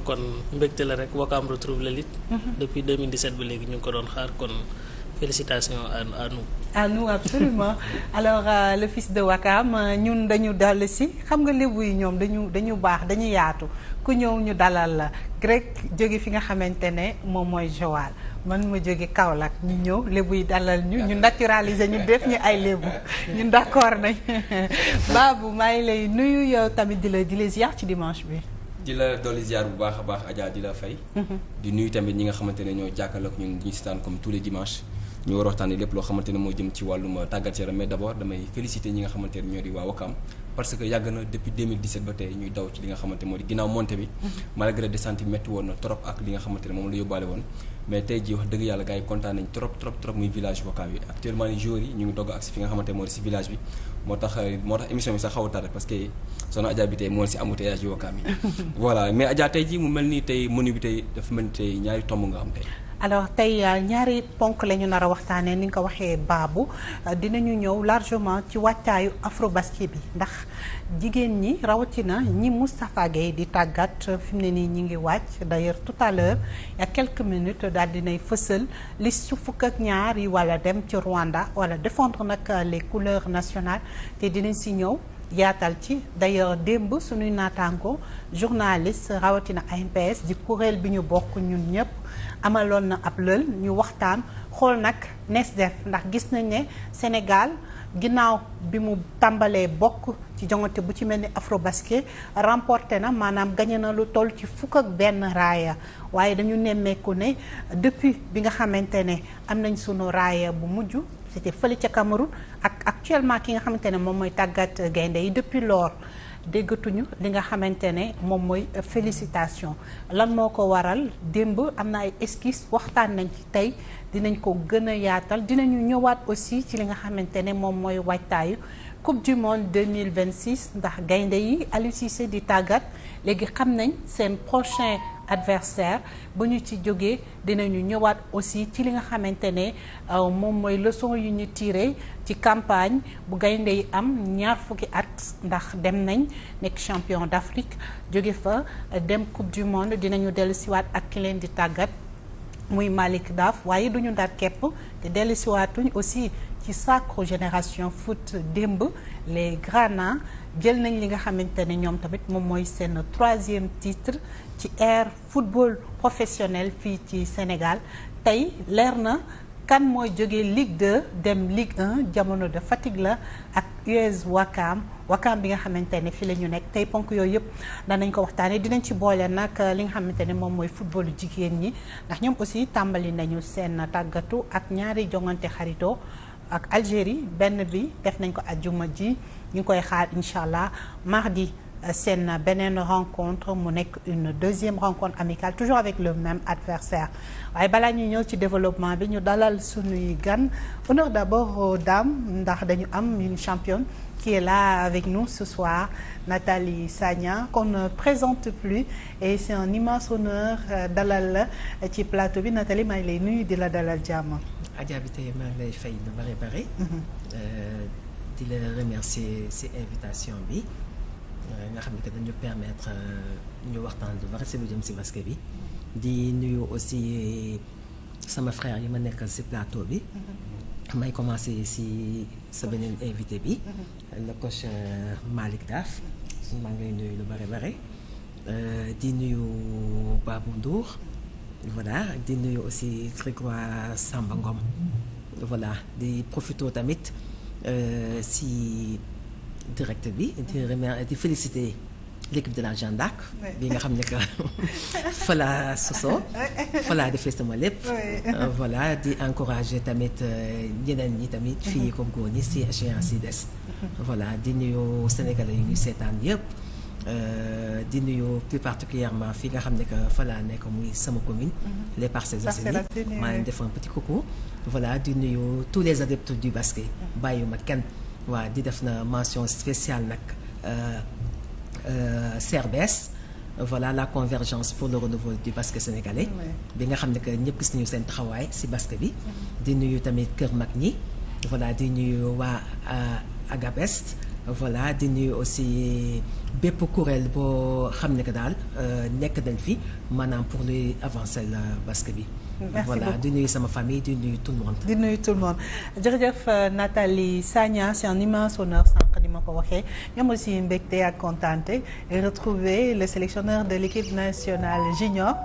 kon mbégte la rek Wakam retrouve l'élite mhm. depuis 2017 ba léegi ñu ngi ko doon xaar kon félicitations à absolument alors euh, de Wakam ñun dañu dal si xam nga lébu yi ñoom dañu dañu baax dañu yaatu ku ñëw ñu dalal la grec jóge fi nga xamante ne moom mooy Joal man ma jóge Kaolack ñu ñëw lébu yi dalal ñu ñu naturaliser ñu def ñu ay lébu ñun d'accord nañ Babou maa ngi lay nuyu yow tamit di la di ci dimanche bi. di la dolli ziar bu baax a baax Adja di la fay. Mm-hmm. di nuyu tamit ñi nga xamante ne ñoo jàkkaarloog ñun di ñu sitaan comme tous les dimanches. ñu war a waxtaanee lépp loo xamante ne moo jëm ci wàllum tàggat yaram mais tey ñuy daw ci li nga xamante moo di ginnaaw monté bi. Mm-hmm. malgré descente yi métti woon na trop ak li nga xamante ne moom la yóbbaale woon. mais tey jii wax dëgg yàlla gars yi kontaan trop trop trop muy village Wakaam yi actuellement ni joueurs yi moo tax moo tax émission bi sax xaw a tardé parce que soxna Adja bi tey moo si embouteillage yoo xam ne voilà mais Adja tey jii mu mel ni tey menu bi tey dafa mel ni tey ñaari tomb nga am tey. alors tey euh, ñaari ponk la ñu nar a waxtaanee ni nga ko waxee baabu euh, dina ñu ñëw largement ci wàccaayu afrobasket bi ndax. jigéen ñi rawatina ñi Moustapha Gueye di tàggat fi mu ne nii ñi ngi wàcc d'ailleurs tout à l'heure il y daal dinay fësal li su fukk ak ñaar yi wala dem ci Rwanda wala défendre nag les couleurs nationales te dinañ si ñëw yaatal ci d'ailleurs démb suñuy naataango journaliste rawatina ANPS di kuréel bi ñu bokk ñun ñëpp amaloon na ab lël ñu waxtaan xool nag nees ndax gis nañ ne Sénégal ginnaaw bi mu tàmbalee bokk ci jongante bu ci mel ni Afrobasket remporté na maanaam gagné na lu toll ci fukk ak benn raaya waaye dañu nemmeeku ne depuis bi nga xamante ne am nañ sunu raaya bu mujj c'était fële ca Cameroun ak actuellement ki nga xamante ne moom mooy tàggat gaynde yi depuis lors déggatuñu li nga xamante ne moom mooy félicitation lan moo ko waral démb am na ay esquisse waxtaan nañ ci tey dinañ ko gën a yaatal dinañu ñëwaat aussi ci li nga xamante ne moom mooy waajtaayu coupe du monde 2026 ndax gaynde yi Aliou Cissé di tàggat léegi xam nañ seen prochain adversaire bu ñu ci jógee dinañu ñëwaat aussi ci li nga xamante ne euh, moom mooy leçon yu ñu tiré ci campagne bu gaynde yi am ñaar fukki at ndax dem nañ nekk champion d'Afrique jóge fa euh, dem coupe du monde dinañu dellu siwaat ak ki leen di tàggat muy Malick Daaf waaye duñu ndaat kepp te dellu siwaatuñ aussi ci sacre génération foot démb les Grana jël nañ li nga xamante ne ñoom tamit moom mooy seen troisième titre ci ère football professionnel fii ci Sénégal tey leer na kan mooy jógee Ligue 2 dem Ligue 1 jamono de Fatick la ak US Wakaam Wakaam bi nga xamante ne fii la ñu nekk tey ponk yooyu yëpp danañ ko waxtaanee dinañ ci boole nag li nga xamante ne moom mooy footballu jigéen ñi ndax ñoom aussi tàmbali nañu seen tàggatu ak ñaari jongante xaritoo ak Algérie benn bi def nañ ko ajjuma ji ñu koy xaar incha allah mardi euh, seen beneen rencontre mu nekk une deuxième rencontre amicale toujours avec le même adversaire waaye balaa ñuy ñëw ci développement bi ñu dalal suñuy gan honneur d'abord aux dames ndax dañu am une championne qui la là avec nous ce soir Nathalie Sagna qu'on ne présente plus et c'est un immense honneur euh, dalal la ci plateau bi Nathalie maa ngi lay nuyu di la dalal jàmm Adja bi tey maa ngi lay fay lu bari bari. Mhm. Euh, di la remercier ci invitation bi euh, nga xam ne que dañu permettre euh, ñu waxtaan lu bari ci lu jëm ci basket bi. di nuyu aussi sama frère yi ma nekkal ci plateau bi. Mhm. may commencer ci sa beneen invité bi. Mhm. le coach Malick Daaf. maa ngi nuyu lu bari bari. di nuyu Babou Ndour. voilà di nuyu aussi Grégoire Samba Ngom voilà di profito tamit euh, si direct bi di remercier di féliciter l'équipe de la Jeanne d'Arc bi nga xam ne que fa laa sosoo fa defee sama lépp euh, voilà di encourager tamit euh, ñeneen ñi tamit fii comme góor ñi si échéance yi des voilà di nuyu Sénégalais yu ñu seetaan yëpp Euh, di nuyu plus particulièrement fi nga xam ne que fa laa nekk muy sama commune. Mhm. les Parcelles Assainies maa ngi def un petit coucou. voilà di nuyu tous les adeptes du basket. Mhm. bàyyiwuma kenn waa di def na mention spéciale nag CRBS. Euh, euh, voilà la convergence pour le renouveau du basket sénégalais. bi nga xam ne que ñëpp gis seen taxawaay ci basket bi. Mhm. di nuyu tamit Kër Mag ñi. voilà di nuyu waa Agapest. voilà di nuyu aussi bépp kuréel boo xam ne que daal euh, nekk nañ fi maanaam pour luy avancer la basket bi. merci voilà di nuyu sama famille di nuyu tout le monde. di nuyu tout le monde jërëjëf euh, Nathalie Sagna c'est un immense honneur sànq ni ma ko waxee ñoom aussi mbégte ak contenté et retrouver le sélectionneur de l'équipe nationale junior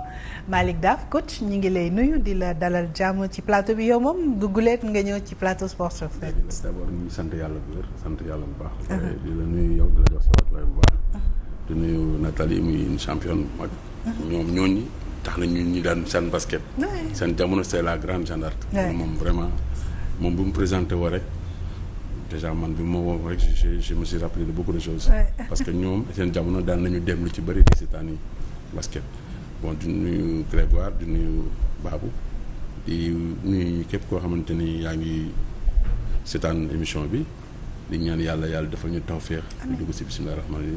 Malick Daf coach ñu ngi lay nuyu di la dalal jàmm ci plateau bi yow moom dugguleet nga ñëw ci plateau sport sur set. d'abord ñu sant yàlla bu wér sant yàlla bu baax. Ah. di la nuyu yow di la jox sa bu baax. Ah. di nuyu Nathalie muy une championne tax na ñu daan seen basket. seen jamono c'est la grande Jeanne moom vraiment moom bu mu présenté woo rek déjà man bi ma woo rek je je me suis rappelé de beaucoup de choses. parce que ñoom seen jamono daan nañu dem lu ci bëri di seetaan yi basket. bon di nuyu Grégoire di nuyu Babou di nuyu képp koo xamante ni yaa ngi seetaan émission bi di ñaan yàlla yàlla dafa ñu tawféex. amiin di dugg si bisimilah rahmaani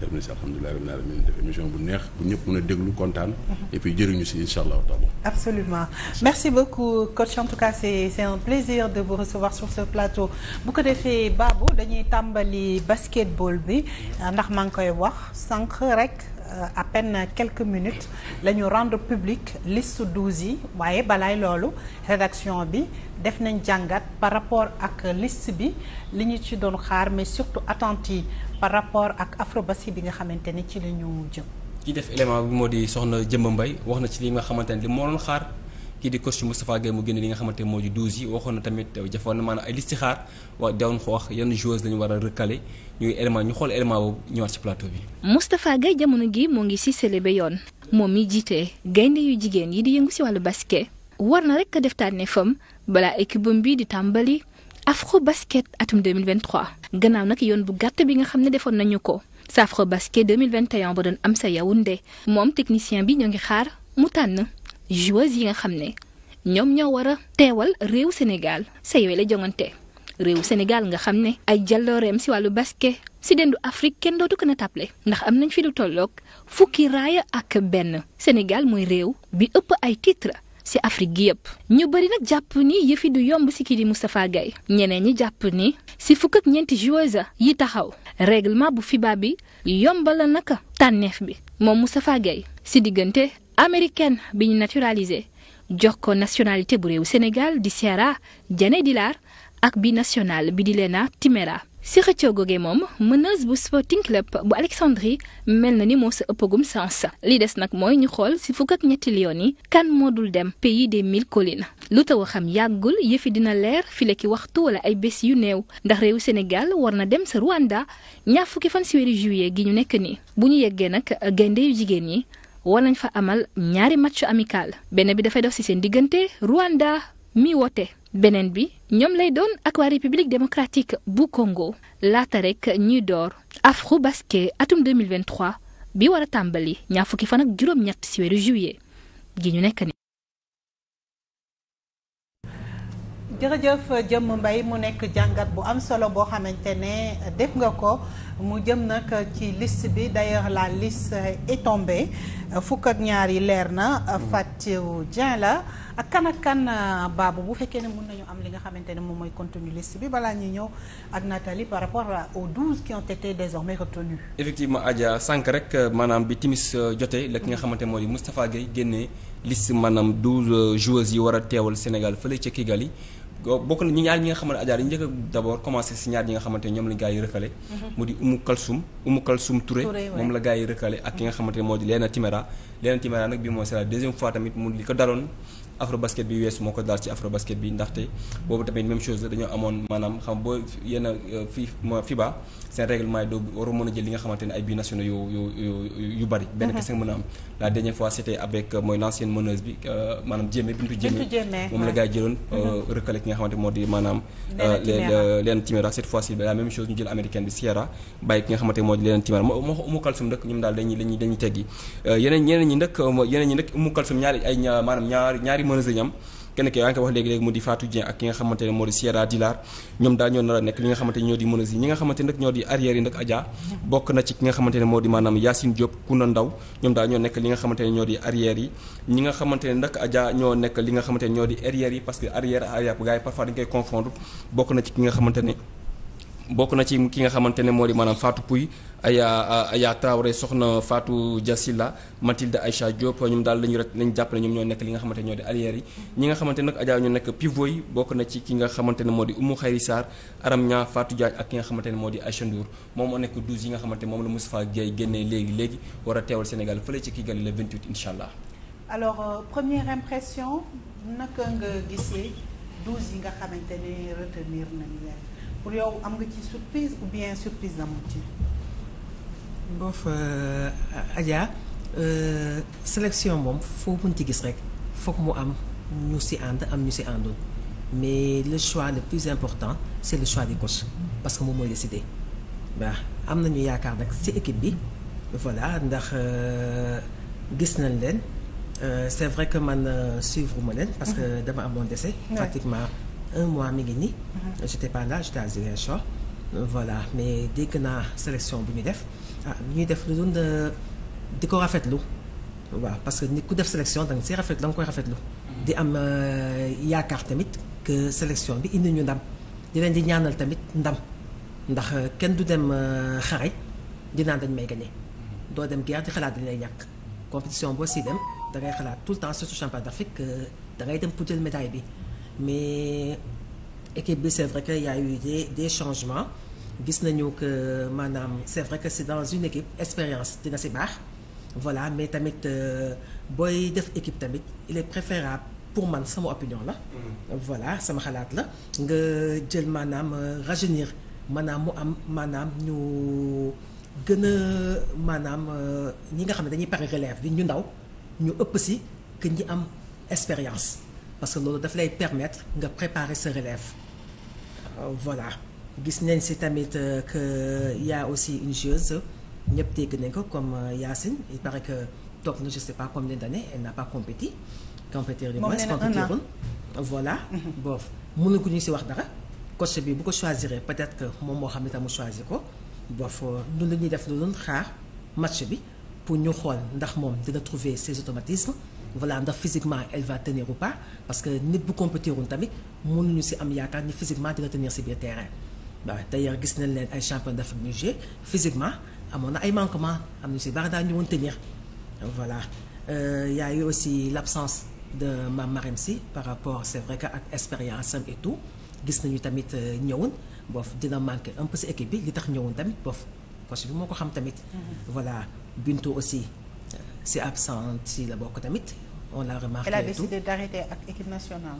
def na si alhamdulilah rabbil alamin def émission bu neex bu ñëpp mën a déglu kontaan. Mhm. et puis jëriñu si incha allah taala. absolument merci beaucoup coach en tout cas c'est c'est un plaisir de vous recevoir sur ce plateau bu ko defee Babou dañuy tàmbali basketball bi ah, ndax maa ngi koy wax sànq rek. Euh, à peine quelques minutes la rendre public list douze yi waaye balaay loolu rédaction bi def nañ jàngat par rapport ak liste bi li ñu ci doon xaar mais surtout attentes par rapport ak Afrobassi bi nga xamante ne ci la ñu jëm. ci def élément bi moo di soxna Jëmba Mbay wax na ci li nga xamante ne li moo doon xaar kii di coach Moustapha Gueye mu génne li nga xamante moo di 12 yi waxoon na tamit jafoon na maanaam ay liste xaar wax dawoon yan joueuse lañu war a recalé ñuy élément ñu xool élément boobu ñëwaat ci plateau bi. Moustapha Gueye jamono gi moo ngi si célébé yoon moom mi jiite gaynde yu jigéen yi di yëngu si wàllu basket war na rek def fam balaa équipe bi di tàmbali. afro basket atum 2023 gannaaw nag yoon bu gàtt bi nga xam ne defoon nañu ko sa afro basket 2021 ba doon am sa Yaoundé moom technicien bi ñoo ngi xaar mu tànn joueuses yi nga xam ne ñoom ñoo war a teewal réew Sénégal sa yooyu la jongante réew Sénégal nga xam ne ay jàllooreem si wàllu basket si dendu Afrique kenn dootu ko na tàppale ndax am nañ fi lu tolloog fukki raaya ak benn Sénégal mooy réew bi ëpp ay titre ci Afrique gi yëpp ñu bëri nag jàpp ni yëfi du yomb ci kii di Moustapha Gaye ñeneen ñi jàpp ni ci fukk ak ñeenti joueuse yi taxaw règlement bu FIBA bi yombala naka tànneef bi moom Moustapha Gaye ci diggante américaine bi ñu naturalisé jox ko nationalité bu réewu Sénégal di Sierra Diané Dilar ak bi national bi di Léna Timéra si xëccoo googee moom meneuse bu Sporting Club bu Alexandrie mel na ni moo sa ëppagum sens li des nag mooy ñu xool si fukk ak ñetti lion yi kan moo dul dem pays de mille collines lu taw a xam yàggul yëfi dina leer file ki waxtu wala ay bés yu néew ndax réewu Sénégal war na dem sa Rwanda ñaar fukki fan si weeru juillet gi ñu nekk nii bu ñu yeggee nag gaynde yu jigéen yi war nañ fa amal ñaari match amical benn bi dafay def si seen diggante Rwanda mi woote. beneen bi ñoom lay doon ak waa république démocratique bu kongo laata rek ñuy door Afrobasket atum 2023 bi war a tàmbali ñaar fukki fan ak juróom-ñett ci weeru juillet gi ñu nekk ni jërëjëf jëmm mbay mu nekk jàngat bu am solo boo xamante ne def nga ko mu jëm nag ci list bi d'ailleurs la liste est tombée ñaari leer na Fatou Dieng la ak kan ak kan euh, baabu bu fekkee ne mën nañu am li nga xamante ne moom mooy contenu liste bi balaa ñuy ñëw ak Nathalie par rapport aux douze qui ont été désormais retenus effectivement Adja sànq rek euh, maanaam bi timis euh, jotee la ki nga xamante moo di Moustapha Gueye génnee liste maanaam douze joueuses yi war a teewal Sénégal fële ca Kigali bokk na ñi ñaar ñi nga xamante Adja dañu njëkk a d' abord commencé si ñaar ñi nga xamante ñoom la gars rëkkale mhm. mu di Umu Kalsum Umu Kalsum moo di Léna Timéra Léna Timéra nag bi afro basket bi weesu moo ko daal ci afro basket bi ndaxte boobu tamit même chose dañoo amoon maanaam xam boo yenn euh, fi FIBA seen règlement yi doo waru mën a jël li nga xamante ne ay bi nationaux yu yu yu bëri benn mhm. kese nga mën a am la dernière fois c'était euh, mooy l'ancienne meneuse bi euh, maanaam Jéeme Bintu Jéeme moom la gars yi jëloon mhm. euh, recalé ki nga xamante moo di maanaam Léna Timéra cette fois ci la même chose ñu jël américaine bi Sierra bàyyi ki nga xamante moo di Léna Timéra moo Umu Kalsum nag ñoom daal dañuy dañuy dañuy teggi yeneen yeneen ñi nag yeneen ñi nag Umu Kalsum ñaari ay ñaar maanaam ñaari meneuse lañu kenn ki yaa ngi ko wax léegi-léegi mu di Fatou Dieng ak ki nga xamante ne moo di Sierra Dilar ñoom daal ñoo a nekk li nga xamante ñoo di menuisier yi moo di maanaam Yacine Diop Kouna Ndaw ñoom daal ñoo nekk li nga xamante ne ñoo ñi nga xamante ne nag ñoo nekk li nga xamante ne ñoo di arrière yi parce que arrière arrière gars yi parfois dañ koy confondre bokk na ci ki nga xamante ne bokk na ci ki nga xamante ne moo di maanaam Fatou Pouy Aya Aya Traoré soxna Fatou Diasila Mathilde Aïcha Diop ñoom daal la ñu rek lañ jàpp ñoom ñoo nekk li nga xamante ñoo di alliés yi ñi nga xamante nag Adja ñu nekk xamante ne moo di Oumou Khayri Sarr ki nga xamante ne moo di Aïcha Ndour moom moo nekk 12 yi nga xamante moom la Moustapha Guèye génnee léegi léegi war a teewal Sénégal fële ci Kigali le 28 incha allah. alors euh, première impression naka nga gisee 12 yi nga xamante ne retenir nañ leen pour yow am nga ci surprise ou bien surprise amu boof euh, Adja euh, sélection moom foo mën ci gis rek foog mu am ñu si ànd am ñu si àndul mais le choix le plus important c'est le choix des coachs parce que moom mooy décider waaw am nañu yaakaar nag si équipe bi voilà ndax euh, gis nañ leen c'est vrai que man suivre ma leen parce que mm-hmm. dama amoon décès pratiquement un mois mi ngi nii mm-hmm. j'étais pas là j'étais à Ziguinchor voilà mais dégg naa sélection bi ñu def ah ñuy def euh, di ko rafetlu waaw parce que nit ku def sélection danga si rafet danga koy rafetlu. di am euh, yaakaar tamit que sélection bi indi ñu ndam di leen di ñaanal tamit ndam ndax euh, kenn du dem xare di naan dañ may gagné doo dem guerre di xalaat dañ lay ñàkk compétition boo si dem da ngay xalaat tout le temps surtout championnat d'Afrique que da ngay dem pour jël bi mais équipe bi c'est vrai que y a eu des des gis nañu que maanaam c'est vrai que c'est dans une équipe expérience dina si baax voilà mais tamit euh, booy def équipe tamit il est préférable pour man sama opinion la. Mm. voilà sama xalaat la nga jël maanaam euh, rajeunir maanaam mu am maanaam ñu gën a maanaam euh, ñi nga xam ne dañuy pare relève bi ñu ndaw ñu ëpp si que ñi am expérience parce que loolu daf lay permettre nga préparer sa relève voilà. gis nañ si tamit euh, que y aussi une joueuse ñëpp dégg nañ ko comme euh, Yacine il parce que toog na je sais pas combien d'années elle n'a pas compéti compétir du moins compétirul voilà mhm. boof mënu ñu si wax dara coach bi bu ko choisir peut-être que moom moo xam ne tamu choisir ko boof dun euh, la ñuy def lu doon xaar match bi pour ñu xool ndax moom dina trouver ses automatismes voilà ndax physiquement elle va tenir ou pas parce que nit bu compétirul tamit mënuñu si am yaakaar ni physiquement dina tenir si biir terrain waaw d'ailleurs gis nañ leen ay champion d'Afrique ñu joué physiquement amoon na ay manquement am ñu si bari daal ñu woon tenir voilà euh, y a eu aussi l'absence de Mame Marème Sy par rapport c'est vrai que ak expérience am et tout gis nañu tamit euh, ñëwoon boof dina manqué un peu équipe bi li tax ñëwun tamit boof coach bi moo ko xam tamit mm-hmm. voilà Bintou aussi euh, si absente si la bokk tamit on l'a remarqué elle a décidé d'arrêter ak équipe nationale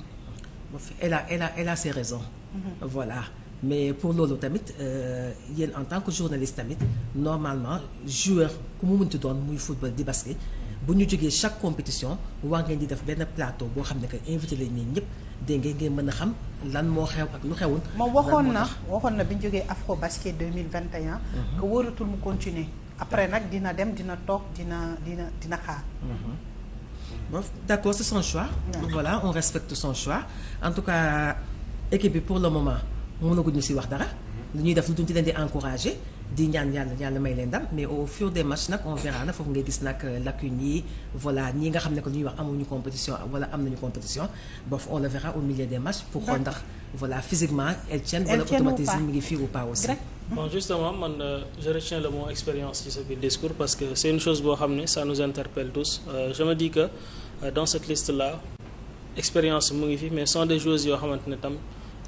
elle a et la elle a ses raisons mm-hmm. voilà mais pour loolu tamit euh, yéen en tant que journaliste tamit normalement joueur ku mu mun ti doon muy football di basket bu ñu jógee chaque compétition wax ngeen di def benn plateau boo xam ne que invité lañ ñeen ñëpp dégg ngeen ngeen mën a xam lan moo xew ak lu xewul. moom waxoon na waxoon na bi ñu jógee afro basket 2021. Mhm. que wóoratul mu continuer après nag dina dem dina toog dina dina dina xaar. Mhm. bon d'accord c'est son choix. voilà on respecte son choix en tout cas équipe bi pour le moment. mënaguñu si wax dara lu ñuy def lu duñ ci leen ne que lu ñuy wax amuñu compétition wala am nañu compétition bof on le verra au ngi fii ou pas aussi bon justement man euh, je retiens le mot expérience ci sa biir discours parce que c'est une chose boo xam ne ça nous interpelle tous euh, je me dis que euh, dans cette liste là expérience mu ngi fi mais sont des choses yoo xamante ne tam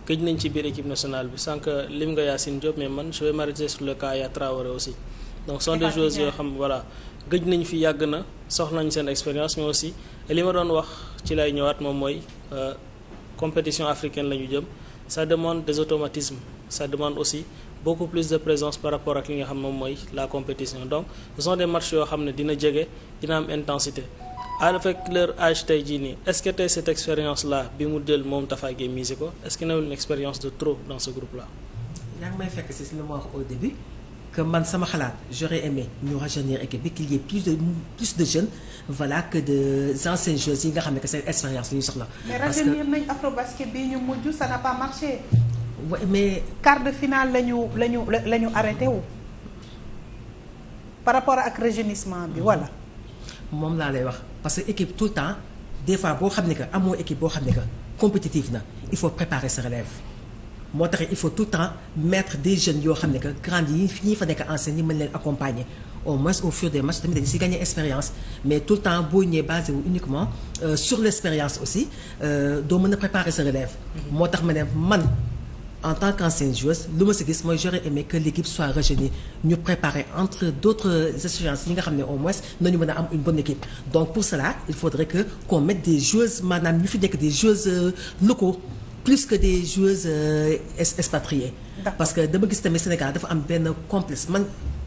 gëj nañu ci biir équipe nationale bi sànq lim nga Yacine Diop mais man je vais m'arrêter sur le cas Yaya Traoré aussi donc sont des yoo xam voilà gëj nañu fi yàgg na soxla nañ seen expérience mais aussi li ma doon wax ci lay ñëwaat moom mooy euh, compétition africaine la ñu jëm ça demande des automatismes ça demande aussi beaucoup plus de présence par rapport ak li nga xam moom mooy la compétition donc ce sont des matchs yoo xam ne dina jege dina am intensité avec leur âge tey jii nii est-ce que tey cette expérience là bi mu del moom Tapha Gueye ko est-ce que newul une expérience de trop dans ce groupe là. yaa ngi may fekk si lu ma wax au début que man sama xalaat j'aurais aimé ñu rajeunir équipe bi qu'il y ait plus de plus voilà que des anciens joueurs yi nga xam ne que seen expérience ñu soxla. parce mais rajeunir nañ Afrobasket bii ñu mujj ça n'a pas marché. mais quart de finale la ñu la la ñu arrêté wu par rapport ak rajeunissement bi voilà. moom laa lay wax parce que équipe tout le temps des fois boo xam ne que amoo équipe boo xam ne que compétitive na il faut préparer sa relève moo tax il faut tout le temps mettre des jeunes yoo xam ne que grands yi ñi fa nekk anciens yi mën leen accompagner au moins au fur des matchs tamit dañu si gagner expérience mais tout le temps boo ñëwee basé wu uniquement euh, sur l' expérience aussi euh, doo mën a préparer sa relève mm-hmm. moo tax ma ne man en tant qu'ancienne joueuse lu ma si gis mooy j'aurais aimé que l'équipe soit rejeunie ñu préparer entre d'autres échéances yi nga xam ne au moins nañu mën a am une bon équipe donc pour cela il faudrait que qu'on mette des joueuses maanaam ñu fi nekk des joueuses euh, locaux plus que des joueuses euh, expatriées parce que dama gis tamit Sénégal dafa am benn complexe man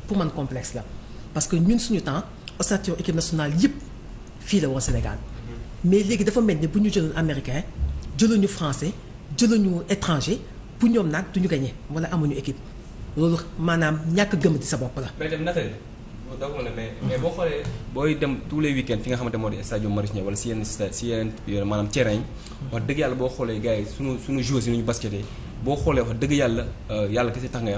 pour man complexe la parce que ñun suñu temps ossature équipe nationale yëpp fii la woon Sénégal mhm. mais léegi dafa mel ni bu ñu jëloon américain jëluñu français jëluñu étranger pour ñoom naan duñu gagné wala amuñu équipe loolu maanaam ñàkk gëm ci sa bopp la. mais dem nataale doguma la mm-hmm. boo xoolee. booy dem tous les week-ends fi nga xamante moo di stade Marius Ndiaye wala si yenn si yenn euh, maanaam terrain mm-hmm. wax dëgg yàlla boo xoolee gars yi sunu sunu joueurs yi ñu baskettee boo xoolee wax dëgg yàlla euh, yàlla kese tax nga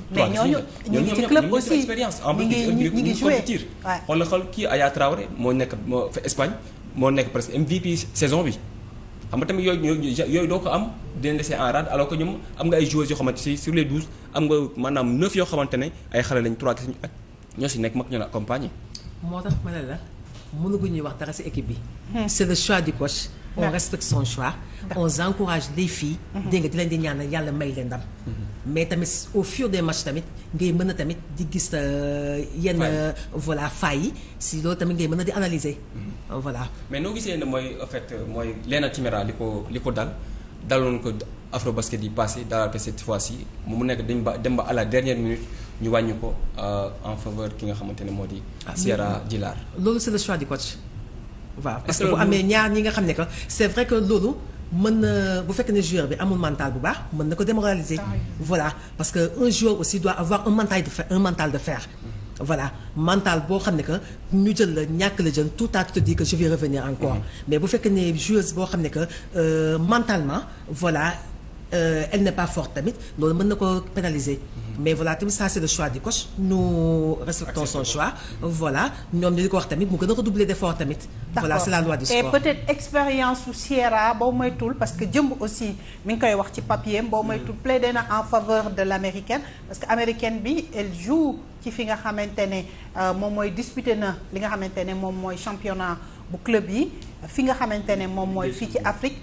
mais ñooñu ñu ngi ci club aussi expérience en plus ñu ngi compétir xoolal xool kii Aya Traoré moo nekk moo fa Espagne moo nekk presque MVP saison bi xam nga tamit yooyu yooyu doo ko am dina laisser en rade alors ñoom am nga ay joueurs yoo xamante si sur les douze am nga maanaam neuf yoo xamante ne ay xale lañ trois gis ak ñoo si nekk mag ñu la accompagner moo tax ma ne la ñuy wax dara si équipe bi hmm. c'est le choix du coach on respecte son choix on encourage les filles mhm. dégg nga di leen di ñaanal yàlla may leen dam mhm. mais tamit au fur des matchs tamit ngay mën na tamit di gis euh, yenn voilà failles yi si loolu tamit ngay mën na di analyser mhm. voilà mais noo gisee ne mooy en mooy Leena Timéra li ko li ko dal daloon ko afro basket yi passé daal cette fois ci mu nekk dañ ba dem ba à la minute ñu wàññi ko euh, en faveur ki nga xamante ne moo di ah, Sierra Dillard loolu c'est le choix du coach waaw parce que bu amee ñaar ñi nga xam ne que c'est vrai que loolu mën na bu fekkee ne joueur bi amul mental bu baax mën na ko démoraliser. Ah voilà parce que un joueur aussi doit avoir un mental de fer voilà mantal boo xam ne que ñu jël la ñàkk la jël tout à tout dit que je vais revenir encore mm. mais bu fekkee ne joueuse boo xam ne que euh, mantalement voilà. Euh, elle n'est pas forte tamit loolu mën na ko pénaliser. Mhm. mais voilà tamit ça c'est le choix du coach nous respectons son choix. voilà ñoom ñu di ko wax tamit mu gën a redoubler d'effort tamit. voilà c'est loi du sport et expérience su Sierra boo moytul parce que jëmb aussi mi ngi koy wax ci papier boo mhm. moytul plaidé na en faveur de l'américaine parce que américaine bi elle joue ci fi nga xamante ne euh, moom mooy disputé na li nga xamante ne moom mooy championnat bu club yi fi nga xamante ne moom mooy fii ci Afrique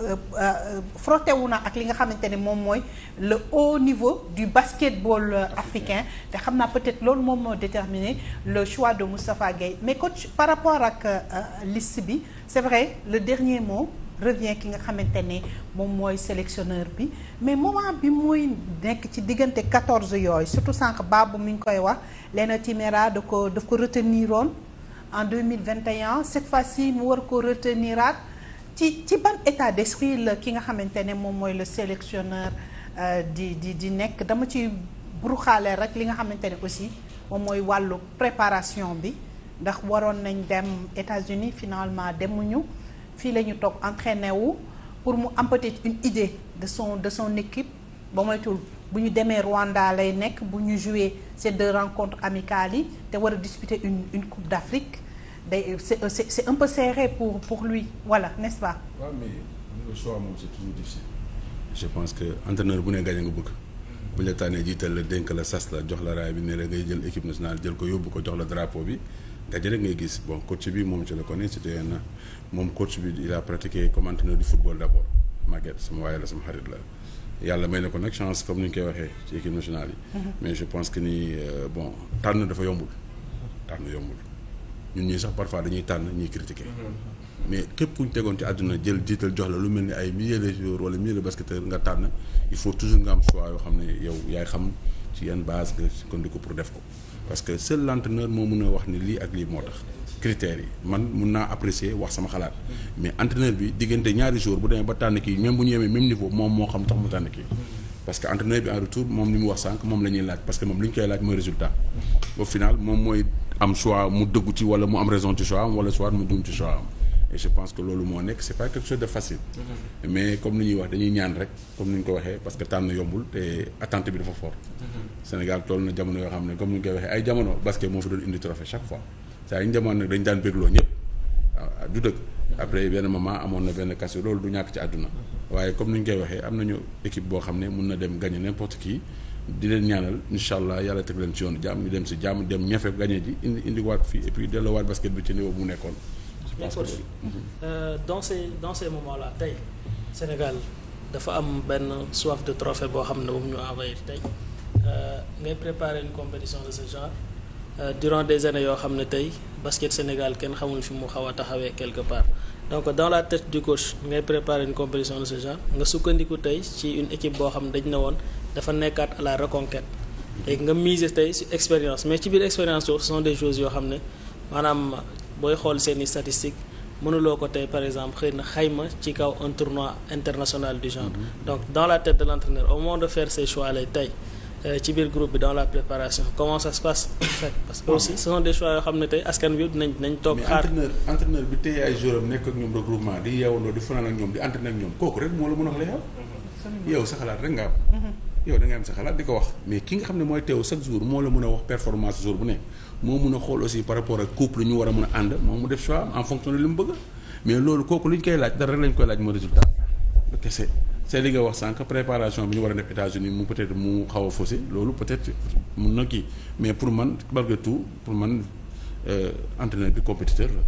Euh, euh, frotté wu na ak li nga xamante ne moom mooy le haut niveau du basketball africain te xam naa peut-être loolu moom moo déterminer le choix de Moustapha Gueye mais coach par rapport ak euh, list bi c'est vrai le dernier mot revient ki nga xamante ne moom mooy sélectionneur bi mais moment bi muy nekk ci diggante 14 yooyu surtout sànq Babou mi ngi koy wax Léna Timéra da ko daf ko retenir oon en 2021 cette fois-ci mu war ko reteniraat ci ci ban état d'esprit la ki nga xamante ne moom mooy le sélectionneur euh, di di di nekk dama ci buruxaale rek li nga xamante ne aussi moom mooy wàllu préparation bi ndax waroon nañ dem États-Unis finalement demuñu fii la ñu toog entraîné wu pour mu am peut-être une idée de son de son équipe ba moytul bu ñu demee Rwanda lay nekk bu ñu jouer ces deux rencontre amicales yi te war a disputer une une Coupe d'Afrique day euh, c'est c'est un peu serré pour pour lui voilà n'est-ce pas. waaw mais le choix moom c'est toujours difficile. je pense que entraîneur bu ne gagné nga bëgg. bu ñu la tànnee jiital la dénk la sas la jox la raay bi ne la ngay jël équipe nationale jël ko yóbbu ko jox la drapeau bi gàjj rek ngay gis bon coach bi moom je le connais c'était un moom coach bi il a pratiqué comme entraîneur du football d'abord Maguette sama waay la sama xarit la yàlla may na ko nag chance comme ni ñu koy waxee ci équipe nationale yi. Mm-hmm. mais je pense que ni euh, bon tànn dafa yombul. tànn yombul. ñun ñii sax parfois dañuy tànn ñuy critiquer mhm. mais képp ku ñu tegoon ci àdduna jël jiital jox la lu mel ni ay milliers de joueurs wala milliers de basketteurs nga tànn il faut toujours nga am choix yoo xam ne yow yaay xam ci yan base nga sukkandiku pour def ko parce que seul l'entraîneur moo mën a wax ni lii ak lii moo tax critères yi man mun naa apprécier wax sama xalaat mhm. mais entraîneur bi diggante ñaari jours bu demee ba tànn kii même bu ñu yemee même moom moo xam tax mu tànn kii mhm. parce que entraîneur bi en wax sànq moom la ñuy laaj parce que moom li ñu koy laaj mooy résultat au am choix mu dëggu ci wala mu am raison ci choix am wala soit mu juum ci choix am je pense que loolu moo nekk c'est pas quelque chose de facile mm-hmm. mais comme ni ñuy wax dañuy ñaan rek comme ni ñu ko waxee parce que tànn yombul te attente bi dafa fort mm-hmm. Sénégal toll na jamono yoo xam ne comme ni ñu koy waxee ay jamono basket moo fi doon indi trophée chaque fois saa yi ñu demoon nag dañu daan bégloo ñëpp waaw ah, du dëgg mm-hmm. après benn moment amoon na benn casse loolu du ñàkk ci àdduna waaye comme ni ñu koy waxee am nañu équipe boo xam ne mun na dem gagner n'importe qui di leen ñaanal incha allah yàlla teg leen ci yoonu jàmm ñu dem si jàmm dem ñafe gagné ji indi indiwaat fii et puis delloowaat basket bi ci niveau bu mu nekkoon. je pense que euh, dans tey Sénégal dafa am benn soif de trophée boo xam ne moom ñu envoyé tey euh, ngay préparer une compétition de ce genre. Euh, durant des années yoo xam ne tey basket Sénégal kenn xamul fi mu xaw a taxawee quelque part donc dans la tête du coach ngay préparer une compétition de ce genre nga sukkandiku tey ci une équipe boo xam ne dañ na woon. dafa nekkaat la reconquête léegi nga miser tey si expérience mais ci biir expérience yooyu ce sont des choses yoo xam ne maanaam booy xool seeni statistiques mënuloo ko tey par exemple xëy na xayma ci kaw un tournoi international du genre mhm. donc dans la tête de l'entraîneur au moment de faire ces choix lay tey euh, ci biir groupe bi dans la préparation comment ça se passe en fait parce que aussi ce sont des yoo xam ne tey askan bi dinañ dinañ toog xaar entraîneur entraîneur bi tey nekk ak di yeewandoo di fanaan ak ñoom di entraîner ak ñoom kooku rek yow da am sa xalaat di ko wax mais ki nga xam ne mooy teew chaque jour moo la mën a wax performance jour bu ne moo mën a xool aussi par rapport ak couple ñu war a mën a ànd moom mu def choix en fonction de mu bëgg mais loolu kooku li ñu koy laaj dara rek lañ koy laaj mooy résultat lu li nga wax sànq préparation bi ñu war a def États-Unis mu peut-être mu xaw loolu peut-être mun na kii mais pour man malgré tout pour man euh, entraîneur bi compétiteur la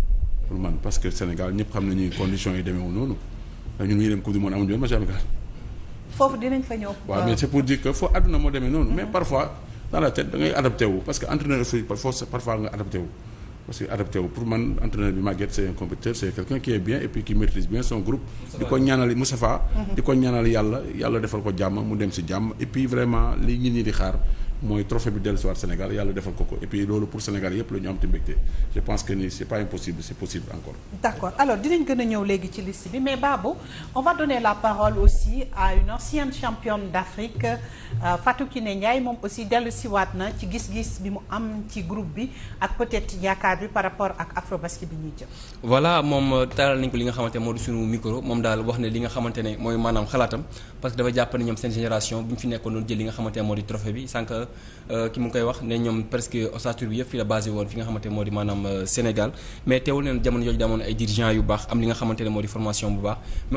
pour man parce que Sénégal ñëpp xam nañu conditions yi demeewul noonu ñun ñuy dem coupe du monde amuñu woon match foofu dinañ fa ñëw. waaw mais c'est pour àdduna moo demee noonu. mais parfois dans la tête da ngay adapté wu parce que entraîneur aussi parfois nga adapté parce que adapté pour man entraîneur bi Maguette c'est un compétiteur c'est quelqu'un qui est bien et puis qui maîtrise bien son groupe. di ko ñaanali Moustapha mm-hmm. di ko ñaanali yàlla yàlla defal ko jàmm mu dem si jàmm et puis vraiment li nit ñi di xaar. mooy trophée bi dellusiwaat Sénégal yàlla defal ko ko et puis loolu pour Sénégal yëpp la am te mbégte pense que ni c'est pas impossible c'est possible encore. d'accord alors dinañ gën a ñëw léegi ci liste bi mais Babou on va donner la parole aussi à une ancienne championne d'Afrique euh, Fatou Kiné Ndiaye moom aussi dellusiwaat na ci gis-gis bi mu am ci groupe bi ak peut yaakaar bi par rapport ak Afrobasket bi ñuy jëm. voilà moom euh, taalal nañ ko li nga xamante ne moo di sunu micro moom daal wax ne li nga xamante ne mooy maanaam xalaatam parce Euh, ki mu ngi koy wax ne ñoom presque ossature bi yëpp fi la basé woon fi nga xamante moo di maanaam euh, Sénégal mais teewul neen jamono jooju daamoon ay dirigeants yu baax am li nga xamante ne moom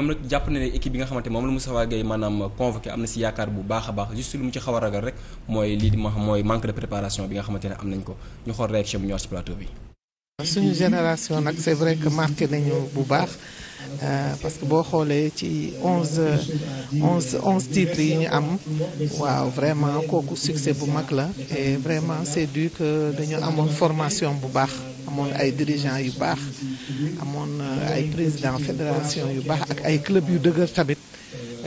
nag jàpp na ne équipe bi am na si yaakaar bu baax a baax juste lu mu ci xaw rek mooy lii di ma mooy manque de préparation bi nga xamante ne am nañ ko ñu xool réaction bi ñu wax ci plateau bi suñu génération nag c'est vrai que marqué nañu Euh, parce que boo xoolee ci onze onze onze titres yi ñu am waaw vraiment kooku succès bu mag la et vraiment c'est du que dañu amoon formation bu baax amoon ay dirigeants yu baax amoon euh, ay président fédération yu baax ak ay club yu dëgër tamit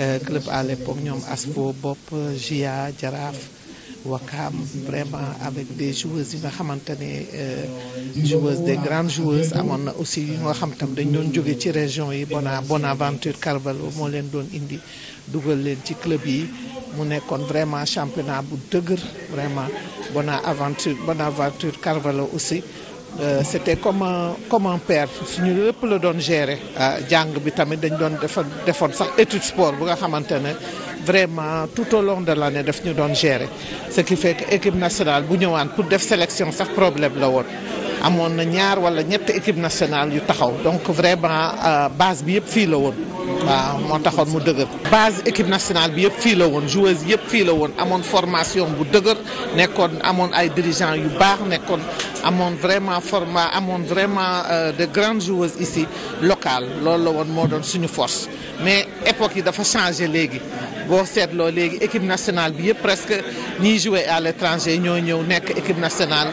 euh, club à l'époque ñoom ASPO bopp JA Jaraaf Wakam vraiment avec des joueuses yi nga xamante ne euh, joueuses grande grandes joueuses amoon na aussi yu nga xam tam dañ doon jóge ci région yi Bona Bonaventure Carvalho moo leen doon indi dugal leen ci club yi mu nekkoon vraiment championnat bu dëgër vraiment Bonaventure Bonaventure Carvalho aussi Euh, c'était comment comment père suñu lépp la doon gérer. Euh, jàng bi tamit dañ doon defa defoon sax étude sport bu nga xamante ne vraiment tout au long de l'année def ñu doon gérer ce qui fait que équipe nationale bu ñëwaan pour def sélection sax problème la woon. amoon na ñaar wala ñett équipe nationale yu taxaw donc vraiment euh, base bi yëpp fii la woon. waaw moo taxoon mu dëgër. base équipe nationale bi yëpp fii la woon joueuse yëpp fii la woon amoon formation bu dëgër nekkoon amoon ay dirigeants yu baax nekkoon amoon vraiment format amoon vraiment euh, de grandes joueuses ici locales loolu la woon moo doon suñu force mais époque yi dafa changé léegi boo seetloo léegi équipe nationale bi yëpp presque ñiy jouer à l'étranger ñoo ñëw nekk équipe nationale.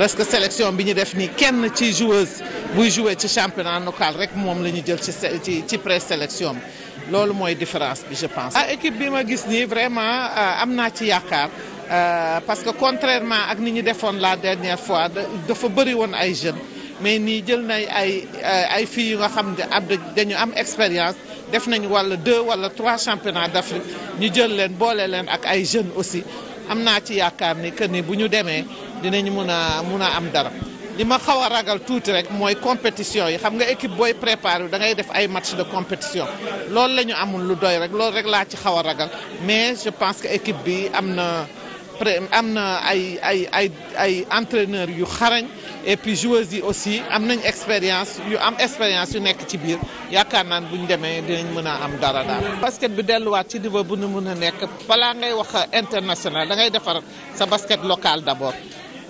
presque sélection bi ñu def nii kenn ci joueuse buy jouer ci championnat local rek moom la ñu jël ci ci ci présélection bi loolu mooy différence bi je pense. ah équipe bi ma gis nii vraiment euh, am naa ci yaakaar euh, parce que contrairement ak ni ñu defoon la dernière fois dafa bëri woon ay jeunes mais nii jël nañ ay euh, ay filles yu nga xam ne ab dañu am expérience def nañu wala deux wala trois championnats d'Afrique ñu jël leen boole leen ak ay jeunes aussi am naa ci yaakaar ni que ni bu ñu demee. dinañ mun a mun a am dara. li ma xaw a ragal tuuti rek mooy compétition yi xam nga équipe booy préparé da ngay def ay match de compétition loolu la ñu amul lu doy rek loolu rek laa ci xaw a ragal mais je pense que équipe bi am na am na ay ay ay ay entraîneurs yu xarañ et puis joueuses aussi am nañ expérience yu am expérience yu nekk ci biir yaakaar naan bu ñu demee dinañ mën a am dara daal. basket bi delluwaat ci niveau bu nu mën a nekk balaa ngay wax international da ngay defar sa basket local d'abord.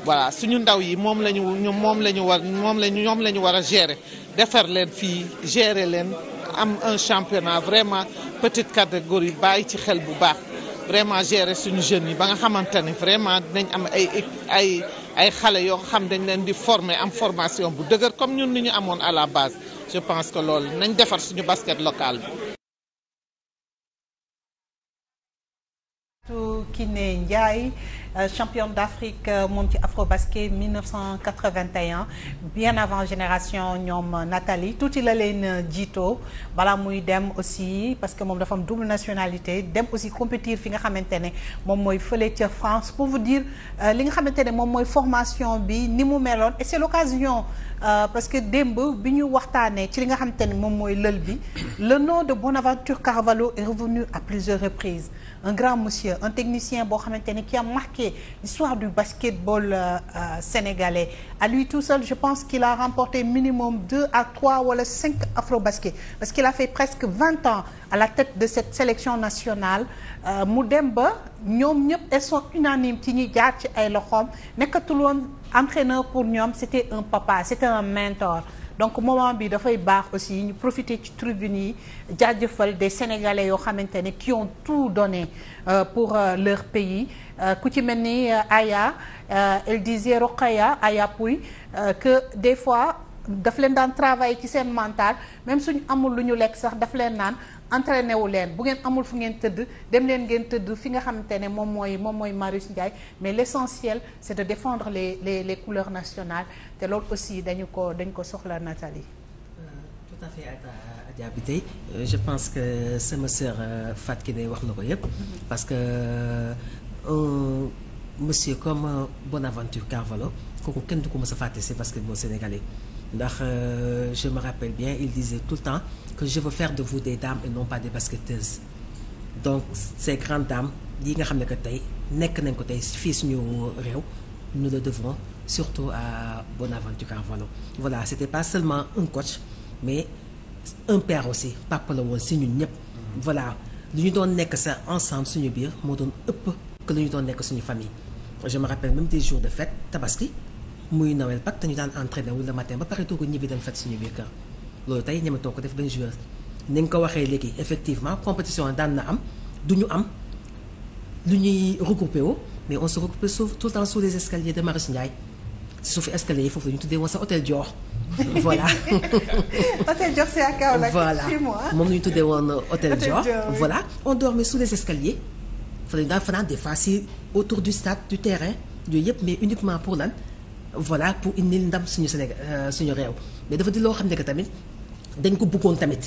voilà suñu ndaw yi moom la ñu moom la ñu war moom la ñu ñoom la ñu war a gérer defar leen fii gérer leen am un championnat vraiment petite catégorie bàyyi ci xel bu baax vraiment gérer suñu jeunes yi ba nga xamante ne vraiment dinañ am ay ay ay xale yoo xam dañ leen di former am formation bu dëgër comme ñun ni ñu amoon à la base je pense que loolu nañ defar suñu basket locale bi. Kiné Euh, championne d'Afrique euh, moom ci Afrobasket 1981 bien avant génération ñoom euh, Nathalie tuuti la leen jiito balaa muy dem aussi parce que moom dafa am double nationalité dem aussi compétir fi nga xamante ne moom mooy fële ca France pour vous dire li nga xamante ne moom mooy formation bi ni mu meloon et c'est l'occasion parce que démb bi ñu waxtaanee ci li nga xamante ne moom mooy lël bi le nom de Bonaventure Carvalho est revenu à plusieurs reprises un grand technicien boo xamante ne qui a marqué l'histoire du basketball euh, euh, sénégalais à lui tout seul je pense qu'il a remporté minimum deux à trois wala cinq afrobasket parce qu'il a fait presque vingt ans à la tête de cette sélection nationale euh, mu dem ba ñoom ñëpp ils sont unanimes ci ñi jaar ci ay loxoom nekkatul woon entraîneur pour ñoom c'était un papa c'était un mentor donc moment bi dafay baax aussi ñu profiter ci tribune yi jaajëfal de sénégalais yoo xamante ne qui ont tout donné euh, pour euh, leur pays euh, ku ci mel ni Aya elle disait Rokhaya Aya Pouy que des fois daf leen daan travailler ci seen mental même suñu amul lu ñu lekk sax daf leen naan entraîné wu leen bu ngeen amul fu ngeen tëdd dem leen ngeen tëdd fi nga xamante ne moom mooy moom mooy Marius Ndiaye mais l'essentiel c'est de défendre les les les couleurs nationales te loolu aussi dañu ko dañ ko soxla Nathalie. Euh, tout à fait Adja bi tey je pense que sama euh, fat ki Kiné wax na ko yëpp. parce que euh, monsieur comme euh, Bonaventure Carvalho kooku kenn du ko mës a fàtte si parce que moo Sénégalais. ndax euh, je me rappelle bien il disait tout le temps que je veux faire de vous des dames et non pas des basketteuses donc ces grandes dames yi nga xam ne que tey nekk nañ ko tey fii su ñu réew nous le devons surtout à Bonaventura Valo voilà c'était pas seulement un coach mais un père aussi papa la woon si ñu ñëpp voilà lu ñu doon nekk sa ensemble suñu biir moo doon ëpp que lu ñu doon nekk suñu famille je me rappelle même des jours de fête tabaski muy Noël Pâques te daan entraîné wu le matin ba pare too ko ñibbi dem fekk suñu biir kër loolu tey ñemetoo ko def benn joueur ni nga ko waxee léegi effectivement compétition daan na am du ñu am lu ñuy regroupé woo mais on se regroupe sauf tout le temps sous les escaliers de Marius Ndiaye suufu escalier yi foofu la ñu tuddee woon sa hôtel Dior. voilà hôtel Dior c'est à moom lu ñu tuddee woon euh, hôtel Dior voilà on dormait sous les escaliers fa la ñu daan fanaan des fois si autour du stade du yëpp uniquement pour lan. voilà pour indil ndam suñu Sénégal euh, suñu réew mais dafa di loo xam ne que tamit dañ ko buggoon tamit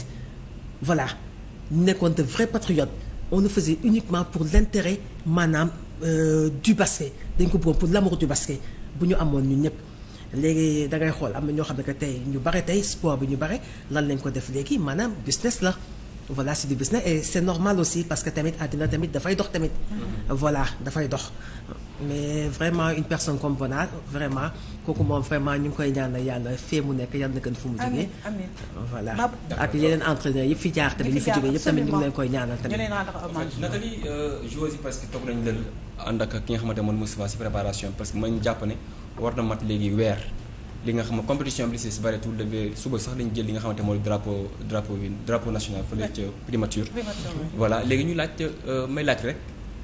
voilà nekkoon de vrai patriotes on le faisait uniquement pour l'intérêt maanaam euh, du basket dañ ko bëggoon pour l'amour du basket bu ñu amoon ñu ñëpp léegi da ngay xool am na ñoo xam ne que tey ñu bare tey sport bi ñu bare lan lañ ko def léegi maanaam business la voilà c'est du business et c'est normal aussi parce que tamit àddina tamit dafay dox tamit mm-hmm. voilà dafay dox mais vraiment une personne comme Bonar vraiment kooku moom vraiment ñu ngi koy ñaanal yàlla fee mu nekk yàlla na gën fu mu jógee. amiin voilà ak yeneen entraîneurs yëpp fi jaar tamit ñu fi ngi koy ñaanal tamit. Nathalie euh, joueurs yi parce que toog nañu leen ànd ak ki nga xamante ne moom Moustapha si préparation parce que man jàpp ne war na mat léegi weer. li nga xam compétition bi li si bëreetul de suba sax lañu jël li nga xamante mooy drapeau drapeau bi drapeau national fële ca léegi ñu laaj euh, may rek.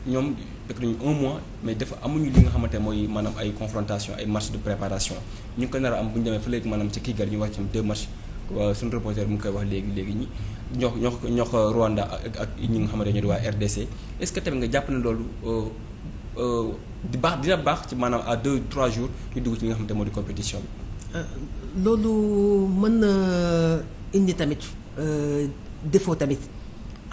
ñoom fekk nañu un mois mais dafa amuñu li nga xamante ne mooy maanaam ay confrontation ay match de préparation ñu ko nar am bu ñu demee fa léegi maanaam ci Kigali ñu wax ci deux matchs suñu reporter mu ngi koy wax léegi léegi ñi ñoo ñoo ko Rwanda ak ñi nga xamante ne ñoo di waa RDC est-ce que tamit nga jàpp na loolu euh, euh, di baax dina baax ci maanaam à deux trois jours ñu dugg ci li nga xamante ne moo di euh, loolu mën na indi tamit défaut tamit.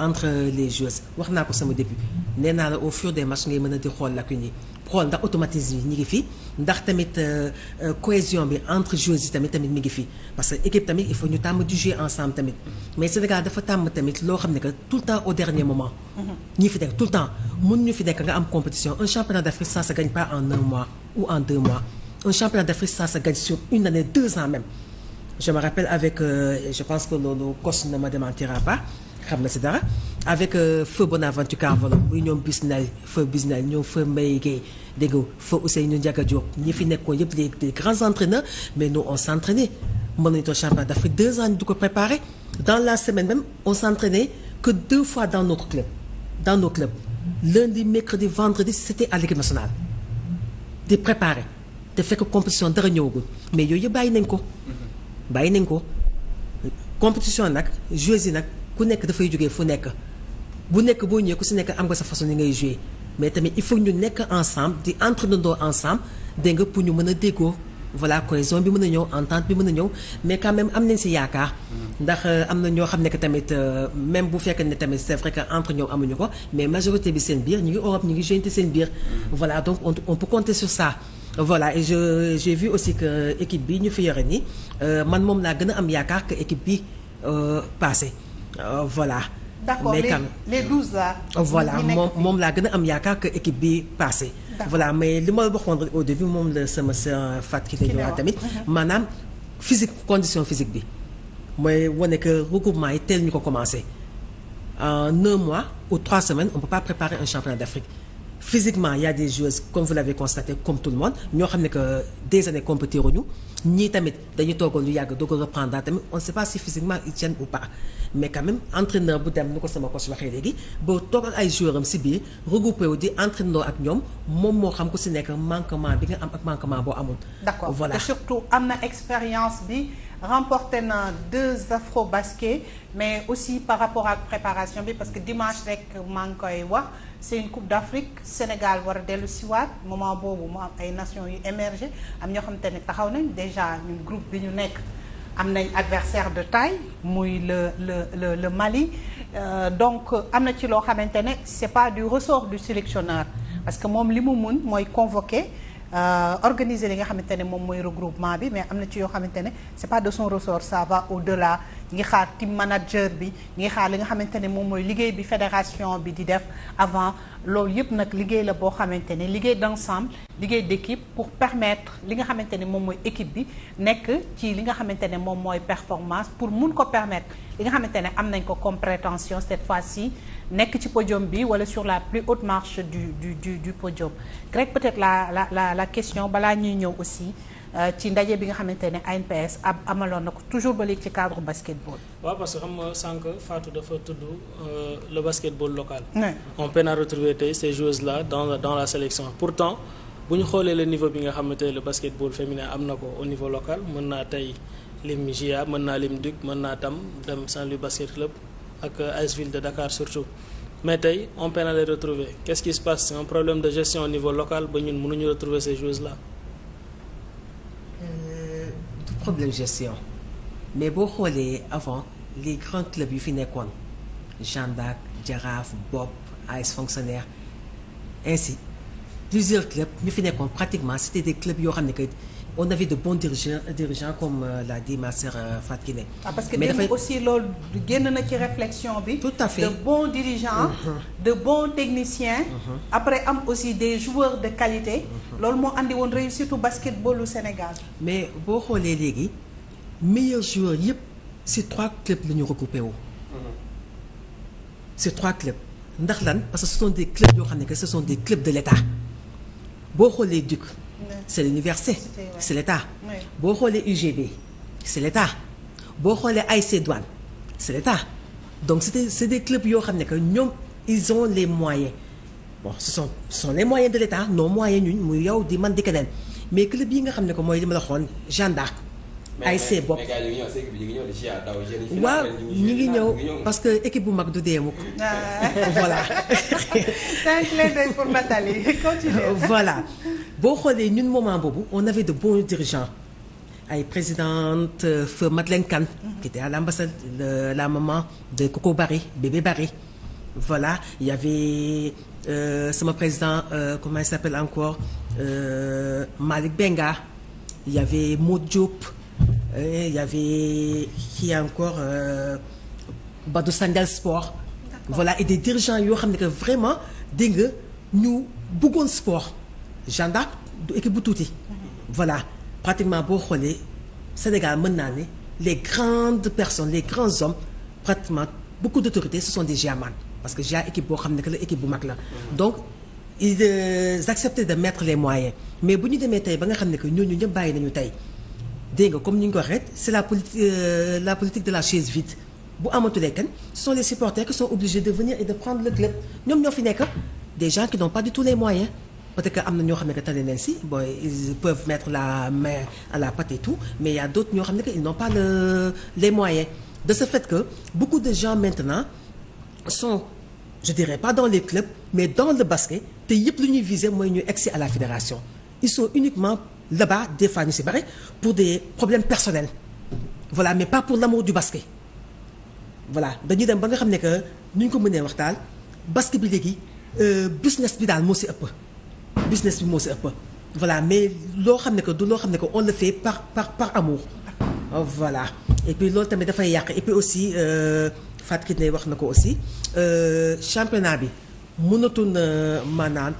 entre les joueuses wax naa ko sama début nee naa la au fur des matchs ngay mën a di xool lacune yi xool ndax automatisme yi ñu ngi fi ndax tamit euh, euh, cohésion bi entre joueuses yi tamit tamit mi fi parce que équipe tamit il faut ñu tàmm di jouer ensemble tamit mais Sénégal dafa tàmm tamit loo xam ne que tout le temps au dernier moment mm-hmm. ñi fi nekk tout le temps mun ñu fi nekk nga am compétition un championnat d'Afrique ça se gagne pas en un mois ou en deux mois un championnat d'Afrique ça se gagne sur une année deux ans même je euh, pense que loolu coach ne me démentira pas xam na si dara avec euh, feu Bonaventure Carvalho muy ñoom Bisnal feu Bisnal ñoom feu Mbaye Guèye dégg nga feu Ousseynou Ndiaga Diop ñi fi nekkoon yëpp les des grands entraîneurs mais nous on s'entraînait mën nañu toog championnat d'Afrique deux ans du ko préparer dans la semaine même on s'entraînait que deux fois dans notre club dans nos clubs lundi mercredi vendredi c'était à l'équipe nationale di préparer te fekk compétition dara ñëwagul mais yooyu yëpp bàyyi nañ ko mm-hmm. bàyyi nañ ko compétition nag ku nekk dafay jógee fu nekk bu nekk boo ñëwee ku si nekk am nga sa façon ni ngay jouer mais tamit i faut ñu nekk ensemble di entrendoo ensemble dégg nga pour ñu mën a déggoo voilà cohésion bi mën a ñëw entente bi mën a ñëw mais quand même am nañ si yaakaar. ndax euh, am na ñoo xam ne que tamit euh, même bu fekkee ne tamit c'est vrai que entre ñoom amuñu ko mais majorité bi seen biir ñu ngi Europe ñu ngi jointe seen biir. voilà donc on on peut compter sur ça. voilà et je vu aussi que euh, équipe bi ñu fi yore nii man moom laa gën a am yaakaar que équipe bi passé Euh, voilà. d'accord mais quand les douze là. Euh, voilà moom moom laa gën a am yaakaar que équipe bi passé voilà mais li ma waxoon rek au début moom la sama sa fàttali ki ñëwaat tamit mhm. maanaam physique condition physique bi mooy wane que regroupement yi teel ñu ko commencé en un mois ou trois semaines on peut pas préparer un championnat d'Afrique physiquement il y a des joueuses comme vous l'avez constaté comme tout le monde ñoo xam ne que des années compétiruñu ñii tamit dañuy toogoon lu yàgg doo ko reprendre tamit on ne sait pas si physiquement ils tiennent ou pas mais quand même bu dem ni ko sama coach waxee léegi boo toog ak ay joueur am si biir regroupé wu di entraîneur ak ñoom moom moo xam ko si nekk manquement bi nga am ak manquement boo amul. d'accord voilà te surtout am na expérience bi. remporté na deux afro basket mais aussi par rapport ak préparation bi parce que dimanche rek maa ngi koy wax. c'est une coupe d'Afrique Sénégal war a dellu siwaat moment boobu mu am ay nations yu émergé am ñoo xamante ne taxaw nañ déjà ñun groupe bi ñu nekk am nañ adversaire de taille muy le le le le Mali euh, donc am na ci loo xamante ne c'est pas du ressort du sélectionneur parce que moom li mu mun mooy convoquer Euh, organiser li nga xamante ne moom mooy regroupement bi mais am na ci yoo xamante ne c'est pas de son ressort ça va au-delà ngi xaar team manager bi ngi xaar li nga xamante ne moom mooy liggéey bi fédération bi di def avant loolu yëpp nag liggéey la boo xamante ne liggéey d'ensemble liggéey d'équipe pour permettre li nga xamante ne moom mooy équipe bi nekk ci li nga xamante ne moom mooy performance pour mun ko permettre li nga xamante ne am nañ ko comme prétention cette fois-ci nekk ci podium bi wala sur la plus haute marche du du du du podium Greg peut-être la la la la question balaa ñuy ñëw aussi. Euh, ci ndaje bi nga xamante ne ANPS ab amaloon na ko toujours ba léegi ci cadre basketball. waaw parce que xam nga sànq Fatou dafa tudd euh, le basketball local. on peine à retrouver tey ces joueuses là dans dans la sélection pourtant bu ñu xoolee le niveau bi nga xamante ne le basketball féminin am na ko au niveau local mën naa tey lim GIA mën naa lim DUC mën naa tam dem Saint-Louis basket club ak euh, AS Ville de Dakar surtout. mais tey on peine à les retrouver qu'est-ce qui se passe c'est un problème de gestion au problème gestion mais boo xoolee avant les grands clubs yu fi nekkoon Jeanne d'Arc Jaraaf Bopp AS Fonctionnaire ainsi plusieurs clubs ñu fi nekkoon pratiquement c'était des clubs yoo xam ne que on avait de bons dirigeants dirigeants comme euh, l'a dit ma sœur euh, Fatou Kiné. ah parce que démb aussi loolu génn na ci réflexion bi. tout à fait de bons dirigeants. Mm-hmm. de bons techniciens. Mm-hmm. après am aussi des joueurs de qualité. Mm-hmm. loolu moo andi woon réussite u basketball au Sénégal. mais boo xoolee léegi meilleurs joueurs yëpp ci trois clubs lu ñu recoupé wu. ces trois clubs ndax lan parce que ce sont des yoo xam ne que ce sont des clubs de l'État boo xoolee Duc. c' est l'université c' est l' boo xoolee UGB c' est l' état boo xoolee ay douane c' est donc c' est c' est des yoo xam ne que ñoom ils ont les moyens bon ce sont ce sont les moyens de l' état nos moyens ñun yow di man di keneen mais club yi nga xam ne ko mooy li ma la waxoon Jeanne d'Arc ay see bopp waaw ñi ngi ñëw parce que équipe bu mag du deewu ko ah. voilà boo xoolee ñun moment boobu on avait de bons dirigeants ay président euh, feu Madeleine Kane mm-hmm. qui était la maman de Coco Barry bébé Barry voilà y avait euh, sama président euh, comment il s'appelle encore euh, Benga y avait Maud Diop Euh, il y avait qui encore euh, Badou Sandal Sport. voilà et des dirigeants yoo xam ne que vraiment dégg nga ñu bëggoon sport. Jeanne d'Arc du équipe bu tuuti. Mhm. voilà pratiquement boo xoolee Sénégal mën naa ne les grandes personnes les grands hommes pratiquement beaucoup d'autorités ce sont des GIAMAN parce que GIA équipe boo xam ne que la équipe bu mag la. Mhm. donc ils euh, acceptaient de mettre les moyens mais bu ñu demee tey ba nga xam ne que ñooñu ñëpp bàyyi nañu tey. dégg nga comme ni ñu ko waxee c' est la politique euh, la politique de la chaise vide bu amatulee kan ce sont les supporters qui sont obligés de venir et de prendre le club ñoom ñoo fi n'ont pas du tout les moyens peut-être que am na ñoo xam ne que si bon ils peuvent mettre la à la pâte et tout mais y a d'autres ñoo xam ne que ils n'ont pas les moyens de ce fait que beaucoup de gens maintenant sont je dirais pas dans les clubs mais dans le basket te yëpp lu ñuy viser mooy ñu egsi à la fédération ils sont uniquement là-bas des fois ñu si bari pour des problème personnels voilà mais pas pour l'amour du basket voilà dañuy dem ba nga xam ne que nu ñu ko mënee wax daal basket bi léegi euh, business bi daal moo si ëpp business bi moo si ëpp voilà mais loo xam ne que du loo xam ne ko on le fait par par par amour voilà et puis loolu tamit dafay yàq et puis aussi euh, Fatou Kiné wax na ko aussi euh, championnat bi mënatul maanaam.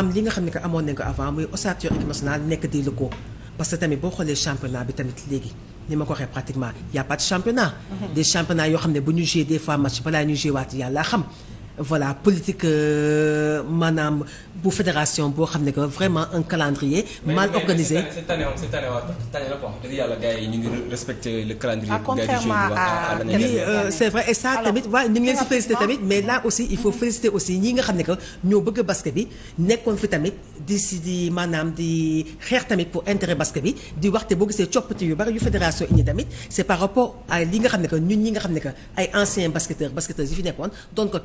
am li nga xam ne que amoon nañ ko avant muy ossature équipe nationale nekk des locaux parce que tamit boo xoolee championnat bi tamit léegi ni ma ko waxee pratiquement y' a de championnat. Mm-hmm. yoo xam ne bu ñu joué des balaa ñuy joué waat yàlla xam. voilà politique euh, maanaam bu fédération boo xam ne que vraiment un calendrier mal organisé. la quoi dëgg yàlla gars ah, euh, c'est vrai et ça tamit waaw ñu ngi si félicité tamit mais là aussi il faut féliciter aussi ñi nga xam ne que ñoo bëgg basket bi nekkoon fi tamit di si di maanaam di xeex tamit pour intérêt basket bi di waxte boo gisee coppite yu bari yu fédération indi tamit c'est par rapport à li nga xam ne que ñun ñi nga xam ne que ay anciens basketteurs basketteuses yi fi nekkoon doon ko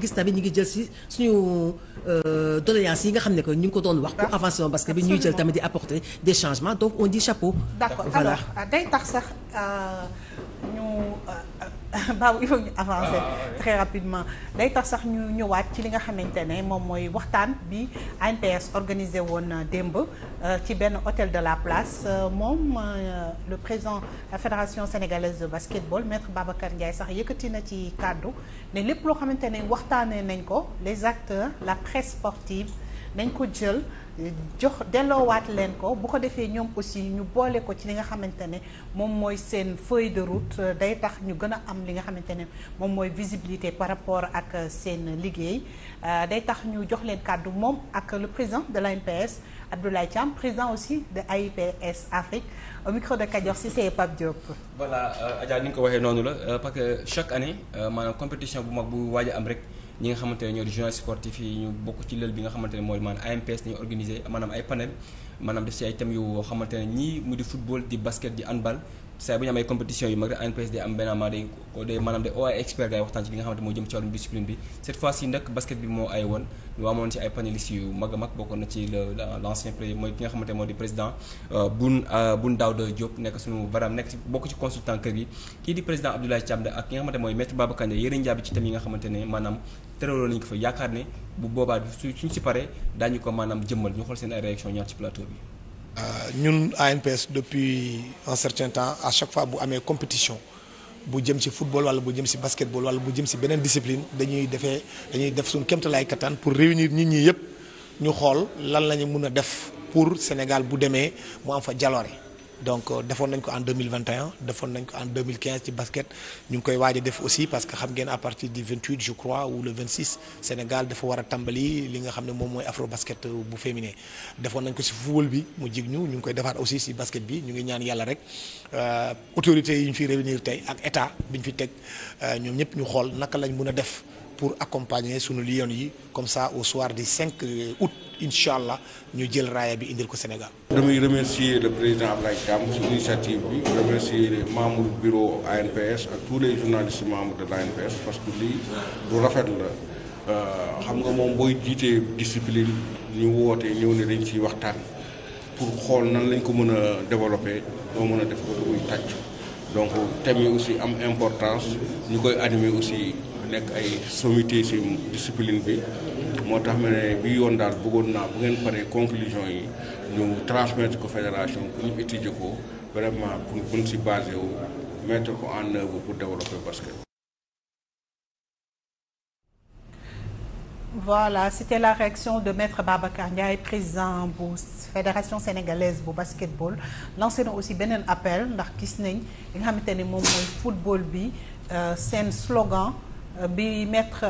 ñoom gis naa bi ñu ngi jël si suñu euh, doléances yi nga xam ne que ñu ngi ko doon wax pour avancement parce que bi ñuy jël tamit di apporter des changements donc on dit chapeau. d'accord voilà euh, day tax sax euh, Babou il faut ñu avancer très rapidement day tax sax ñu ñëwaat ci li nga xamante ne moom mooy waxtaan bi ANPS organisé woon euh, démb euh, ci benn hôtel de la place euh, moom le président la fédération sénégalaise de basketball maître Babacar Ndiaye sax yëkkati na ci kàddu ne lépp loo xamante ne waxtaanee nañ ko les acteurs la presse sportive nañ ko jël jox delloowaat leen ko bu ko defee ñoom aussi ñu boole ko ci li nga xamante ne moom mooy seen feuille de route day tax ñu gën a am li nga xamante ne moom mooy visibilité par rapport ak seen liggéey euh, day tax ñu jox leen kàddu moom ak le président de l'ANPS Abdoulaye Thiam président aussi de AIPS Afrique au micro de Kadior Cissé et Pape Diop. voilà euh, Adja ni nga ko waxee noonu la euh, parce que chaque anne maanaam compétition bu mag bu waaj am rek. ñi nga xamante ne ñoo di journal sportif ñu bokk ci lël bi nga xamante ne mooy maanaam AMPS dañu organiser maanaam ay panel maanaam def ci ay thèmes yu xamante ne ñii mu di football di basket di handball saa bu ñu amee am benn maanaam day day maanaam day oo expert gars yi waxtaan ci li nga xamante moo jëm ci wàllum discipline bi cette fois mooy ki nga xamante moo di président euh, Boun euh, Boun Daouda nekk suñu baram nekk ci bokk ci consultant kër gi kii di président Abdoulaye Thiam ak ki nga xamante mooy maître Babacar Ndiaye yéen a njaabi ci tam yi nga xamante ne maanaam tëraloo nañu ko fa yaakaar ne bu boobaa suñ si pare daañu ko maanaam jëmmal ñu xool seen ay réaction ñaar ci plateau bi Euh, ñun ANPS depuis un certain temps à chaque fois bu amee compétition bu jëm ci football wala bu jëm ci basketball wala bu jëm ci beneen discipline dañuy defee dañuy def suñu kéemtalaay kattan pour réunir nit ñi yëpp ñu xool lan la ñu mën a def pour Sénégal bu demee mu am fa jaloore. donc euh, defoon nañ ko en 2021 defoon nañ ko en 2015 ci basket ñu ngi koy waaj a def aussi parce que xam ngeen à partir du 28 je crois ou le 26 Sénégal dafa war a tàmbali li nga xam ne moom mooy afro basket euh, bu féminin defoon nañ ko si football bi mu jig ñu ñu ngi koy defaat aussi si basket bi ñu ngi ñaan yàlla rek euh, autorités yi ñu fi réunir tey ak état bi ñu fi teg ñoom ñëpp ñu xool naka lañ mun a def pour accompagner sunu lion yi comme ça au soir du cinq euh, août incha allah ñu jël raaya bi indil ko Sénégal. damay remercier le président Ablaye Thiam ci initiative bi remercier les membres du bureau ANPS ak tous les journalistes membres de l'ANPS parce que lii lu rafet la euh, xam nga moom booy jiitee discipline ñu woote ñëw ne dañ ciy waxtaan pour xool nan lañ ko mën a développer doo mën a def ko muy tàcc donc thème yi aussi am importance ñu koy animer aussi. nekk ay sommité si moo tax ma yoon daal bëggoon naa bu yi ñu transmettre ko fédération pour ñu étudier ko Voilà, c'était la réaction de Maître Babacar Ndiaye, président bu Fédération sénégalaise bu basketball lancé na aussi beneen appel ndax gis nañ li nga xamante ni moom mooy football bi euh, seen slogan. bi maître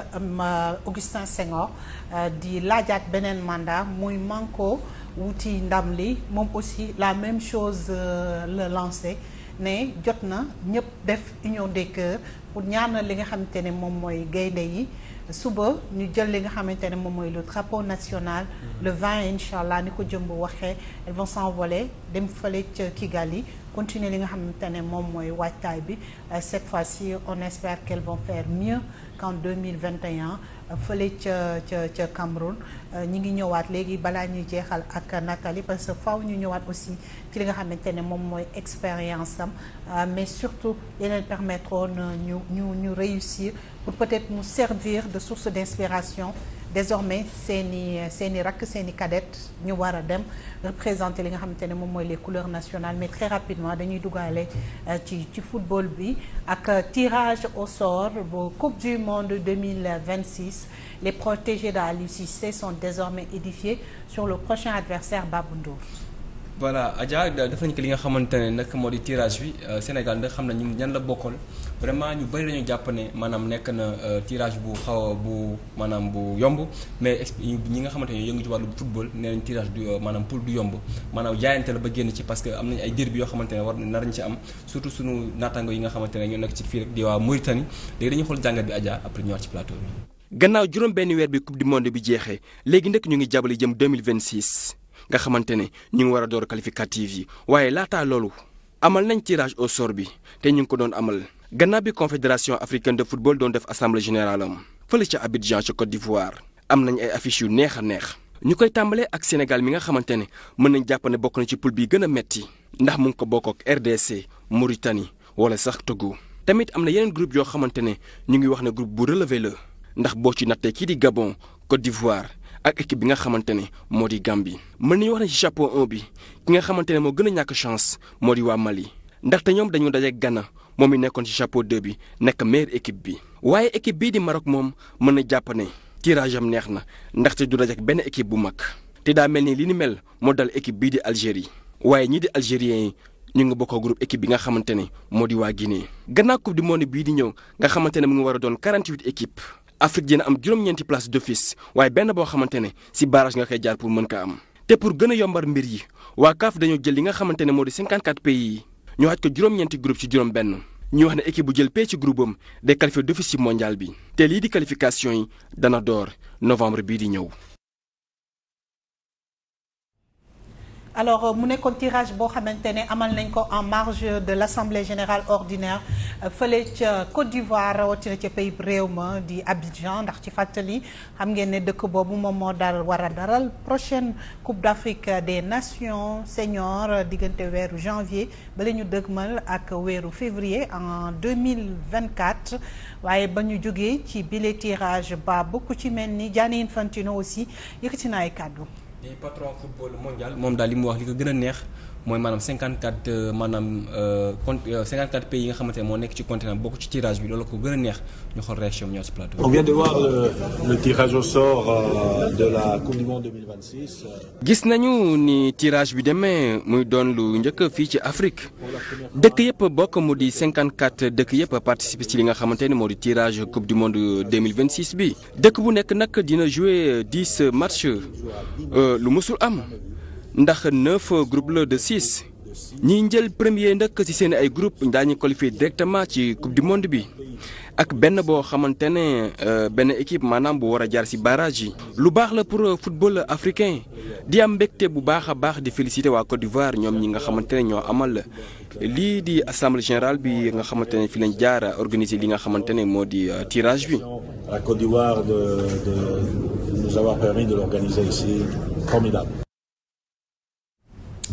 Augustin Senghor euh, di laajaat beneen mandat muy manko wuti ndam li moom aussi la même chose euh, la lancé ne jot na ñëpp def union des cœurs pour ñaanal li nga xamante ne moom mooy gaynde yi suba ñu jël li nga xamante ne moom mooy le drapeau national mm-hmm. le 20 incha allah ni ko jëmb waxee elles vont s'envoler dem fële ca Kigali continuer li nga xamante ne moom mooy waajtaay bi euh, cette fois-ci on espère qu'elles vont faire mieux qu'en 2021 euh, fële ca ca ca Cameroun euh, ñi ngi ñëwaat léegi balaa ñuy jeexal ak Nathalie parce que faw ñu ñëwaat aussi ci li nga xamante ne moom mooy expérience am mais surtout li leen ñu ñu ñu réussir pour peut-être mu servir de source d'inspiration désormais seen i seen i rakk seen i cadette ñu war a dem représenter li nga xamante ne moom mooy les couleurs nationales mais très rapidement dañuy dugaale euh, ci ci football bi ak euh, tirage au sort bu coupe du monde 2026 les protégés d'Aliou Cissé sont désormais édifiés sur le prochain adversaire Babou Ndour voilà Adja dafa ñu ko li nga xamante ne nag moo di tirage bi euh, Sénégal ndax xam na ñu ñan la bokkal vraiment ñu bëri dañu jàpp ne maanaam nekk na euh, tirage bu xaw bu maanaam bu yomb mais ñi nga xamante ne yëngu ci wàllu football nee nañ tirage du euh, maanaam pour du jaayante la ba génn ci parce que am nañ ay derby yoo xamante ne war nar nañ ci am surtout sunu naataango yi nga xamante ne ñoo nekk ci fii rek di waa Mauritanie léegi dañuy xool jàngat bi Adja après ñëwaat ci plateau bi. gannaaw juróom benn weer bi coupe du monde bi jeexee nag ñu ngi jàppale jëm 2026 nga xamante ne ñu ngi war a door qualificative yi waaye laataa loolu amal nañ tirage au sort bi te ñu ngi ko doon amal gannaaw bi confédération africaine de football doon def assemblée générale am fële ca Abidjan ca Côte d'Ivoire am nañ ay affiches yu neex a neex. ñu koy tàmbalee ak Sénégal mi nga xamante ne mën nañ jàpp ne bokk na ci poule bi gën a metti ndax mu ngi ko bokk ak RDC Mauritanie wala sax Togo. tamit am na yeneen groupe yoo xamante ne ñu ngi wax ne groupe bu relevé la ndax boo ci nattee kii di Gabon Côte d'Ivoire ak équipe bi nga xamante ne moo di Gambie mën nañu wax ne ci chapeau 1 bi ki nga xamante ne moo gën a ñàkk chance moo di waa Mali ndaxte ñoom dañu daje Ghana moom mi nekkoon ci chapeau 2 bi nekk meilleure équipe bi waaye équipe bii di marok moom mën na jàpp ne tirage am neex na ndaxte du daje ak benn équipe bu mag te daa mel ni li ni mel moo dal équipe bii di Algérie waaye ñii di algériens yi ñu ngi bokkoo groupe équipe bi nga xamante ne moo di waa Guinée. gannaaw coupe du bii di ñëw nga xamante ne mu war a doon 48 équipes Afrique dina am juróom-ñeenti place d'office waaye benn boo xamante ne si barrage nga koy jaar pour mën kaa am te pour gën a yombar mbir yi waa CAF dañoo jël li nga xamante ne moo di 54 pays yi ñu xaj ko juróom-ñeenti groupe ci juróom benn ñu wax ne équipe bu jël pee ci groupe am day qualifié d'office ci mondial bi te lii di qualification yi dana door novembre bii di ñëw alors euh, mu nekkoon tirage boo xamante ne amal nañ ko en marge de l'assemblée général ordinaire euh, fële ca Côte d'Ivoire rawatina ca pays réew ma di Abidjan ndax ci fàttali xam ngeen ne dëkk boobu moom moo daal war a daral prochaine Coupe d'Afrique des Nations seniors euh, diggante weeru janvier bala ñu dëgmal ak weeru février en 2024 waaye ba ñu jógee ci bile tirage ba bokk ci mel ni Gianni Infantino aussi yëkkati na ay kàddu di patron football mondial moom daal li mu wax li ko gën a neex mooy maanaam 54 euh, maanaam euh, cont euh, 54 pays yi nga xamante ne moo nekk ci continent bokk ci tirage bi loolu ko gën a neex ñu xool réaction bi ñoo si plateau. on vient de voir le, le gis nañu ni tirage bi demee muy doon lu njëkk fii ci Afrique dëkk yëpp bokk mu di cinquante 54 dëkk yëpp participer ci li nga xamante ne moo di tirage coupe du monde 2026 bi dëkk bu nekk nag dina jouer 10 matchs lu mësul am. ndax neuf groupe la de six ñiy njël premier nag ci seen ay groupe daañu qualifié directement ci coupe du monde bi ak benn boo xamante ne euh, benn équipe maanaam bu war a jaar ci barrage yi. lu baax la pour euh, football africain di am mbégte bu baax a baax di féliciter waa Côte d'Ivoire ñoom ñi nga xamante ne ñoo amal lii di assemblée générale bi nga xamante ne fi lañ jaar organiser li nga xamante ne moo di euh, tirage bi. La Côte d'Ivoire de de nous avoir permis de l'organiser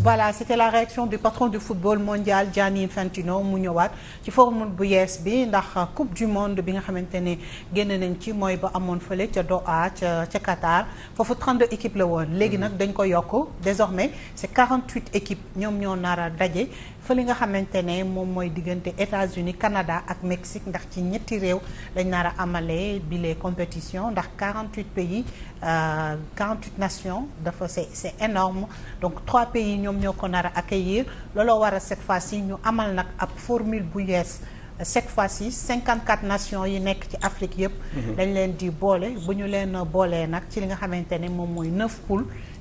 voilà c'était la réaction du patron du football mondial Gianni Infantino mu ñëwaat ci formule bu yees bi ndax coupe du monde bi nga xamante ne génn nañ ci mooy ba amoon fële ca Doha ca ca Qatar foofu 32 équipes la woon léegi mhm. nag dañ ko yokk désormais c'est 48 équipes ñoom ñoo nar a fa li nga xamante ne moom mooy diggante États-Unis Canada ak Mexique ndax ci ñetti réew lañ nar a amale bile compétition ndax 48 pays euh, 48 nations dafa c'est c'est énorme donc trois pays ñoom ñoo ko nara ak accueillir looloo war a cette fois-ci ñu amal nag ab formule bu yees cette fois-ci 54 nations yi nekk ci Afrique yëpp. Mhm. dañ leen di boole bu ñu leen boolee nag ci li nga xamante ne moom mooy neuf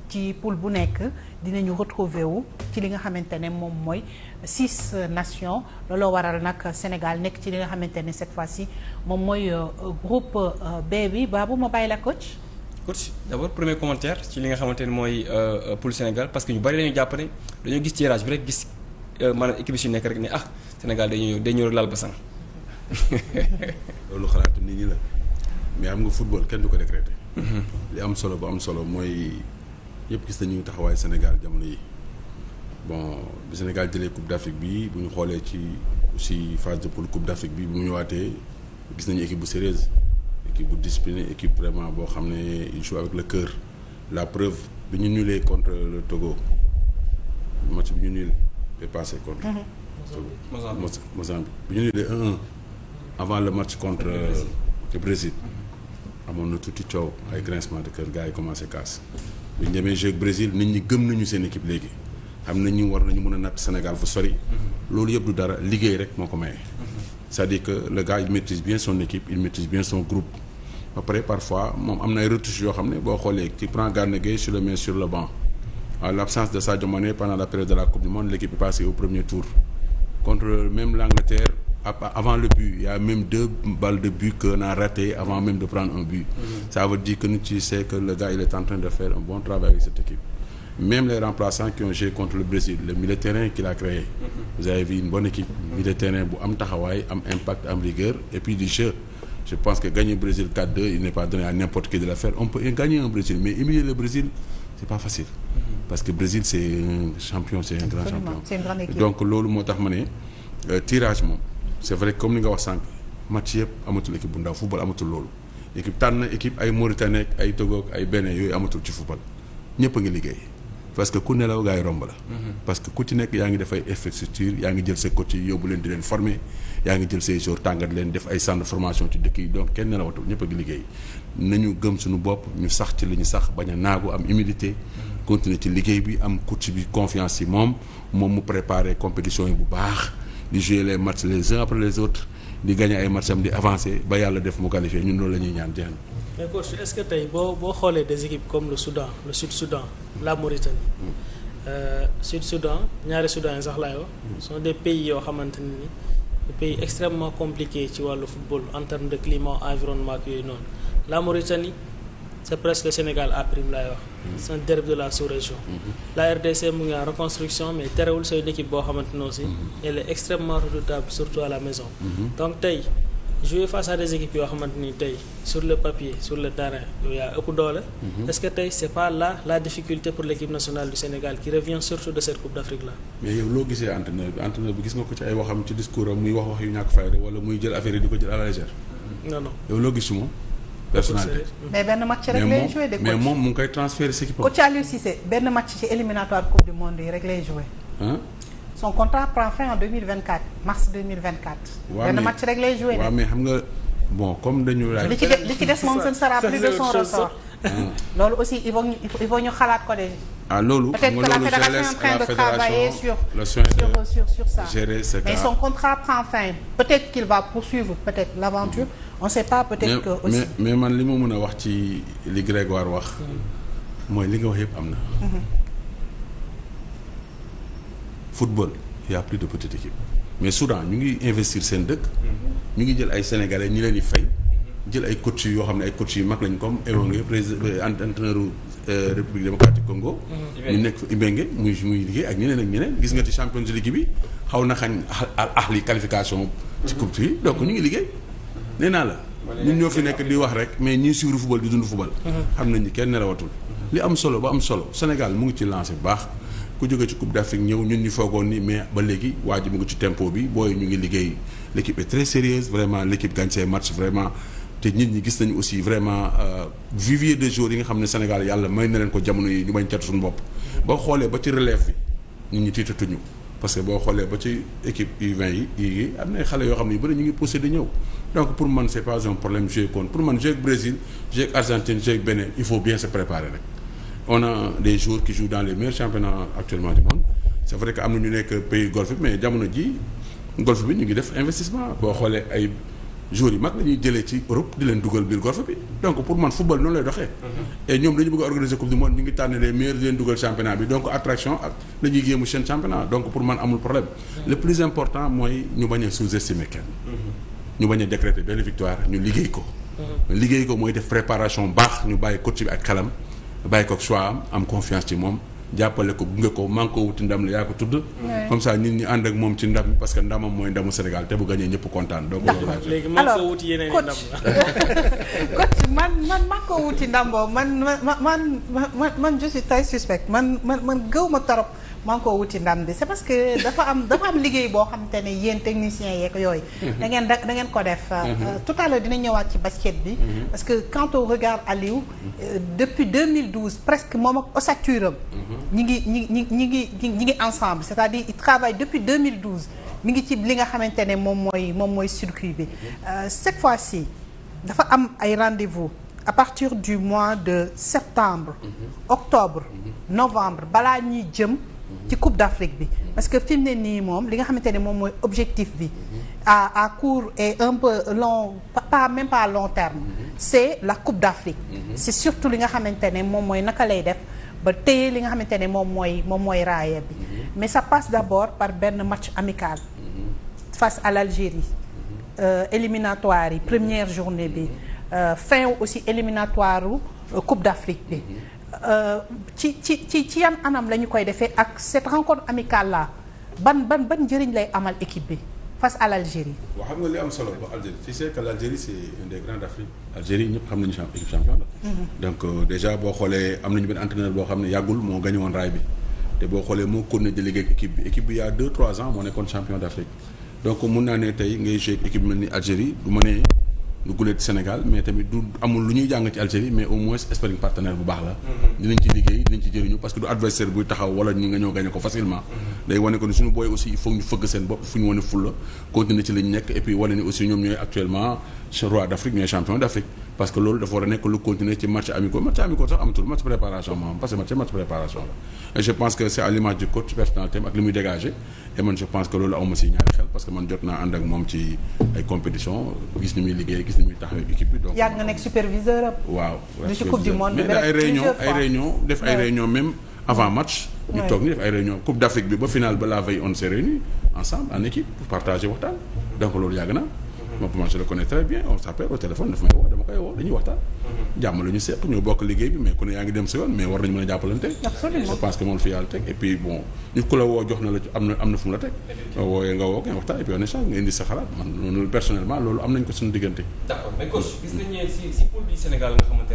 ci poule bu nekk dinañu retrouver wu ci li nga xamante ne moom mooy. six nations looloo waral nag Sénégal nekk ci li nga xamante ne cette fois-ci moom mooy euh, groupe euh, B bi Babou ma bàyyi la coach. coach premier commentaire ci li nga xamante ni mooy euh, poule Sénégal parce que ñu bari dañu jàppane dañoo gis tirage bi rek gis maanaam équipe yi nekk rek ni ah Sénégal dañuy dañoo laal basan loolu xalaatu nit ñi la mais am nga football kenn du ko décréter. Mhm. li am solo bu am solo mooy ñëpp gis nañu taxawaayu Sénégal jamono yi. bon bi Sénégal jëlee coupe d'Afrique bi bu ñu xoolee ci aussi phase de poule coupe d'Afrique bi bu mu waatee gis nañu équipe bu sérieuse équipe bu disciplinée équipe vraiment boo xam ne il joue avec le kër la preuve bi ñu nulé contre le Togo match bi ñu nul est passé contre. Mhm. Mozambique Mozambique bi ñu nulé 1-1 avant le match contre le Brésil amoon na ci coow ay grincement de kër gars yi commencé casse bi ñu demee jeu Brésil nit ñi gëm nañu seen équipe léegi. am na ñu war nañu mën a natt Sénégal fu sori. Mhm. loolu yëpp du dara liggéey rek moo ko maye. Mhm. c'est-à-dire que le gars il maîtrise bien son équipe il maîtrise bien son groupe. après parfois moom am na ay retouches yoo xam ne boo xoolee ci prends Gana Gueye sur le mets sur le banc à l'absence de Sadio Mané pendant la période de la Coupe du Monde l'équipe est passée au premier tour contre même l'Angleterre avant le but il a même deux de but qu'on a raté avant même même les remplaçants qui ont joué contre le Brésil le milieu terrain qu'il a créé mm-hmm. vous avez vu une bonne équipe milieu terrain bu am taxawaay am impact am rigueur et puis du jeu je pense que gagner Brésil 4-2 il n'est pas donné à n'importe qui de le on peut gagner un Brésil mais humilier le Brésil c'est pas facile mm-hmm. parce que Brésil c'est un champion c'est un grand champion donc loolu moo tax ma ne euh, tirage moom c'est vrai comme ni nga wax sànq match yëpp amatul équipe bu ndaw football amatul loolu équipe tànn équipe ay Mauritanie ay Togo ay Bénin yooyu amatul ci football ñëpp ngi liggéey parce que ku nelaw gaay romb la. Mhm. parce que ku ci nekk yaa ngi def ay infrastructure yaa ngi jël sa coach yi yóbbu leen di leen former yaa ngi jël say jour tàngat leen def ay centre de formation ci dëkk yi donc kenn nelawatul ñëpp a ngi liggéey nañu gëm suñu bopp ñu sax ci li ñu sax bañ a naagu am humidité mhm. continuer ci liggéey bi am coach bi confiance yi moom moom mu préparer compétition yi bu baax di jouer les les uns après les autres di gagner ay matchs am avancer ba yàlla def mu qualifier ñun loolu la ñuy ñaan jeex mais coach est-ce que tey boo boo xoolee des équipes comme le Soudan le Sud Soudan la Mauritanie. Mm. Euh, Sud Soudan ñaari Soudan yi sax laay wax. Mm. sont des pays yoo xamante ne ni des pays extrêmement compliqués ci wàllu football en termes de climat environnement ak yooyu noonu la Mauritanie c'est presque le Sénégal à prime laay wax. Mm. c'est un derby de la sous-région. Mm-hmm. la RDC mu ngi en reconstruction mais terewul sooy équipe boo xamante ne aussi mm-hmm. elle est extrêmement redoutable surtout à la maison. Mm-hmm. donc tey. jouer face à des équipes yoo xamante ni tey sur le papier sur le terrain yaa ëpp doole. Mhm. est-ce que tey c'est pas là la difficulté pour l'équipe nationale du Sénégal qui revient surtout de cette Coupe d'Afrique là. mais yow loo gisee entraîneur bi gis nga ko ci ay waxam ci discours am muy wax wax yu ñàkk fayda wala muy jël affaire di ko jël à la légère. loo gis moom. mais benn match rek lay joué. de mais moom mu ngi koy transférer si équipe am. Aliou son contrat prend fin en 2024 mars 2024. waaw benn match rek lay joué. waaw mais xam nga bon comme dañu. li ci des li ci des moom ce ne sera plus de son ressort. Ah. loolu aussi il faut ñu xalaat ko de. ah loolu peut-être que la fédération est en train de travailler sur sur sur sur ça mais son contrat prend fin peut-être qu'il va poursuivre peut-être l'aventure mm-hmm. on sait pas peut-être que mais man li ma mën a wax ci li Grégoire wax mm. mooy li nga wax yëpp am na mm-hmm. football il y a plus de petite équipe mais Soudan ñu ngi investir seen dëkk. Mhm. ñu ngi jël ay sénégalais ñi leen di fay. Mhm. jël ay coach yoo xam ne ay coach yu mag lañ comme Emengue président mhm. euh, entraîneur euh, république démocratique Congo. ñu nekk fa Ibenge muy muy liggéey ak ñeneen ak ñeneen gis nga ci champions league bi xaw na xañ ahli qualification. ci coupe yi donc ñu ngi liggéey. nee naa la ñun ñoo fi nekk di wax rek mais ñi suivre football di dund football. xam nañ ni kenn nelawatul. li am solo ba am solo Sénégal mu ngi ci lancé bu baax. ku jóge ci coupe d'Afrique ñëw ñun ñu foogoon ni mais ba léegi waa ji mu ngi ci tempo bi booy ñu ngi liggéey l'équipe est très sérieuse vraiment l'équipe gagne ses matchs vraiment te nit ñi gis nañu aussi vraiment euh, vivier de joueurs yi nga xam ne Sénégal yàlla may na leen ko jamono yi ñu bañ catu suñu bopp boo xoolee ba ci relève bi nit ñi tiitatuñu parce que boo xoolee ba ci équipe U20 yi yi am na xale yoo xam ne yu bëri ñu ngi poussé ñëw donc pour man c'est pas un pour man jouer ak Brésil jouer ak Argentine jouer ak Bénin il on a jour joueurs qui jouent dans les meilleurs championnats actuellement du monde c'est vrai que am na ñu nekk pays golfe bi mais jamono ji golfe bi ñu ngi def investissement boo xoolee ay joueurs yi mag la ñuy jëlee ci Europe di leen dugal biir golfe bi donc pour man football noonu lay doxee. Mhm. et ñoom dañu bëgg a organiser coupe du monde ñu ngi tànn les meilleurs di leen dugal championnat bi donc attraction ak la ñuy seen championnat donc pour man amul problème. le plus important mooy ñu bañ a sous-estimer kenn. Mhm. ñu bañ a décréter benn ñu liggéey ko. Mhm. liggéey ko mooy def préparation baax ñu bàyyi coach ak xelam. bàyyi ko choix am am confiance ci moom jàppale ko gunge ko man wuti ndam la yaa ko tudd. comme ça nit ñi ànd ak moom ci ndam parce que ndamam mooy ndamu Sénégal te bu gañee ñëpp kontaan. donc léegi man ko wuti yeneen ndam la man man man ko wuti ndam boobu man man man man man je suis suspect man man man gëw ma trop. maa ngi koo wuti ndam bi c'est parce que dafa am am liggéey boo xam te ne yéen techniciens yeeg yooyu. Mhm. da ngeen da ngeen ko def. Euh, mhm. euh, tout à l'heure dina ñëwaat ci basket bi. Mhm. parce que quand on regarde Aliou. Euh, depuis 2012 presque moom ak osaturam. ñi ngi ñi ñi ñi ngi ñi ngi ensemble c'est-à-dire il travaille depuis 2012. mi ngi ci li nga xamante ne moom mooy moom mooy circuit bi cette fois si dafa am ay rendez-vous à partir du mois de septembre octobre novembre balaa ñuy jëm ci coupe d' bi parce que fi ne nii moom li nga xamante ne moom mooy objectif bi à à court et un peu long pas même pas à long terme c' est la coupe d' Afrique surtout li nga xamante ne moom mooy naka lay def ba téye li nga xamante ne moom mooy moom mooy raaya bi mais ça passe d' abord par benn match amical face à l' Algérie euh, éliminatoire yi première journée bi euh, fin aussi éliminatoire wu euh, Coupe d' Afrique bi Euh, ci ci ci ci yan anam la ñu koy defee ak cette rencontre amicale là ban ban ban njëriñ lay amal équipe bi face à l' Algérie. xam nga li am solo ba Algérie tu sais Algérie c' est une des Algérie ñëpp xam nañu champ champion mm-hmm. donc euh, déjà boo xoolee am nañu benn entraîneur boo xam ne yàggul moo gagné woon raay bi te boo xoolee moo continué di liggéey ak équipe bi équipe bi y' a 2 3 ans moo nekkoon champion d' donc mun naa ne tey ngay joué équipe du guleet Sénégal mais tamit du amul lu ñuy jàng ci Algérie mais au moins sparring partenaire bu baax la mm-hmm. dinañ ci liggéey dinañ ci jëriñu parce que du adversaire buy taxaw wala ñu nga ñëw gagné ko facilement mm-hmm. day wane ko ni suñu booy aussi il faut ñu fëgg seen bopp fu ñu wane fulla continuer ci lañ nekk et puis wane ni aussi ñoom ñooy actuellement roi d'Afrique ñooy champion d'Afrique parce que loolu dafa war a nekk lu continuer ci match amicaux match gis ñuy muy taxawee équipe bi. donc yàgg nga nekk superviseur am. waaw du ci coupe du monde mais ay réunion ay réunion def ay réunion même avant match. ñu toog ni def ay réunion coupe d' Afrique bi ba finale ba la veille on s' est réunis ensemble en équipe pour partager waxtaan donc loolu yàgg na. moom pour moi je le connais très bien on s'appelle au téléphone daf may woo dama koy woo dañuy waxtaan. Mhm. jàmm la ñu ñoo bokk liggéey bi mais ku yaa ngi dem sa yoon mais war nañu mën a jàppalante. je pense que moom la fi yàlla teg et puis bon ñu ku la woo jox na la am na am na fu mu la teg. wooyee nga woo ngeen waxtaan et puis on échange nga indi sa xalaat man noonu personnellement loolu am nañ ko suñu diggante. d'accord mais coach gis nañu nga xamante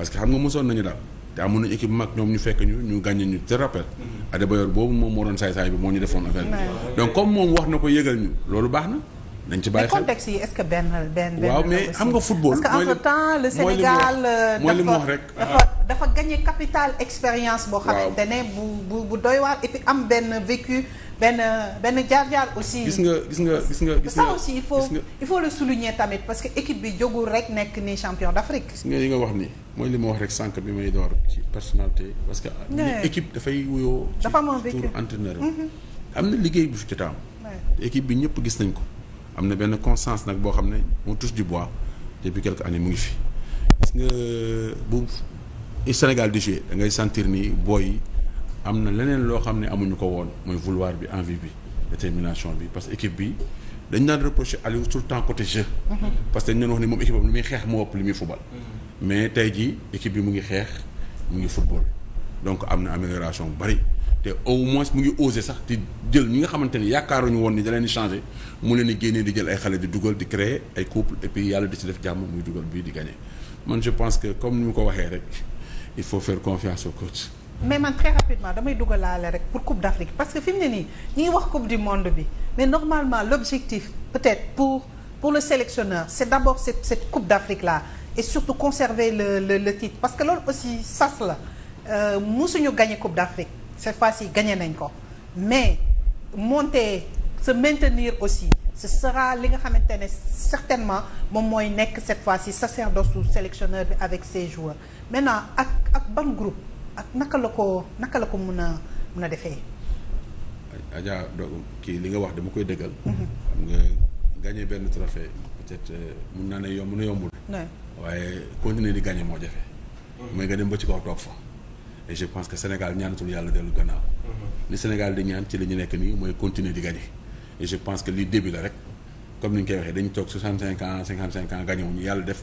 parce que xam nga mosoon nañu daal te amoon nañu équipe mag ñoom ñu fekk ñu ñu gàññe ñu te rappel Adebayor boobu moom moo doon saay-saay bi moo ñu defoon affaire bi donc comme moom wax na ko yëgal ñu loolu baax na nañ ci bàyyi xel contexte yi que benn benn waaw mais xam nga football parce que entre temps le Sénégal mooy li euh, ah. dafa gagné capital expérience boo xamante ne bu bu bu doy waar et am benn vécu benn benn jaar-jaar aussi. gis nga gis nga gis nga gis nga ça aussi il faut il faut le souligner tamit parce que équipe bi jógul rek nekk ni champion d'Afrique. gis nga li nga ni mooy li ma wax rek sànq bi may door ci personnalité parce que. ni équipe dafay wuyoo. dafa am un mhm. vécu am na liggéey bu fi ci taam. équipe bi ñëpp gis nañ ko. am na benn conscience nag boo xam ne moo touche du bois depuis quelques années mu ngi fi gis nga bu Sénégal du jouer da ngay sentir ni booy. am na leneen loo xam ne amuñu ko woon mooy vouloir bi envie bi détermination bi parce que équipe bi dañ daan reproché Aliou tout le temps côté jeu. parce que dañ doon wax ni moom équipe am li muy xeex moo ëpp mais tey jii équipe bi mu ngi xeex mu ngi football donc am na amélioration bu bari te au moins mu ngi osé sax di jël ñi nga xamante ni yaakaaruñu woon ni da leen di changé mu leen di génnee di jël ay xale di dugal di créer ay couple et puis yàlla di ci def jàmm muy dugal bii di gagné man je pense que comme ni mu ko waxee rek il faut faire confiance au mais man très rapidement damay dugalaale rek pour Coupe d'Afrique parce que fi mu ne nii ñi ngi wax Coupe du monde bi mais normalement l'objectif peut-être pour pour le sélectionneur c'est d'abord cette cette Coupe d'Afrique là et surtout conserver le le, le titre parce que loolu aussi sas la euh, mu suñu gañee coup d'Afrique cette fois-ci gagné nañ ko mais monter se maintenir aussi ce sera li nga xamante ne certainement moom mooy nekk cette fois-ci sacerdoce su sélectionneur bi avec ses joueurs maintenant ak ak ban groupe ak naka la ko naka la ko mun a mun a defee. Adja do kii li nga wax dama koy dëggal. Mhm. xam nga gagné benn trophée peut-être euh, mun naa ne yomb na yombul. waaye continuer di gagné moo jafe. Mhm. mooy nga dem ba ci kaw toog fa. et je pense que Sénégal ñaanatul yàlla dellu gannaaw. Mhm. li Sénégal di ñaan ci li ñu nekk nii mooy continuer di gagné. et je pense que lii début la rek comme ni ñu koy waxee dañu toog 65 ans 55 ans gagné wuñu yàlla def.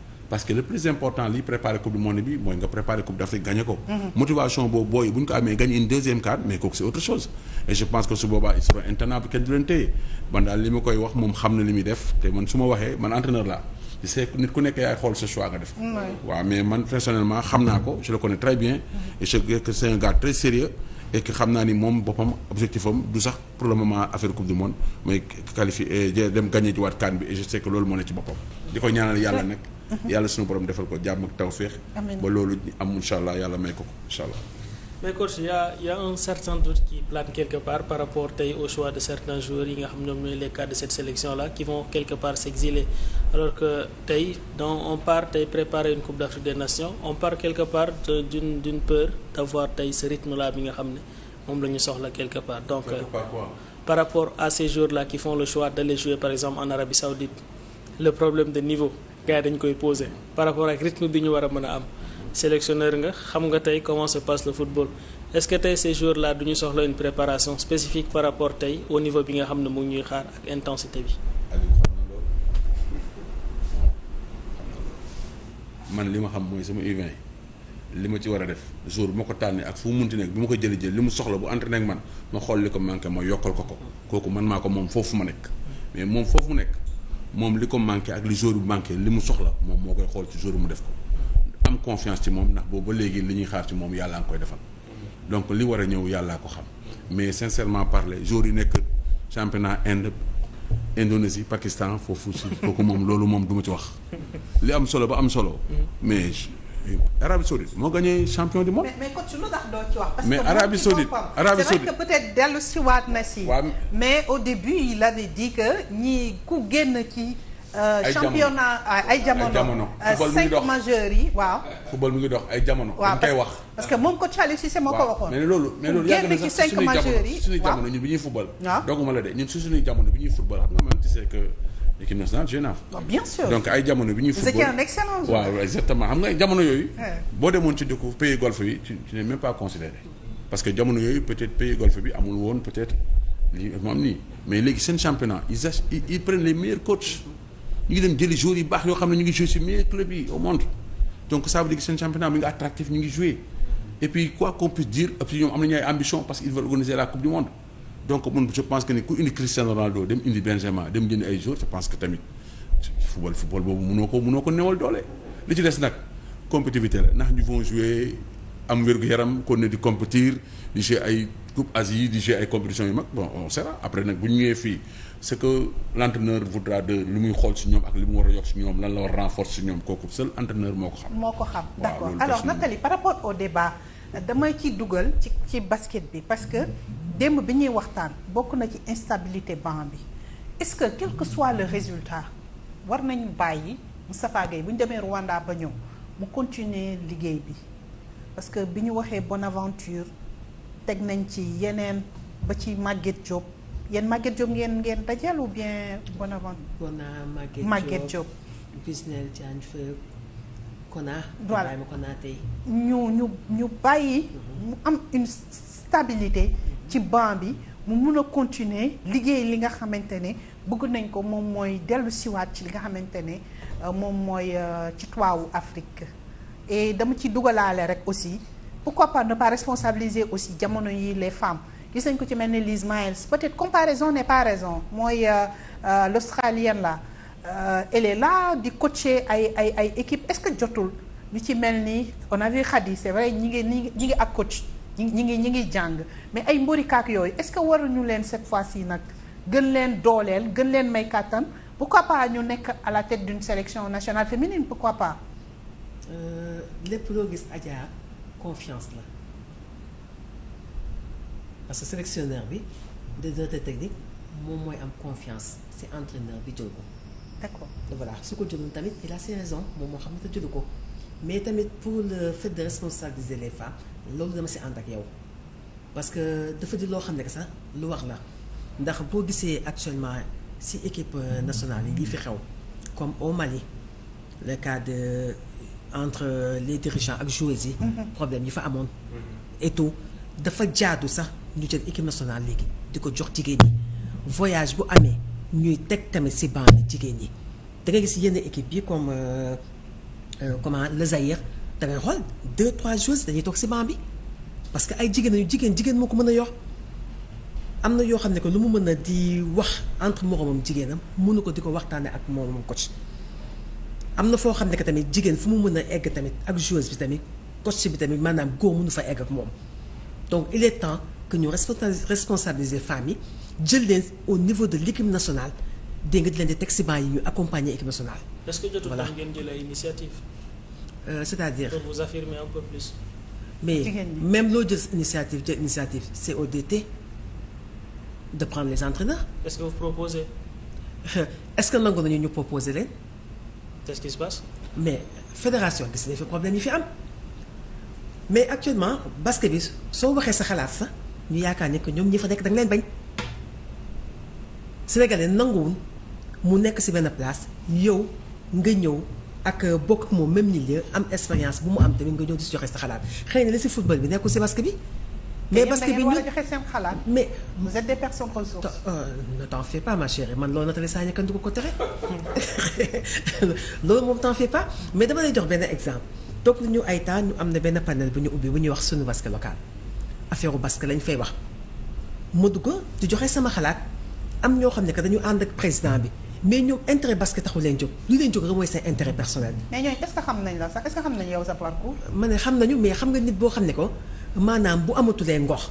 parce que le plus important li préparer coupe du monde bi mooy nga préparer coupe d'Afrique gagné ko. Mhm. motivation boobu booy bu ñu ko amee gagné une deuxième carte mais kooku c'est autre chose. et je pense que su boobaa ils seront intenables kenn du leen téye man daal li ma koy wax moom xam na li muy def te man su ma waxee man entraîneur laa. tu sais nit ku nekk yaay xool sa choix nga def. waaw mais man personnellement xam naa ko je le connais très bien. Mhm. et je sais que c'est un gars très sérieux et que xam naa ni moom boppam objectif am du sax pour le moment affaire coupe du monde mooy qualifié dem gagné ci waat CAN bi et je sais que loolu moo ne ci boppam. di ko ñaanal yàlla nag. yàlla suñu borom defal ko jàmm ak tawféex ba loolu am incha allah yàlla may ko ko incha allah mais coach y' a y' a un certain doute qui plane quelque part par rapport tey au choix de certains joueurs yi nga xam ñoom ñooy les cas de cette sélection là qui vont quelque part s'exiler alors que tey donc on part tey préparer une coupe d'Afrique des nations on part quelque part d'une peur d'avoir tey ce rythme là bi nga xam ne moom la ñu soxla quelque part donc quelque part quoi par rapport à ces joueurs là qui gars yi dañ koy posé par rapport ak rythme bi ñu war a mën a am sélectionneur nga xam nga tey comment se passe le football est-ce que tey ces jours là du ñu soxla une préparation spécifique par rapport tey au niveau bi nga xam ne mu ñuy xaar ak intensité bi. man li ma xam mooy sama U20 li ma ci war a def jour bu ma ko tànnee ak fu mu munti nekk bi ma ko jëli jël li mu soxla bu entraîné ak man ma xool li ko manqué ma yokkal ko ko kooku man maa ko moom foofu ma nekk mais moom foofu mu nekk. moom li ko manqué ak li jour bi manqué li mu soxla moom moo koy xool ci jour mu def ko am confiance ci moom ndax boobu ba léegi li ñuy xaar ci moom yàlla nga koy defal donc li war a ñëw yàllaa ko xam mais sincèrement parler jour yi nekk championnat Inde Indonésie Pakistan foofu si kooku moom loolu moom du ma ci wax li am solo ba am solo mm-hmm. mais Euh, Arabie Saoudite moo gagné champion du monde. mais mais coach lu tax doo ci wax. parce Arabie Saoudite Arabie Saoudite c'est vrai que dellu si waat na si. mais au début la avait dit que ñi ku génn ci. championnat euh, ay jamono football mi ngi dox ay jamono. waaw koy wax. parce que moom coach Aliou Cissé moo ko waxoon. mais loolu mais loolu yàgg na sax ci suñuy jamono suñuy jamono ñun bi ñuy football. waaw dooguma la de ñun si suñuy jamono bi ñuy football xam nga même équipe nationale joué naa fa. bien sûr donc ay jamono bi ñuy. football c'est un excellent joueur. waaw exactement xam nga ay jamono yooyu. boo demoon ci dëkku pays golfe yi tu n'es même pas considéré parce que jamono yooyu peut-être pays bi amul woon peut-être lii moom nii mais léegi seen championnat ils ach ils prennent les meilleurs coachs ñu ngi dem jëli joueurs yu baax yoo xam ne ñu ngi joué si meilleurs clubs yi au monde donc ça veut dire que seen championnat mi ngi attractif ñu ngi joué et puis quoi qu'on am donc man je pense que ni ku indi Cristiano Ronaldo dem indi Benzema dem jënd ay joueurs je pense que tamit football football boobu ko mënoo ko doole. li ci des nag compétitivité la ndax ñu vont jouer am wér-gu-yaram kon ne di compétir di jouer ay coupe Asie di jouer ay compétitions yu mag bon on sera après nag bu ñu ñëwee fii c'est que l'entraîneur voudra de lu muy xool si ñoom ak li mu war a yokk si ñoom lan la war renforcer si ñoom kooku seul entraîneur moo ko xam. moo ko xam d'accord alors par rapport au débat. damay ci dugal ci ci basket bi parce que démb bi ñuy waxtaan bokk na ci instabilité banc bi est-ce que quel que soit le résultat war nañu bàyyi Moustapha Gueye bu ñu demee Rwanda ba ñëw mu continuer liggéey bi parce que bi ñu waxee Bonaventure teg nañ ci yeneen ba ci Maguette Diop yéen Maguette Diop ngeen ngeen dajal ou bien Bonaventure. Bona Maguette Diop Maguette Diop. Bisnel Kona voilà ñu ñu ñu bàyyi mhm. mu am une stabilité ci banc bi mu mun a continuer liggéey li nga xamante ne bëgg nañ ko moom mooy dellu siwaat ci li nga xamante ne euh, moom mooy euh, ci toiwu Afrique et dama ci dugalaale rek aussi pourquoi pas ne pas responsabiliser aussi jamono yi les femmes gis nañ ko ci mel ni Lise Miles peut-être comparaison n'est pas raison mooy euh, l'Australienne là Euh, elle est là di coacher ay ay ay équipe est-ce que jotul ñu ci mel ni on a vu Khady c'est vrai ñi ngi ñi ngi ak coach ñi ngi jàng mais ay mborikaak yooyu est-ce que waruñu leen cette fois-ci nag gën leen dooleel gën leen may kàttan pourquoi pas ñu nekk à la tête d'une sélection nationale féminine pourquoi pas euh, lépp loo gis Adja confiance la parce que sélectionneur bi directeur technique moom mooy am confiance ci entraîneur bi jël d'accord voilà su ko jëloon tamit il a ses raisons moom moo xam ne te jëlu ko mais tamit pour le fait de responsabiliser les femmes loolu dama si ànd ak yow parce que dafa di loo xam ne que sax lu wax la ndax boo gisee actuellement si équipe euh, nationale yi fi xew comme au Mali le cas de entre les dirigeants ak joueurs yi. Mhm. problème yi fa amoon. Mhm. et dafa jaadu sax ñu jël équipe nationale léegi di ko jox jigéen ñi voyage bu amee. ñuy teg tamit si banc bi jigéen ñi da nga gis yenn équipe yi comme euh, euh, comment le Zaïre da ngay xool deux trois joueuses dañuy toog si banc bi parce que ay jigéen lañu jigéen jigéen moo ko mën a yor am na yoo xam ne que lu mu mën a di wax entre moromam jigéenam mënu ko di ko waxtaane ak moromam coach am na foo xam ne que tamit jigéen fu mu mën a egg tamit ak joueuse bi tamit coach bi tamit maanaam góor mënu fa egg ak moom donc il est temps que ñu responsabiliser femmes yi jël leen au niveau de l' équipe nationale di leen di teg si banc yi ñu accompagner équipe nationale. voilà est ce que jotul ngeen jël ay initiative. Euh, à dire pour vous affirmer un peu plus. mais même loo jël initiative jël initiative c' au DT de prendre les entraîneurs. est ce que vous est ce que nangu nañu ñu proposer leen. qu' est ce qui mais fédération gis nañu fi problème yi fi am mais actuellement basket bi soo waxee sa xalaat sax ñu yaakaar nekk ñoom ñi fa nekk da nga leen bañ. sénégalais nanguwul mu nekk ci benn place yow nga ñëw ak euh, bokk ak moom même milieu am expérience bu mu am tamit nga ñëw di ci joxe sa xalaat xëy na li ci football bi nekkul ci basket bi. mais basket bi ñu mais vous êtes des personnes ressources. Euh, ne t'en fais ma chérie man loolu Nathalie Sané kenn du ko ko tere loolu moom t'en fais pas mais dama lay jox benn exemple toog nañu ay temps ñu am na benn panel bu ñu ubbi bu ñuy wax sunu basket local affaire basket lañ fay wax ma dugg di joxe sama xalaat. am ñoo xam ne que dañu ànd ak président bi mais ñoom intérêt basket taxu leen jóg lu leen jóg rek mooy seen intérêt personnel. mais que xam nañ la sax est ce que xam nañ yow sa nañu mais xam nga nit boo xam ne ko maanaam bu amatulee ngox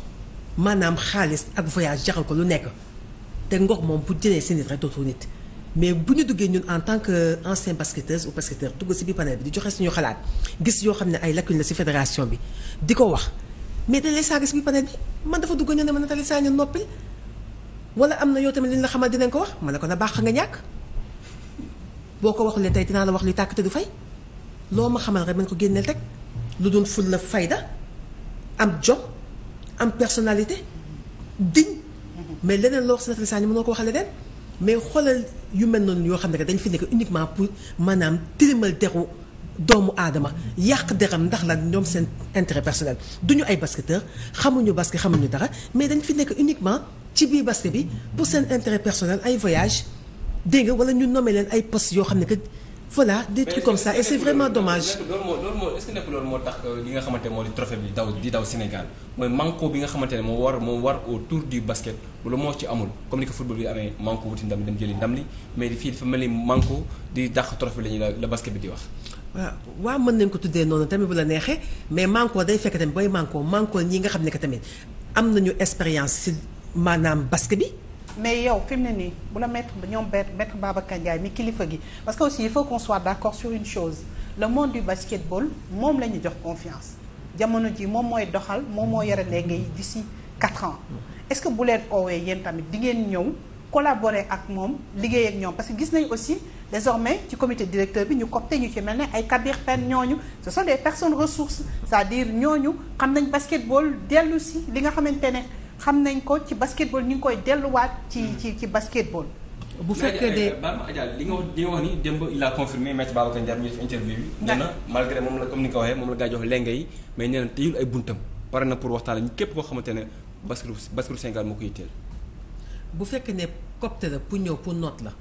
maanaam xaalis ak voyage jaxal ko lu nekk te ngox moom bu jëlee si nit rek dootul nit. mais bu ñu duggee ñun en tant que ancien basketteuse ou basketteur dugg si biir panel bi di joxe suñu xalaat gis yoo xam ne ay lacune la si fédération bi di ko wax mais dañ lay saa gis biir panel bi man dafa dugg ñu ne man a lay saa ñu wala am na yoo tamit li ñu la xamal dinañ ko wax man ne ko na baax nga ñàkk boo ko waxulee tey dinaa la wax li tàkk te du fay loo ma xamal rek man ko génneel rek lu doon ful la fayda am jom am personnalité digne mais leneen loo wax si natali saa ñu ko ko waxal leneen mais xoolal yu mel noonu yoo xam ne que dañ fi nekk uniquement pour maanaam tilimal deru doomu aadama yàq deram ndax la ñoom seen intérêt personnel du ñu ay basketteurs xamuñu basket xamuñu dara mais dañ fi nekk uniquement ci biir Basté bi pour seen intérêt personnel ay voyage dégg nga wala ñu nommé leen ay postes yoo xam ne que voilà des trucs comme ça et c'est vraiment dommage. loolu moo tax li nga xamante moo di trophée bi daw di Sénégal mooy manko bi nga xamante ne moo war moo war autour du basket loolu moo ci amul comme ni ko football bi amee manko wuti ndam dem jëli ndam li mais fii dafa mel ni manko di dàq trophée la ñuy la basket bi di wax. waaw mën nañ ko tuddee noonu tamit bu la neexee mais manko day fekk tamit booy manko manko ñi nga xam ne que tamit am nañu expérience si. maanaam basket bi. mais yow fi mu ne nii bu la mettre ñoom mettre Babacar Ndiaye mi kilifa gi parce que aussi il faut qu'on soit d'accord sur une chose le monde du basketball moom la ñu jox confiance jamono ji moom mooy doxal moom moo yore léegi yi d'ici quatre ans est-ce que bu leen oowee yéen tamit di ngeen ñëw collaborer ak moom liggéey ak ñoom parce que gis nañu aussi désormais ci comité directeur bi ñu copte ñu ci mel ne ay Kabir Pène ñooñu ce soo des personnes ressources c'est-à-dire ñooñu xam nañ basketball dellu si li nga xamante ne xam nañ ko ci basketball ñu ngi koy delluwaat ci ci ci basketball. bu fekkee de baal ma Adja li nga wax li nga wax ni démb il a confirmé maître Babacar Ndiaye mi def interview bi. nee na malgré moom la comme ni nga ko waxee moom la gaa jox lenge yi mais nee na tëjul ay buntam pare na pour waxtaan ak képp koo xamante ne basket basket Sénégal moo koy teel. bu fekkee ne copte la pour ñëw pour noot la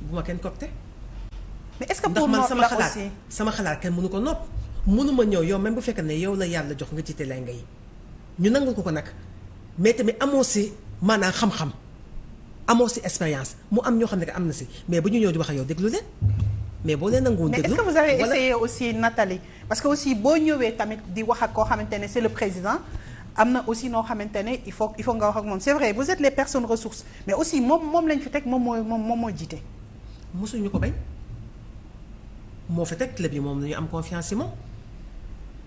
bu ma kenn copte. mais est-ce que pour noot la aussi ndax man sama xalaat sama xalaat kenn mënu ko noot. mënu ma ñëw yow même bu fekkee ne yow la yàlla jox nga jiite lenge yi ñu nangul ko ko nag. mais tamit amoo si man maanaam xam-xam amoo si expérience mu am ñoo xam ne am na si mais bu ñu ñëw di wax ak yow déglu leen mais boo leen nanguwoon déglu mais est-ce que vous parce que aussi boo ñëwee tamit di wax ak koo xamante ne c'est le président. am na aussi noo xamante ne il faut il faut nga wax ak moom c'est vrai vous êtes les personnes ressources mais aussi moom moom lañ fi teg moom mooy moom moom mooy ko bañ moo fi teg club yi moom la am confiance ci moom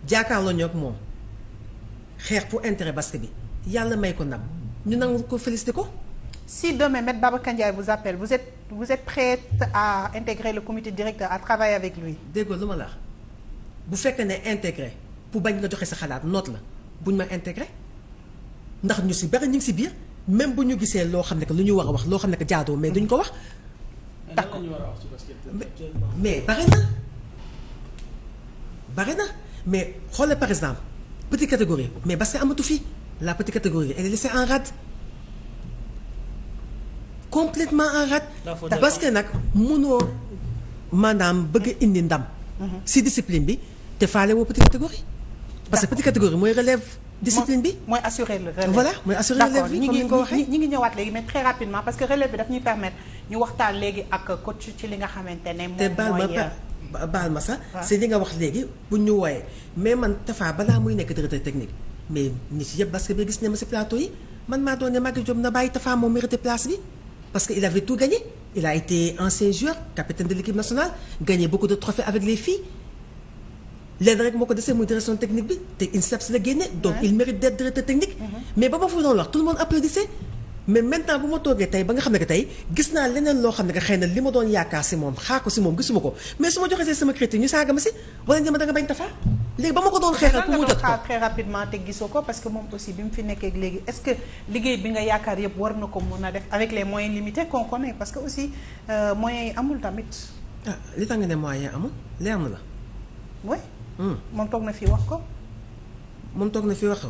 jaakaarloo ñu ak moom xeex pour intérêt basket bi. yàlla may ko ndam ñu nangu ko félicité ko. si demain Maître Babacar kanjaay vous appelle vous êtes vous êtes prête à intégrer le comité directeur à travailler avec lui. déggoo lu ma la bu fekkee ne intégré pour bañ nga joxe sa xalaat noot la buñ ma intégré ndax ñu si bari ñu si biir même bu ñu gisee loo xam ne que lu ñu war a wax loo xam ne que jaadoo mais duñ ko wax. d'accord mais bari na bari na mais xoolee par exemple petite catégorie mais parce que amatu fii. la petite catégorie elle est laissée en rade complètement en rade. que nag mënoo maanaam bëgg a indi ndam. Mhm. si discipline bi te faale woo petite catégorie. parce que petite catégorie mooy relève. discipline bi mooy assurer le relève. voilà mooy assurer relève bi comme ni ngi ñëwaat léegi mais très rapidement parce que relève bi daf ñuy permettre ñu waxtaan léegi ak coach ci li nga xamante ne. moom mooy te euh, baal ma sax. c'est li nga wax léegi bu ñu wooyee mais man Tafa balaa muy nekk directeur technique. mais ñi ci yëpp parce gis ne ma ci plateau yi man maa doon ne Maguette Diop na bàyyi Tafa moo mérité place bi parce que il avait tout gagné il a été ancien joueur capitaine de l'équipe nationale gagné beaucoup de trophées avec les filles lenn rek moo ko desee muy direction technique bi te INSEPS la génne donc il mérite d'être directeur technique mm-hmm. mais ba ma fa doon wax tout le monde applaudissait mais maintenant bu ma toogee tey ba nga xam ne que tey gis naa leneen loo xam ne que xëy na li ma doon yaakaar si moom xaar ko si moom gisuma ko mais su ma joxee sama critique ñu saaga ma si wala ñama da nga bañ tafa léegi ba ma ko doon xeexal ko te gisoo ko parce que moom aussi bi mu fi nekkee léegi est que liggéey bi nga yaakaar yëpp war na ko mun a def avec les moyens limités qu'on parce que aussi euh, moyens yi amul tamit. ah li tax nga ne moyens amul le la. oui. Hmm. moom toog na fi wax ko. toog na fi wax ko.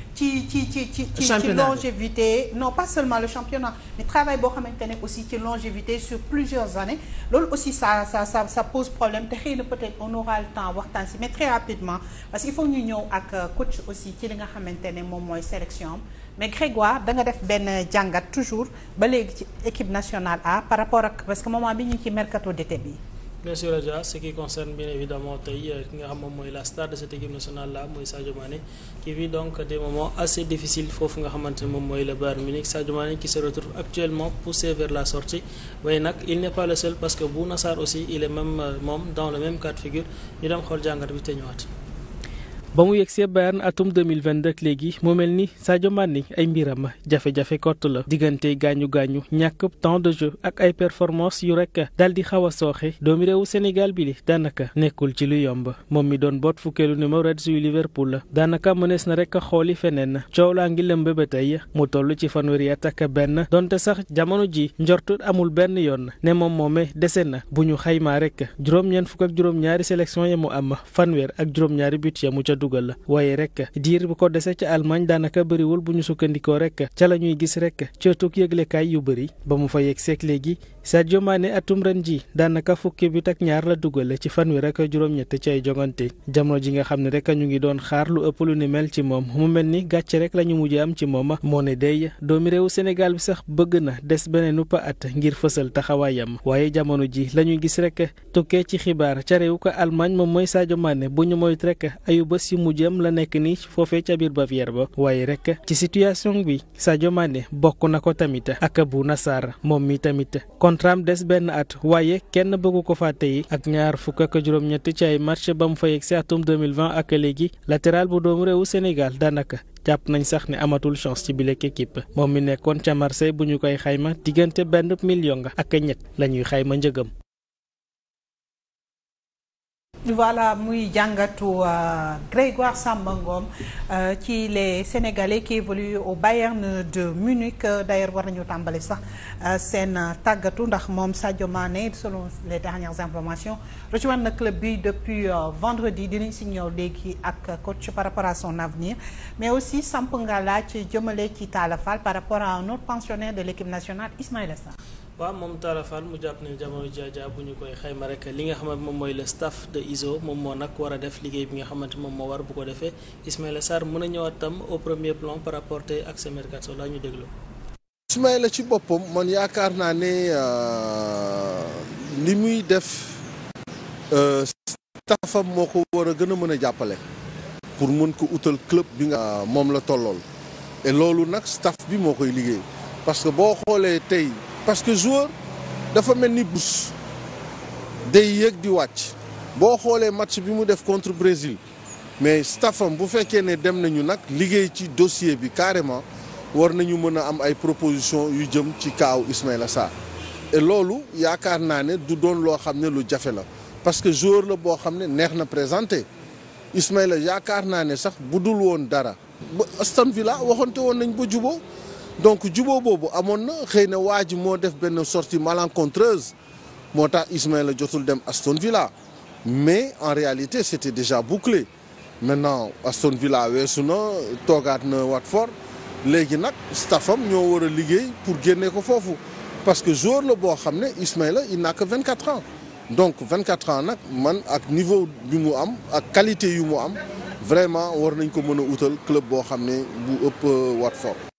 ci ci ci ci ci longévité non pas seulement le championnat mais travail boo xamante ne aussi ci longévité sur plusieurs années loolu aussi ça ça ça ça pose problème te xëy na peut-être on aura le temps waxtaan si mais très rapidement parce que il faut ñu ñëw ak euh, coach aussi ci li nga xamante ne moom mooy sélection am mais Grégoire da nga def benn jàngat toujours ba léegi ci équipe nationale A par rapport ak parce que moment bi ñu ci mercato d'été bi bien sûr Adja euh, moom mooy la star de cette équipe nationale là mooy Sadio Mané qui donc des moments assez difficiles foofu nga xamante ne moom mooy le Bayern Munich Sadio Mané qui retrouve actuellement poussé vers la sortie waaye nag il n'est pas le seul parce que Bouna Sarr aussi il est même euh, moom dans le même cas figure ñu dem xool jàngat bi te ñëwaat. ba mu yegsee Bayern atum 2022 ak léegi mu mel ni Sadio Mané ay mbiram jafe-jafe kott la diggante gaañu gaañu ñàkk temps de jeu ak ay performance yu rek daal di xaw a sooxe doomi réewu Sénégal bi li nekkul ci lu yomb moom mi doon boot fukkeelu numéro Reds yu Liverpool daanaka mënees na rek xooli feneen coow laa ngi lëmbe ba tey mu toll ci fanweeri at ak benn donte sax jamono ji njortu amul benn yoon ne moom moome dese na bu ñu xaymaa rek juróom-ñeent fukk juróom-ñaari sélection ya mu am fanweer ak juróom-ñaari but mu dugal waaye rek diir bu ko dese ca Allemagne daanaka bëriwul bu ñu sukkandikoo rek ca la ñuy gis rek cëtuk yëglekaay yu bëri ba mu fa yegg seeg Sadio Mané atum ren ji daanaka fukki bi ak ñaar la dugale ci fanweer ak juróom-ñett ci ay jongante jamono ji nga xam ne rek ñu ngi doon xaar lu ëpp lu ni mel ci moom mu mel ni gàcc rek la ñu mujj am ci moom moo ne day doomi réew Sénégal bi sax bëgg na des beneenu pa at ngir fësal taxawaayam waaye jamono ji lañuy gis rek tukkee ci xibaar ca réew ko Allemagne moom mooy Sadio Mané bu ñu moytu rek ayu bés yu mujjam la nekk ni foofee ca biir Bavière ba waaye rek ci situation bi Sadio Mané bokk na ko tamit ak Bouna contraam des benn at waaye kenn bëggu ko fàtte yi ak ñaar fukk ak juróom ci ay marché ba mu fa yegg si atum 2020 ak léegi latéral bu doomu réewu Sénégal daanaka jàpp nañ sax ne amatul chance ci bile équipe moom mi nekkoon ca Marseille bu ñu koy xayma diggante benn million nga ak ñett la ñuy xayma njëgam. voilà muy jàngatu euh, Grégoire Samba Ngom euh, ci les Sénégalais qui évoluent au Bayern de Munich d'ailleurs war nañu tàmbali sax euh, seen tàggatu ndax moom Sadio Mané selon les dernières informations rejoint na club bi depuis vendredi dinañ si ñëw léegi ak coach par rapport à son avenir mais aussi samp nga laaj jëmale ci Talla Fall par rapport à un autre pensionnaire de l'équipe nationale Ismaïla sax waa moom Talla Fall mu jàpp ne jamono jaajaa bu ñu koy xayma rek li nga xamante moom mooy le staff de ISO moom moo nag war a def liggéey bi nga xamante moom moo war bu ko defee Ismaïla Sarr mën a ñëwaat tam au premier plan par rapport ak ce mercato la ñu déglu. Ismaïla ci boppam man yaakaar naa ne euh, li muy def euh, staffam moo ko war a gën a mën a jàppale. pour mën ko utal club bi nga moom la tollool. loolu nag staff bi moo koy liggéey parce boo xoolee tey. parce que joueur dafa mel ni bus day yéeg di wàcc boo xoolee match bi mu def contre Brésil mais staffam bu fekkee ne dem nañu nag liggéey ci dossier bi carrément war nañu mën a am ay proposition yu jëm ci kaaw Ismaïla Sarr et loolu yaakaar naa ne du doon loo xam ne lu jafe la parce que joueur la boo xam ne neex na présenté ismaila yaakaar naa ne sax bu dul woon dara ba waxante woon nañ ba juboo donc juboo boobu amoon na xëy na waa ji moo def benn sortie malencontreuse moo tax Ismaïla jotul dem Aston Villa mais en réalité c'était déjà bouclé maintenant Aston Villa weesu na toogaat na Watford léegi nag staffam ñoo war a liggéey pour génne ko foofu parce que joueur la boo xam ne Ismaïla il n'a que 24 ans donc quatre ans nag man ak niveau bi mu am ak qualité yu mu am vraiment war nañ ko mën a utal club boo xam ne bu ëpp euh, Watford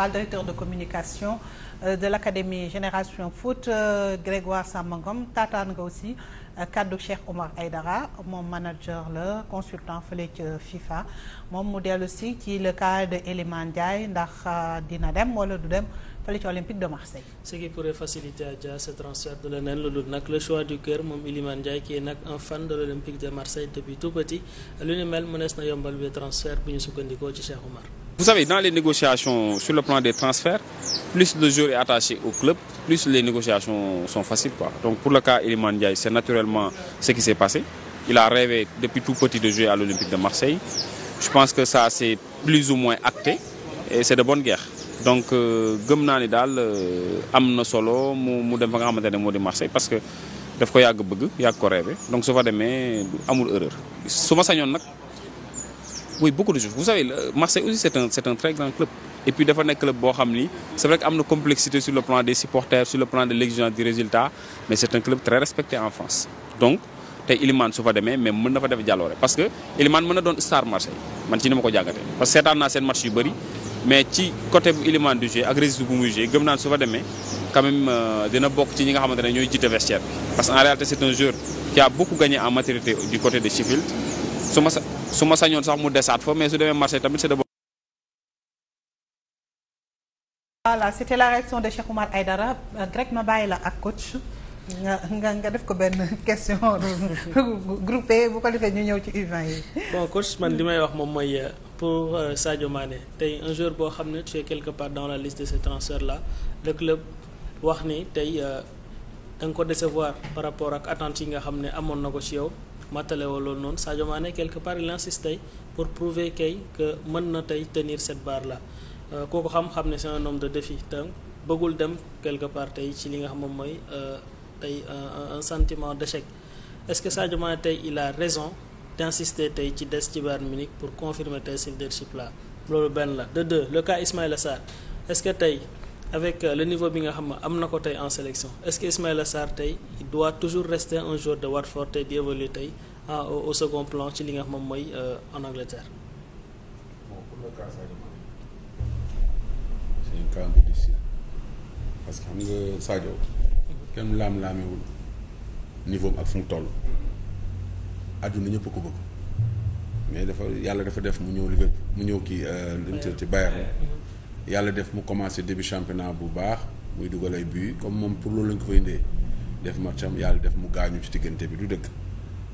Fall directeur de communication euh, de l'académie Génération Foot euh, Grégoire Samangom taataan nga aussi euh, kaddu Cheikh Omar Aydara moom manager la consultant fële ca FIFA moom mu dellu si ci le cas de Eliman Ndiaye ndax dina dem wala du dem fële ca Olympique de Marseille. ce qui pourrait faciliter à Dia ce transfert de leneen lu dul nag le choix du cœur moom Eliman Ndiaye qui est nag un fan de l'Olympique de Marseille depuis tout petit lu ni mel mënees na yombal bi transfert bu sukkandikoo ci Cheikh Omar. Vous savez, dans les négociations sur le plan des transferts, plus le joueur est attaché au club, plus les négociations sont faciles. Donc pour le cas Eliman Ndiaye, c'est naturellement ce qui s'est passé. Il a rêvé depuis tout petit de jouer à l'Olympique de Marseille. Je pense que ça c'est plus ou moins acté et c'est de bonne guerre. donc euh, gëm naa ni daal euh, am na solo mu mu dem fa nga xamante ne moo di Marseille parce que daf ko yàgg bëgg yàgg ko rêvé donc su fa demee su ma sañoon nag oui beaucoup de choses vous savez Marseille aussi c'est un c'est un très grand club et puis dafa nekk club boo xam ni c'est vrai que am na complexité sur le plan des supporters sur le plan de l'exigence du résultat mais c'est un club très respecté en France donc tey Ilimane su fa demee mais mën na fa def jàlloore parce que Ilimane mën na doon star Marseille man ci ni ma ko jàngatee parce que seetaan naa seen match yu bëri mais ci côté bu Ilimane du jeu ak résultat euh, bokk ci ñi nga xamante ne ñooy jiite vestiaire bi parce que en su ma sa su ma sañoon sax mu desaat fa mais su demee marché tamit c'est de voilà c'était la réaction de Cheikh Oumar Aïdara ma bàyyi la ak coach nga nga nga def ko benn question groupée bu ko defee ñu ñëw ci U20 yi. bon coach man li may wax moom mooy euh, pour euh, Sadio Mané tey un joueur boo xam ne tu es quelque part dans la liste de ces transferts là le club wax ni tey euh, da ko décevoir par rapport ak attentes yi nga xam ne amoon na ko ci yow. matale woo loolu noonu Sadio Mané quelque part il insiste pour prouver kay que mën na tey tenir cette barre la euh, kooku xam-xam ne c'est un de défi te bëggul dem quelque part tey ci li nga xam moom mooy euh, tey euh, un sentiment d'échec est-ce que Sadio Mané tey il a raison d'insister tey ci des ci Bayern Munich pour confirmer tey ce leadership là loolu benn la de deux le cas Ismaïla Sarr est-ce que tey avec euh, le niveau bi nga xam ne am na ko tey en sélection est-ce que Ismaïla Sarr tey doit toujours rester un joueur de Watford tey di évoluer tey ah, au second plan ci li nga xam mooy euh, en que xam nga Sadio kenn laam-laamewul niveau ak fi mu toll àdduna ñëpp ko bëgg mais dafa yàlla dafa def mu ñëw Liverpool mu ñëw kii. Euh, Bayern ci Bayern. yàlla def mu commencé début championnat bu baax muy dugal ay buts comme moom pour loolu lañ ko fa indee def matcham yàlla def mu gaañu ci diggante bi du dëkk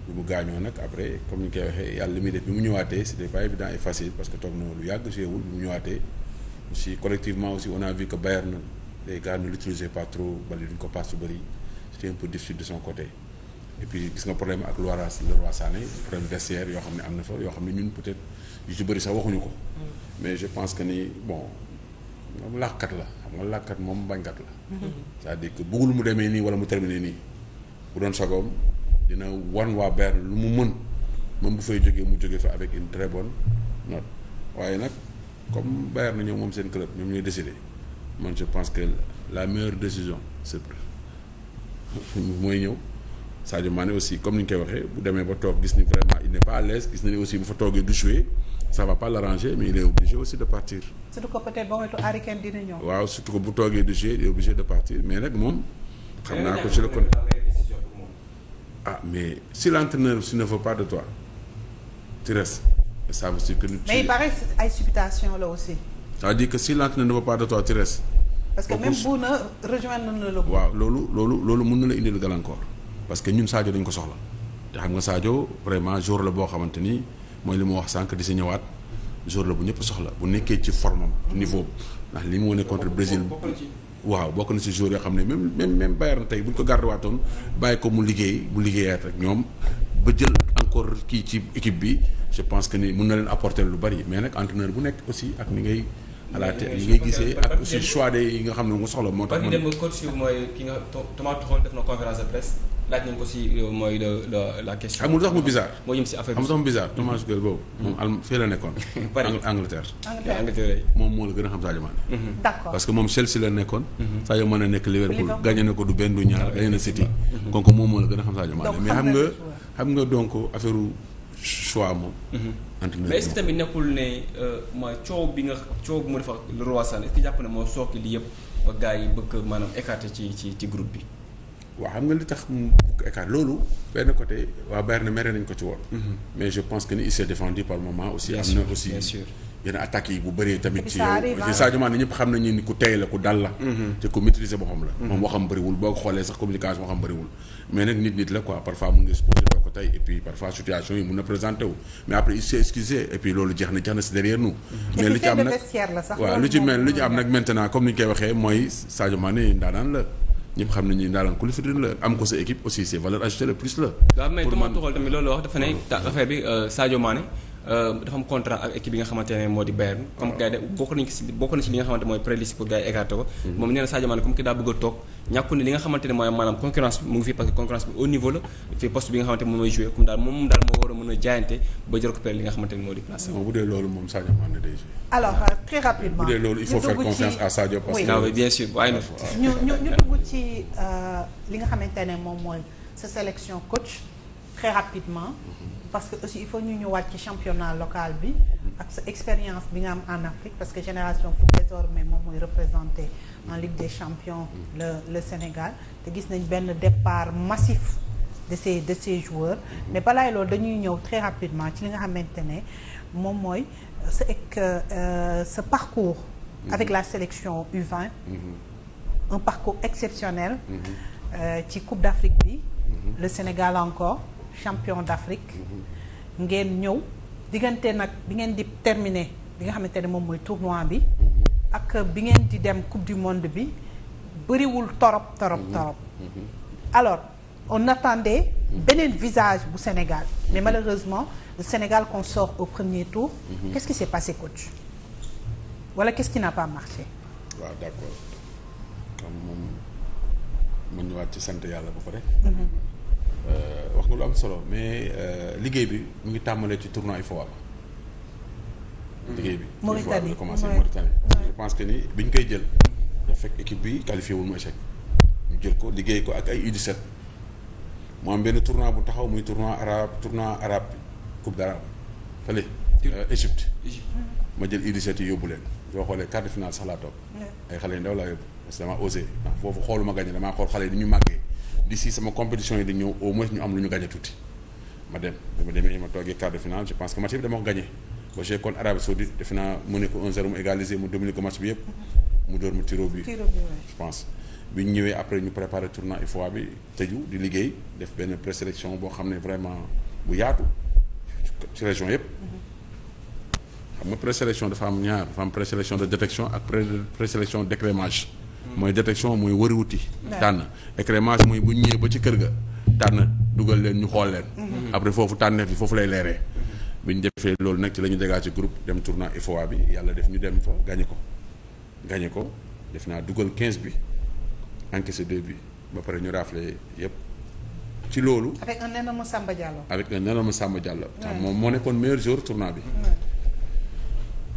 bi mu gaañoo nag après comme ni ñu koy waxee yàlla li muy def bi mu ñëwaatee c'était pas évident et facile parce que toog na lu yàgg jéewul bi mu ñëwaatee aussi collectivement aussi on a vu que Bayern les gars ne l'utilisaient pas trop bali duñ ko passe bëri c'était un peu difficile de son côté et puis gis nga problème ak Leroy Leroy yoo xam ne am na fa yoo xam ne ñun peut-être yu ci bëri sax waxuñu mm. que ni moom làkkat la xam nga làkkat moom bañkat la mhm. c'est-à-dire que buggul mu demee nii wala mu terminer nii bu doon sagoom dina wan waa Berne lu mu mën moom bu fay jógee mu jógee fa avec une très bonne note waaye nag comme na ñoom moom seen club ñoom ñooy décider man je pense que la meilleure décision c'est mooy ñëw Sadio Mané aussi comme ni ñu koy waxee bu demee ba toog gis ni vraiment il n'est pas à l'aise gis nañu aussi bu fa toogee du jouer ça va pas l'arranger mais il est obligé aussi de partir. waaw surtout ko bu toogee du jouer il est obligé de partir mais nag moom. xam naa ko ci la kon ah mais si l'entraîneur si ne veut pas de toi tu restes ça dire que. tu mais il la aussi. ça veut dire si l'entraîneur ne veut pas de toi tu restes. parce que même bu na rejoindre na la. waaw loolu loolu loolu mun na la indil gàllankoor. parce que ñun Sadio dañ ko soxla te xam nga saajo vraiment jour la boo xamante ni mooy li ma wax sànq di si ñëwaat jour la bu ñëpp soxla bu nekkee ci formam niveau ndax li mu wane contre Brésil waaw bokk na si jour yoo xam ne même même même Bayern tey bu ñu ko gardé waatoon bàyyi ko mu liggéey bu liggéeyaat rek ñoom ba jël encore kii ci équipe bi je pense que ni mun na leen apporter lu bari mais nag entraîneur bu nekk aussi ak ni ngay xalaate ni gisee ak aussi choix yi nga xam ne nga soxla moo tax. man dem ki nga Thomas Tuchel def na conférence de laaj nañ ko si euh, mooy la question. amul moo jëm si affaire bi amul tax hmm. moom moo gën a xam Sadio Mané. Hmm. Hmm. parce que moom Chelsea la nekkoon. Sadio Mané nekk Liverpool gagné na ko du ah, a xam nga xam nga donc affaire choix moom. entraîneur mais est-ce que ne euh, mooy coow bi nga coow bi mu le roi jàpp na moo sooke li yëpp ba gars yi bëgg maanaam écarté ci ci ci groupe bi. waa xam nga li tax mu écart loolu benn côté waa Bayern mere nañ ko ci woon. Mhm. mais je pense que ni il s'est défendu par moment aussi. am na aussi yenn attaques yi bu bëree tamit. ci yow Sadio Mané ñëpp xam nañu ni ku tey la ku dal la. Mhm. te ku maîtriser boppam la. Mhm. moom waxam bëriwul boo ko xoolee sax communication waxam bëriwul. mais nag nit nit la quoi parfois mun nga exposé doo ko tey et parfois situation yi mun na présenté wu. mais après il s'est excusé comme ni ñu waxee mooy Sadio Mané ndaanaan la. ñëpp xam nañu ndaanaan ku li fi dund la am ko sa équipe aussi valeur ajoutée la plus la. pour man waaw tamit loolu wax dafa ne affaire bi euh, Sadio Euh, dafa am contrat ak équipe bi nga xamante ne moo di Bayern comme gars yi bokk nañ ko mhm. ne ci li nga xamante ne moom mooy sa sélection coach très rapidement mhm. parce que aussi il faut ñu ñëwaat ci championnat local bi ak sa expérience bi nga am en Afrique parce que génération foot désormais moom mooy représenté en Ligue de champion mm. le le Sénégal te gis nañ benn départ massif de ces de ces mm. mais balaay loolu dañuy ñëw très rapidement ci li nga xamante ne moom mooy sa ek euh, sa parcours mm-hmm. avec la sélection U20 mm-hmm. un parcours exceptionnel mm-hmm. euh, ci Coupe d'Afrique bi le Sénégal encore champion d'Afrique ngeen ñëw diggante nag bi ngeen di terminer bi nga xamante ne moom mooy tournoi bi ak bi ngeen di dem coupe du monde bi bëriwul torop torop mhm. torop mhm. alors on attendait mhm. beneen visage bu Sénégal mais malheureusement Sénégal qu'on sort au premier tour quest wala qu'est-ce qui n'a pas marché waaw d'accord moom ma ñëwaat ci sant yàlla ba pare Euh, wax nga lu am solo mais euh, liggéey bi mu ngi tàmbalee ci tournoi IFOA. Mm. liggéey bi. Mauritanie commencé Mauritanie. que ni bi ñu koy jël. dafa fekk équipe bi qualifié wu mu échec. ñu jël ko liggéey ko ak ay U17. mu am benn tournoi bu taxaw muy tournoi arabe tournoi arabe coupe d'arabe fële. Euh, Égypte ma jël U17 yi yóbbu leen. yoo xoolee quart de finale sax laa toog. ay xale yi ndaw laa yóbbu parce que damaa osé. ndax foofu xooluma gagné damaa xool xale yi ni ñu màggee. d'ici sama compétition yi di ñëw au moins ñu am lu ñu gagné tuuti ma dem dama demee ma toogee quart de finale je pense que match bi dama ko gagné ba joué contre Arabie Saoudite defe naa mu ne ko 1-0 mu égalisé mu dominé ko bi yëpp mu door mu tiro bi je pense bi ñu ñëwee après ñu préparé tournoi fois bi tëju di liggéey def benn présélection boo xam ne vraiment bu yaatu ci région yëpp mm-hmm. xam nga présélection dafa am ñaar dafa am présélection de détection ak présélection d'écrémage mooy détection mooy wari wuti tànn écrémage mooy bu ñu ba ci kër ga tànn dugal leen ñu xool leen mhm. après foofu tànneef bi foofu lay leeree bi ñu defee loolu nag ci la ñu dégaa ci groupe dem tournoi fois bi yàlla def ñu dem fa gagné ko gagné ko def naa dugal quinze bi encaissé 2 bi ba pare ñu raflé yépp ci loolu. avec a énorme Samba Diallo. avec un énorme Samba Diallo. moom moo nekkoon meilleur joueur tournoi bi.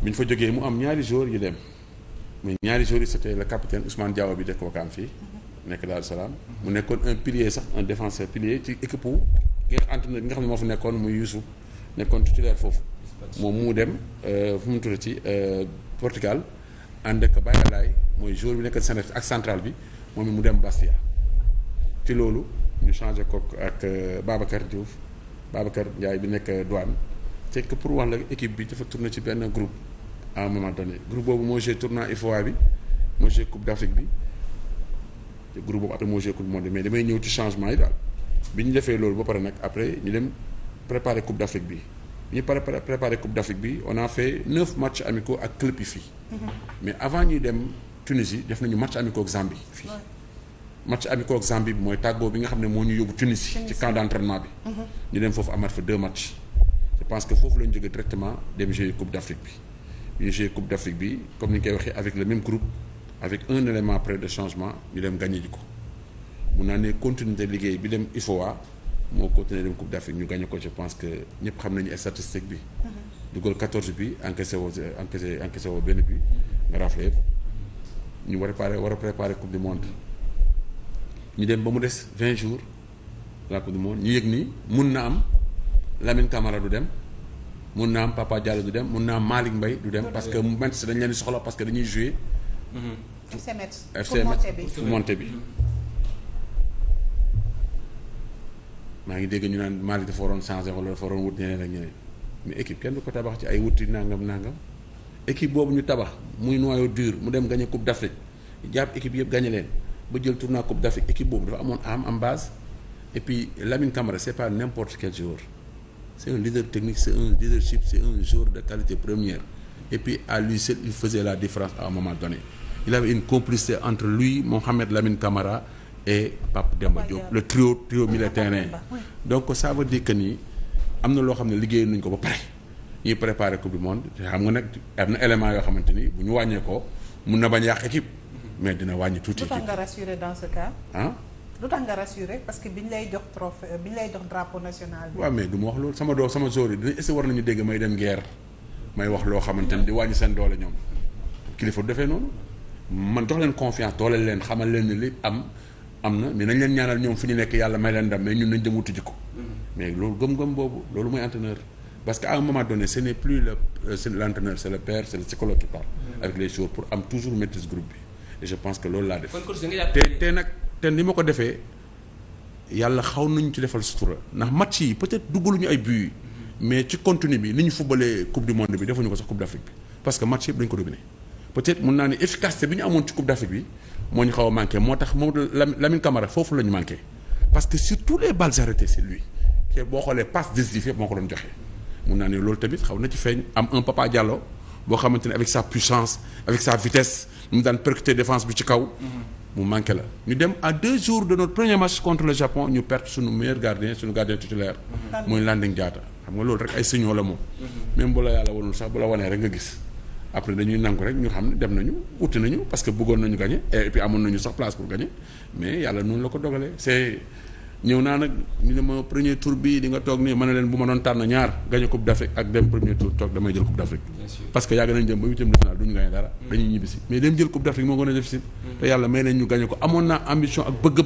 bi ñu fa jógee mu am ñaari joueurs yu dem. mais ñaari jours yi c'était le capitaine Ousmane Diaw bi dëkk Wakaam fii nekk Daaru Salaam mu nekkoon un pilier sax un défenseur pilier ci équipe wu entraîneur bi nga xam ne moo fa nekkoon mu Youssou nekkoon titulaire foofu moom mu dem euh, fu mu tudd ci euh, Portugal ànd ak Baye mooy jour bi nekk Sénégal ak central bi moom mu dem Bastia ci loolu ñu changé ko ak euh, Babacar Diouf Babacar Ndiaye bi nekk douane c'est que pour wax la équipe bi dafa tourné ci benn groupe à un moment donné groupe boobu moo joué tournoi UFOA bi moo joué coupe d'Afrique bi te groupe boobu après moo joué coupe du monde mais damay ñëw ci changement yi daal bi ñu defee loolu ba pare nag après ñu dem préparer coupe d'Afrique bi bi ñu pare préparer coupe d'Afrique bi on a fait neuf matchs amicaux ak club yi fii. Mm-hmm. mais avant ñuy dem Tunisie def nañu match amicaux ak Zambie fii. match amicaux ak Zambie bi mooy tàggoo bi nga xam ne moo ñu yóbbu Tunisie ci camp d'entraînement bi. Mm-hmm. ñu dem foofu amaat fa deux matchs. je pense que foofu la ñu jógee directement dem jouer coupe d'Afrique bi. ñu joué coupe d' bi comme ni ñu koy waxee avec le même groupe avec un élément près de changement ñu dem gagné ji ko mun naa ne continuité liggéey bi dem IFOA moo continué dem coupe d' Afrique ñu gagné ko je pense que ñëpp xam nañu statistique bi. Uh-huh. dugal 14 bi encaissé woo encaissé encaissé benn bi nga rafle yëpp ñu war a préparer war a préparer coupe du monde ñu dem ba mu des 20 jours la coupe du monde ñu yëg ni mun na am Lamine Camara du dem. mun naa am Papa Diallo du dem mun naa am Malick Mbaye du dem parce que Metz dañ leen di soxla parce que dañuy jouer FC Metz bi maa ngi dégg ñu naan Malick dafa waroon changer wala dafa waroon wut ñeneen ak ñeneen mais équipe kenn du ko tabax ci ay wuti nangam nangam équipe boobu ñu tabax muy noyau dur mu dem gagné coupe d'Afrique jàpp équipe yëpp gagné leen ba jël tournoi coupe d'Afrique équipe boobu dafa amoon am am base et puis Lamine Camara c'est pas n'importe quel joueur c'est un leader technique c'est un leadership c'est un joueur de qualité première et puis à lui seul il faisait la différence à un moment donné il avait une complicité entre lui Mohamed Lamine Camara et Pape Demba Diop le trio trio militaire donc ça veut dire que am na loo xam ne liggéey nañ ko ba pare ñuy préparer coupe du monde te xam nga nag am na élément yoo xamante ni bu ñu wàññee ko mun na bañ yàq équipe mais dina wàññi tuuti équipe ah lu tax nga rassuré parce que bi ñu lay jox trophée euh, bi ñu lay jox drapeau national waaw mais du wax loolu sama doo sama zone yi dina est-ce war nañu dégg may dem guerre may wax loo xamante ni di wàññi seen doole ñoom kilifa du defee noonu man jox leen confiance dooleel leen xamal leen ne li am am na mais nañ leen ñaanal ñoom fi ñu nekk yàlla may leen ndam mais ñun nañ dem wuti ji ko. mais loolu gëm-gëm boobu loolu mooy entraîneur parce que à un moment donné ce n'est plus le euh, l'entraîneur c'est pense que loolu laa def. te te ni ma ko defee yàlla xaw nañu ci defal sutura ndax match yi peut-être ñu ay buy mais ci contenu bi ni ñu footballee coupe du monde bi ñu ko sax coupe d'Afrique bi parce que match yëpp dañ ko dominé peut-être mun naa ne efficacité bi ñu amoon ci coupe d'Afrique bi moo ñu xaw a manqué moo tax moom Lamine Camara foofu la ñu manqué parce que sur tous les c'est lui te boo xoolee passe décisive yëpp moo ko doon joxe mun naa ne loolu tamit xaw na ci feeñ am un Papa Diallo boo xamante ne avec sa puissance avec sa vitesse mu daan percuter défense bi ci kaw mu manqué la ñu dem à deux jours de notre premier match contre le Japon ñu perte suñu meilleur gardien suñu gardien titulaire mooy Landing Diatta xam nga loolu rek ay signaux la moom mhm. même bu la yàlla wanul sax bu la wanee rek nga gis après dañuy nangu rek ñu xam ne dem nañu uti nañu parce que bëggoon nañu gagné et puis amoon nañu sax place pour gagner mais yàlla noonu la ko dogalee c'est ñëw naa nag ñu ne ma premier tour bii di nga toog nii ma ne leen bu ma doon tànn ñaar gagné coupe d'Afrique ak dem premier tour toog damay jël coupe d'Afrique parce que yàgg nañ dem ñu gagné dara mm. dañuy ñibbisi mais moo gën a difficile mm. te yàlla may ko amoon naa ambition ak bëgg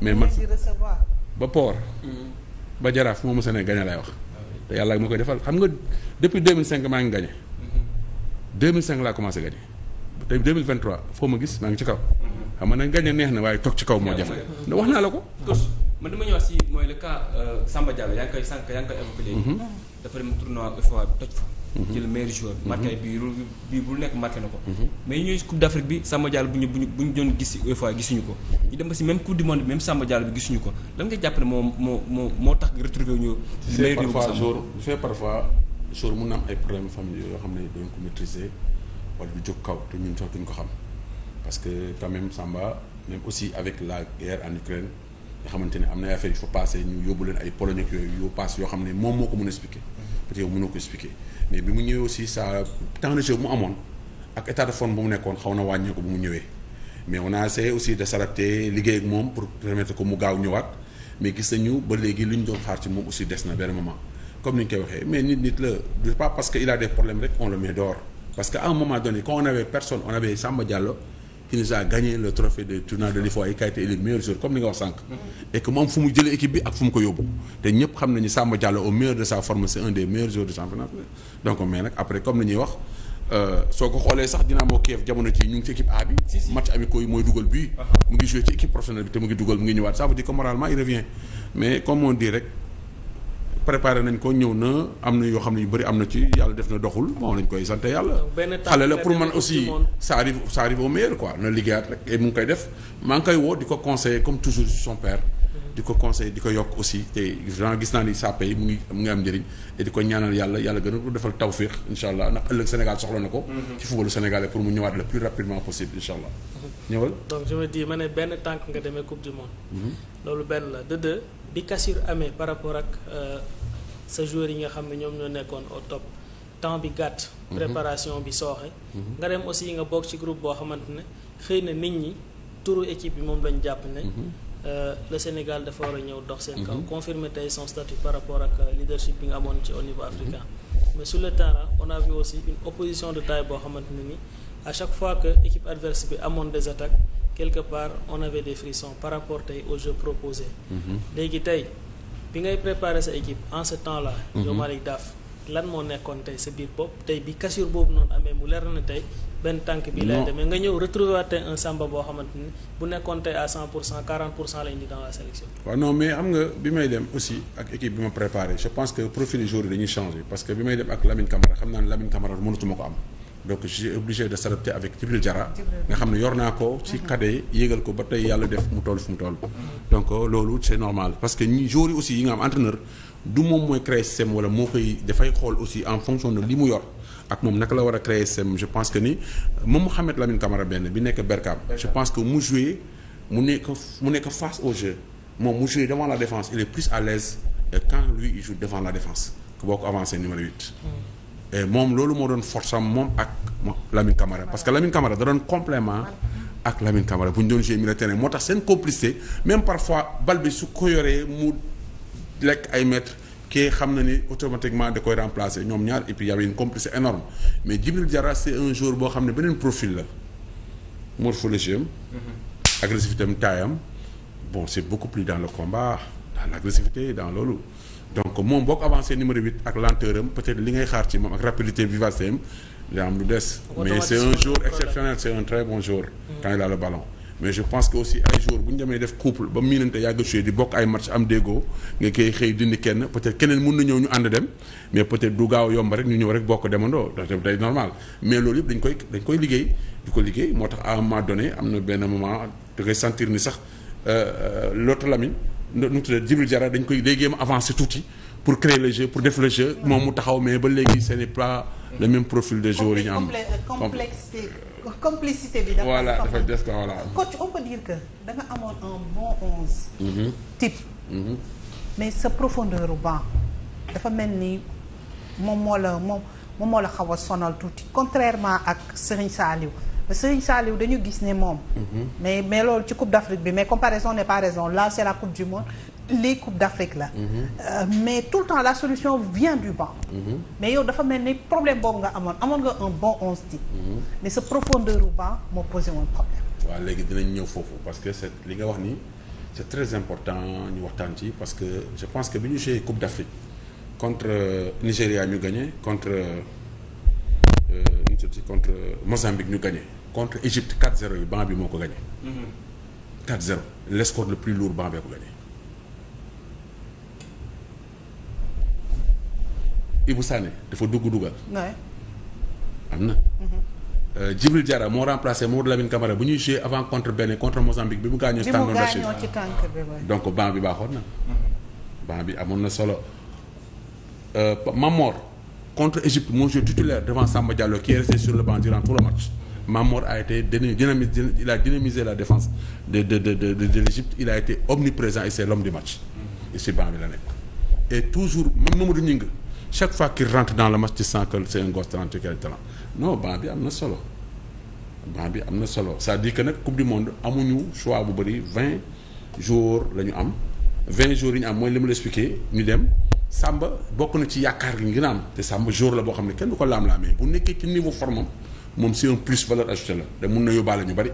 mais nag ba port mm. ba jaraaf moo mësa ne gagné lay wax ah te yàlla ma koy defal xam nga depuis 2005 maa ngi gagné 2005 mm-hmm. laa commencé gagné tey 2023 foo ma gis maa ngi ci kaw. xam nga nag gagné neex na waaye toog ci kaw moo jafe. ndax wax naa la ko. tos man dama ñëwaat si mooy le cas euh, Samba Diallo yaa ngi koy sànq yaa ngi koy évoqué léegi. Mhm. Mhm. Mhm. bu nekk marqué na ko. mais ñuy coupe d' Afrique bi Samba Diallo bu ñu bu ñu ñu doon gis ñu dem ba si même coupe du monde même Samba Diallo ko lan nga jàpp ne moo moo moo moo tax retrouvé ñu. meilleur joueur bu Samba c'est parfois jour c'est parfois jour mun na am ay problème famille yoo xam ne dañ ko maîtriser football bi jóg kaw te ñun sax duñ ko xam parce que quand même Samba même aussi avec la guerre en Ukraine nga xamante ne am na ay affaires yu fa passé ñu yóbbu leen ay Pologne yooyu yoo passe yoo xam ne moom moo ko mën a expliquer mhm. peut-être yow mu ñëwee aussi ça temps de jeu mu nekkoon xaw na wàññeeku bu mu ñëwee mais on a essayé aussi de s'adapter liggéey ak moom pour permettre ko mu gaaw ñëwaat mais gis nañu ba léegi li ñu doon xaar ci moom aussi des na benn moment comme ni ñu koy waxee mais nit nit la c'est pas parce que a des problèmes rek Parce qu'à un moment donné, quand on n'avait personne, on avait Samba Diallo, qui nous a gagné le trophée de tournoi de l'IFOA qui a été élu meilleur joueur, comme nous avons Et que moi, je suis l'équipe et je suis Yobo. Et nous savons que Samba Diallo, au meilleur de sa forme, c'est un des meilleurs joueurs du championnat. Donc, après, comme nous avons euh, soo ko xoolee sax Dinamo Kiev jamono ci ñu ngi ci équipe A bi match amicaux yi mooy dugal uh-huh. bi mu ngi dugal préparé nañ ko ñëw na am na yoo xam ne yu bëri am na ci yàlla def na doxul bon nañ koy sant yàlla. xale la pour man aussi ça arrive ça arrive na liggéeyaat rek mu ngi koy def maa koy woo di ko conseiller comme toujours son père. Mm-hmm. di ko conseiller di ko yokk aussi te gis naa ni sàppe yi mu ngi am njëriñ di ko ñaanal yàlla yàlla gën a defal tawféex incha allah ndax ëllëg Sénégal soxla na ko. Mm-hmm. ci footballu sénégalais pour mu ñëwaat le plus rapidement possible incha allah. Mm-hmm. ñëwal donc je bi cassure amee par rapport ak euh, sa joueurs yi nga xam ne ñoom ñoo nekkoon au top temps bi gàtt. Mhm. préparation bi sooxe. Mhm. nga dem aussi nga bokk ci groupe boo xamante ne xëy na nit ñi turu équipe bi moom lañ jàpp ne. Mhm. Euh, le Sénégal dafa war a ñëw dox seen kaw. confirmer tey son statut par rapport ak euh, leadership bi nga amoon ci au niveau africain. mais sur le terrain on a aussi une opposition de taille boo xamante ne ni à chaque fois que équipe adverse bi amoon des attaques. quelque part on avait des frissons par rapport tey aux jeux proposés. Mhm. léegi tey bi ngay préparer sa équipe en ce temps là. yow mhm. Malick Daaf lan moo nekkoon tey sa biir bopp tey bi cassure boobu noonu amee mu leer na tey benn tànk bi lay demee nga ñëw retrouver waat tey un Samba boo xamante bu nekkoon tey à 100 pour cent 40 pour cent la indi dans la sélection. waaw non mais xam nga bi may dem aussi ak équipe bi ma préparé je pense que profil joueur yi dañuy ko am. donc j'ai obligé de s'adapter avec Djibril Diarra nga xam ne yor naa ko ci mm-hmm. cadre yéegal ko ba tey yàlla def mu toll fu mu toll donc euh, loolu c'est normal parce que ñi joueurs aussi yi nga am entraîneur du moom mooy créer système wala moo koy dafay xool aussi en fonction de li mu yor ak moom naka la war a créer système je pense que ni moom Mouhamed Lamine Camara benn bi nekk Berkane je pense que mu jouer mu nekk nekk face au jeu moom mu jouer devant la défense il est plus à l'aise quand lui il joue devant la défense boo ko avancé numéro 8 et moom loolu moo doon force moom ak Lamine Camara parce que Lamine Camara da doon complément ak Lamine Camara bu ñu doon joué milieu terrain moo tax seen complicité même parfois bal bi su ko yoree mu lekk ay mètres kii xam na ni automatiquement da koy remplacer ñoom ñaar et puis y avait une complicité énorme mais Djibril Diarra c'est un joueur boo xam ne beneen profil la morphologie am mhm. agressivité am taayam bon c'est beaucoup plus dans le combat dans l'agressivité dans loolu donc moom boo ko avancé numéro 8 ak lenteur am peut-être li ngay xaar ci moom ak rapidité vivacité daa am lu des mais c'est un jour exceptionnel c'est un très bon jour mm. quand il ballon mais je pense que aussi ay jour bu ñu demee def couple ba miinante yàgg joué di bokk ay match am déggoo nga koy xëy dindi kenn peut-être keneen mun na ñëw ñu ànd dem mais peut-être du gaaw yomb rek ñu ñëw rek bokk demandoo donc day normal mais loolu yëpp dañ koy dañ koy liggéey di ko liggéey moo tax à un moment donné am na benn moment da koy sentir ni euh, euh, nu mu tuddee Djibril Diarra dañ koy day jéem a avancer tuuti pour créer le jeu pour def le jeu mm-hmm. moom mu taxaw mais ba léegi ce n'est pas mm-hmm. le même profil de joueur yi ñu am. complexité complicité bi. dafa voilà dafa des ko voilà. coach on peut dire que da nga amoon un bon 11. Mm-hmm. type. mais sa profondeur au dafa mel ni moom moo la moom moom moo la xaw a sonal tuuti contrairement ak Serigne Saliou. Sëriñ Saliou dañu gis ne moom. Mhm. mais mais loolu ci Coupe d'Afrique bi mais comparaison n'est pas raison là c'est la Coupe du Monde lii Coupe d'Afrique la. Mhm. Euh, mais tout le temps la solution vient du banc. Mhm. mais yow dafa mel ni problème boobu nga amoon amoon nga un bon onze type. mais sa profondeur u banc moo posé woon problème. waaw léegi dinañ ñëw foofu parce que c'est li nga wax ni c'est très important ñu waxtaan ci parce que je pense que bi ñu joué Coupe d'Afrique contre euh, Nigéria ñu gagné contre. Euh, euh contre Mozambique ñu gagné contre Égypte 4-0 yi banc bi moo ko gagné. 4-0 le score le plus lourd banc bee ko gagné. Ibou Sané dafa dugg dugal. waay am na. Euh, Djibril Diarra moo remplacé moo Lamine Camara bu ñuy joué avant contre Bénin contre Mozambique bi mu gaañoo. ci tàngoor ci bi donc banc bi baaxoon na. banc bi amoon na solo. Euh, Mamor contre Égypte moo joué titulaire devant Samba Diallo qui est resté sur le banc durant tout le match. Mamor a été dynamisé il a dynamisé la défense de de de de de l'Égypte il a été omniprésent et c'est l'homme du match. et si banc bi la nekk. et toujours même Mamadou Ngingue chaque fois qu'il rentre dans le match tu sens que c'est un gosse talentueux qui a bi am na solo banc bi am na solo sa à dire que nag coupe du monde amuñu choix bu bëri vingt jours la ñu am vingt jours yi ñu am mooy li ma la expliqué ñu dem. Samba bokk na ci yaakaar gi ñu gën a am te Samba jour la boo x ne kenn du ko laam-laamee bu nekkee ci niveau moom c'est un plus valeur ajoutée la da mun na yóbbaale ñu bari.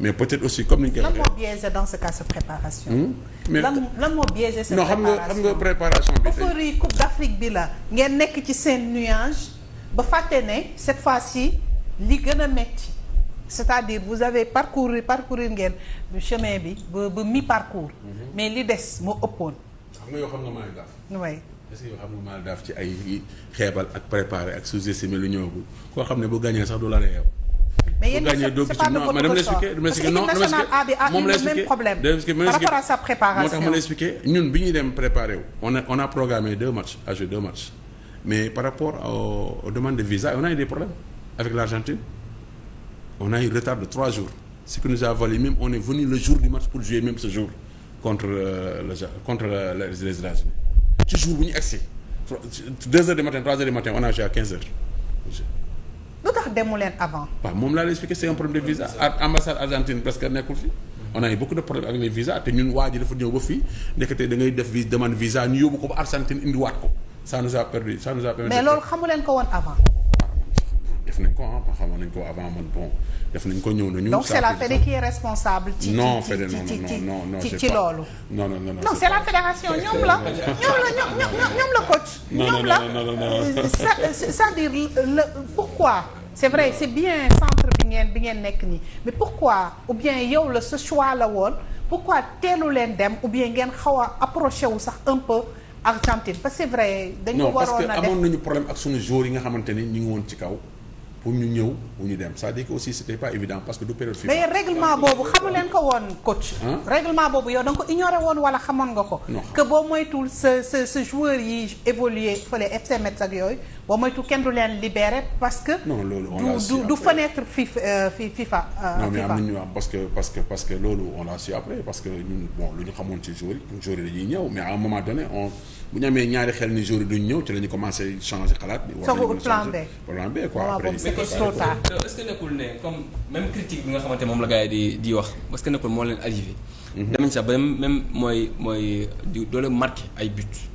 mais peut-être aussi comme ni ñu koy waxee. lan moo biaisé dans ce cas sa préparation. Hmm? mais moo biaisé sa préparation xam nga xam nga préparation bi. euphorie coupe d'Afrique bi la. ngeen nekk ci seen nuage ba fàtte ne cette fois si li gën a metti c'est-à-dire vous avez parcouru parcourir ngeen chemin bi ba ba mi-parcours. Mhm. mais li des moo ëppoon. xam nga yoo xam est que yow xam ci ay xeebal ak préparer ak koo xam ne bu gagné sax du la réew. mais yéen ñi c' est que équipe par rapport à sa préparation moo tax la expliqué ñun bi ñuy dem préparer on a on a programmé deux matchs à jouer mais par rapport aux demandes de visa on a eu des problèmes avec l'Argentine on a eu retard trois jours ce qui nous a valu même on est venu le jour du match pour jouer même ce jour contre euh, le contre euh, les états ci jour bu ñu agsi deux heures du matin trois heures du matin on a joué à quinze heures. lu tax demu leen avant. waaw moom laa lay expliqué c' est un problème de visa ak ambassade argentine parce nekkul fi. on a eu beaucoup de problèmes avec les te ñun waa dafa ñëw ba fii ndekete da ngay def vis demande visa ñu yóbbu ko ba Argentine indiwaat ko ça nous a perdu ça nous a perdu. mais loolu xamu ko woon avant. def nañ ko ah xamoon nañ ko avant man bon def nañ ko ñëw nañu. donc c'est la fédé qui est responsable. ci non fédé non non non ci ci loolu. non non non non c'est la fédération ñoom la ñoom la ñoom ñoom la coach. ñoom la c'est-à-dire le pourquoi. c'est vrai c'est bien centre bi ngeen bi ngeen nekk nii mais pourquoi ou bien yow la ce choix la woon pourquoi teelu leen dem ou bien ngeen xaw a approché wu sax un peu. Argentine parce que c'est vrai. dañu waroon a def non parce que amoon nañu problème ak sunu joueurs yi nga xamante ni ñu ngi woon ci kaw. pour ñu ñëw pour ñu dem c'est-à-dire que aussi c'était pas évident parce que du période FIFA. mais règlement boobu xamu leen ko woon coach. règlement boobu yow da ko ignoré woon wala xamoon nga ko. que boo moytuwul sa sa sa joueur yi évolué fële FC Metz ak yooyu. ba moytu kenn du leen libéré parce que. non loolu on l'a su du fenêtre FIFA euh, FIFA. Euh, mais am na ñu am parce que parce que parce que loolu on l'a su après parce que ñun bon lu ñu xamoon ci jour yi dañuy ñëw mais à un moment donné bu ñu amee ñaari xel ni jour yi ñëw ci la ñu commencé changer xalaat. soog a plan B plan B quoi après. mais euh, est-ce que nekkul ne comme même critique bi nga xamante moom la gars yi di di wax est-ce que nekkul moo leen arrivé. Mhm. damañ sax ba même mooy mooy di doole marqué ay buts.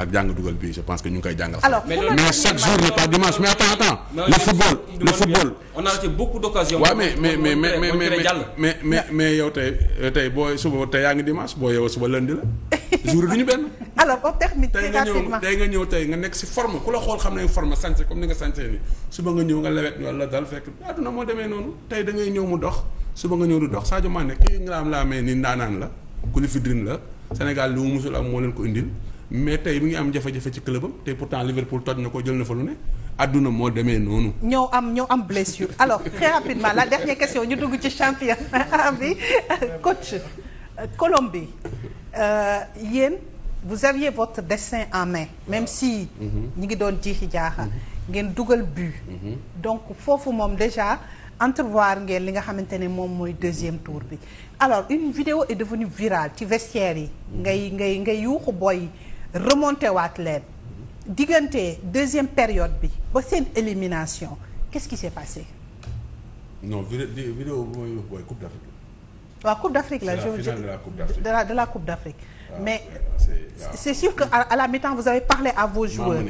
ak jàng dugal bi je pense que ñu ngi koy jàngal. alors mais chaque jour n'est pas dimanche mais attends attends. le football le football. on a raté beaucoup d'occasions. waaw mais mais mais mais mais mais mais yow tey euh, tey boo suba tey yaa ngi dimanche boo yow suba lundi la jour du ñu benn. alors on termine tey nga ñëw tey nga ñëw tey nga nekk si forme ku la xool xam ne forme santé comme ni nga santé ni suba nga ñëw nga lewet wala dal fekk àdduna moo demee noonu tey da ngay ñëw mu dox suba nga ñëw du dox Sadio Mané kii nga am laa amee ni ndaanaan la ku li fidrine la Sénégal lu mu musul am moo leen ko indil mais tey mi ngi am jafe-jafe ci club am te pourtant Liverpool toj na ko jël na fa lu ne àdduna moo demee noonu. ñoo am ñoo am blessure alors très rapidement la dernière question ñu dugg ci champion bi coach Colombie euh, yéen vous aviez votre destin en main même si. ñu ngi doon jiixi jaaxa. Mhm. ngeen dugal but. Mhm. donc foofu moom déjà entrevoir ngeen li nga xamante ne moom mooy deuxième tour bi alors une vidéo est devenue virale ci vestiaire yi. Mhm. ngay ngay ngay yuuxu boy remonté waat leen diggante deuxième période bi ba seen élimination qu'est-ce qui s'est passé. non vidéo vidéo bu may wax booy Coupe d'Afrique waaw Coupe d'Afrique la. je de la Coupe d'Afrique de la de la Coupe d'Afrique. Ah, mais c'est sûr que à la mi-temps vous avez parlé à vos joueurs.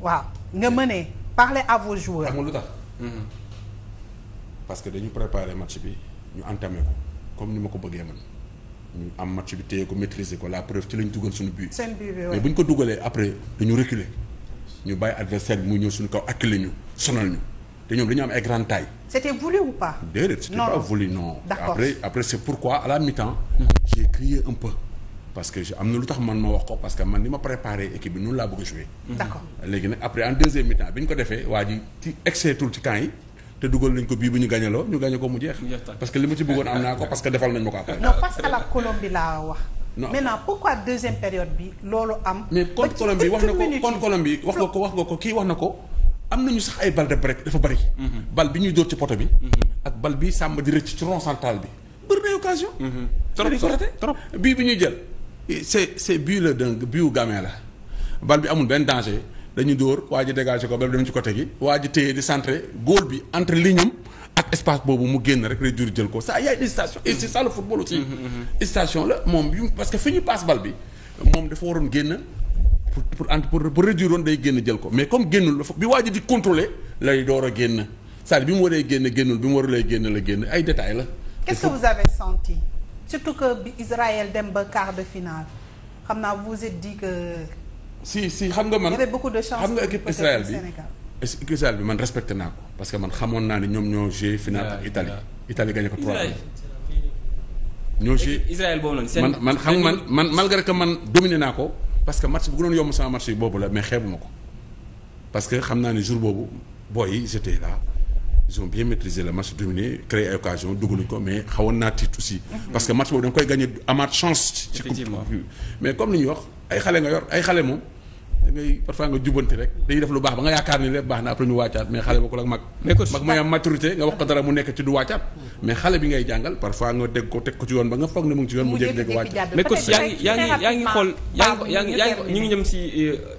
waaw nga mënee parler à vos joueurs. amul mm-hmm. parce que dañu préparer match bi ñu entamé ko comme ni ma ko bëggee man ñu am match bi téye ko maîtriser ko la preuve ci lañ dugal suñu but. seen but mais bu ñu ko dugalee après dañu reculer ñu bàyyi adversaire bi mu ñëw suñu kaw acculé ñu sonal ñu te ñoom dañu am ay grande taille. c'était voulu ou pas. déedéet c'était après c'est pourquoi à la mi-temps. j'ai crié un peu. parce que am na lu tax man ma wax ko parce que man ni ma préparé équipe bi noonu laa bëgg a jouer. d'accord léegi nag après en deuxième mi bi ñu ko defee waa ji ci excès tul yi. te dugal nañ ko bii bu ñu gañaloo ñu gañe ko mu jeex. parce que li ma ci bëggoon am naa ko parce que defal nañ ma ko après. non face à la Colombie laa wax. non maintenant pourquoi deuxième période bi loolu am. mais contre Colombie wax na ko contre Colombie wax nga ko wax nga ko kii wax na ko. am nañu sax ay bal de break dafa bari. Mm-hmm. bal bi ñuy dóor ci poto bi. Mm-hmm. ak bal bi sàmm di rëcc ci rond central bi. bëri na occasion. Mm-hmm. trop trop bii bi ñuy jël. c'est c'est but la d'un but gamin la bal bi amul benn danger. dañu dóor waa ji dégagé ko ba dem ci côté gi waa ji téye di centré góol bi entre ligne am ak espace boobu mu génn rek lay jur jël ko ça y a station et c'est ça le football aussi mm-hmm, mm-hmm, mm-hmm. station la moom yu parce que fi ñu passe bi moom dafa waroon génn pour pour pour réduire woon day génn jël ko mais comme génnul dafa bi waa ji di contrôler lay door a génn cest à bi mu waree génn génnul bi mu war lay génn la génn ay détails la. qu'est-ce que vous avez senti surtout que b Israël dem ba quart de finale xam naa vous vous êtes si si xam nga man xam nga équipe Israël bi équipe Israël bi man respecté naa ko parce que man xamoon naa ne ñoom ñoo joué final ak Italie Italie gagné ko 3 ñoo joué Israël boobu noonu man man xam man man malgré que man dominé naa ko parce que match bu gënoon yomb sama match yi boobu la mais xeebu ma ko parce que xam naa ne jour boobu booy yi j'étais là ils ont bien maîtrisé le match dominé créé ay occasion dugaluñ ko mais xawoon naa tiit aussi mhm. parce que match boobu da nga koy gagné amaat chance ci mais comme ni ñuy wax ay xale nga yor ay xale moom da ngay parfois nga jubanti rek dañuy def lu baax ba nga yaakaar ni lépp baax na après ñu mais xale bokkul ak mag mag may ah. am maturité nga wax ko dara mu nekk ci du wàccaat mais xale bi ngay jàngal parfois nga dégg ko teg ko ci yoon ba nga foog ne mu ngi ci yoon mu jékki-jékki wàccaat mais coach yaa ngi yaa ngi yaa ngi xool yaa ngi yaa ngi ñu ngi jëm si euh,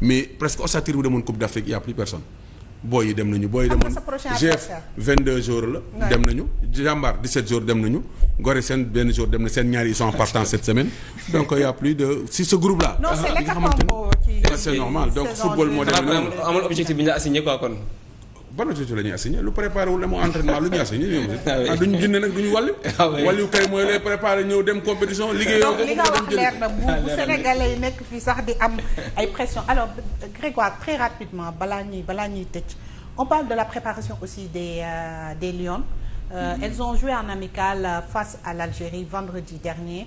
mais presque ossature bu demoon Coupe d'Afrique y a plus personne booy yi dem nañu booy yi demoon GF 22 jours la dem nañu jàmbaar 17 jours dem nañu Gorée seen benn jour dem na seen ñaari ils sont en partance cette semaine donc y plus de si ce groupe là. non c'est ah, ah, eh, normal donc football moo demee noonu amul objectif bi ñu la assigné quoi kon. ban jotu la ñuy assigné lu préparé wu la mu entraînement lu ñuy assigné ñoom. ah, ah duñu junne nag duñu wàll. Ah wàllu kay mooy lay préparé ñëw dem compétition liggéeyoo ko. li nga wax leer na bu ah, bu yi nekk fii sax di am ay pression alors Grégoire très rapidement balaa ñuy balaa ñuy tëj on parle de la préparation aussi des euh, des Lions. Euh, mm -hmm. elles ont joué en amical euh, face à l'Algérie vendredi dernier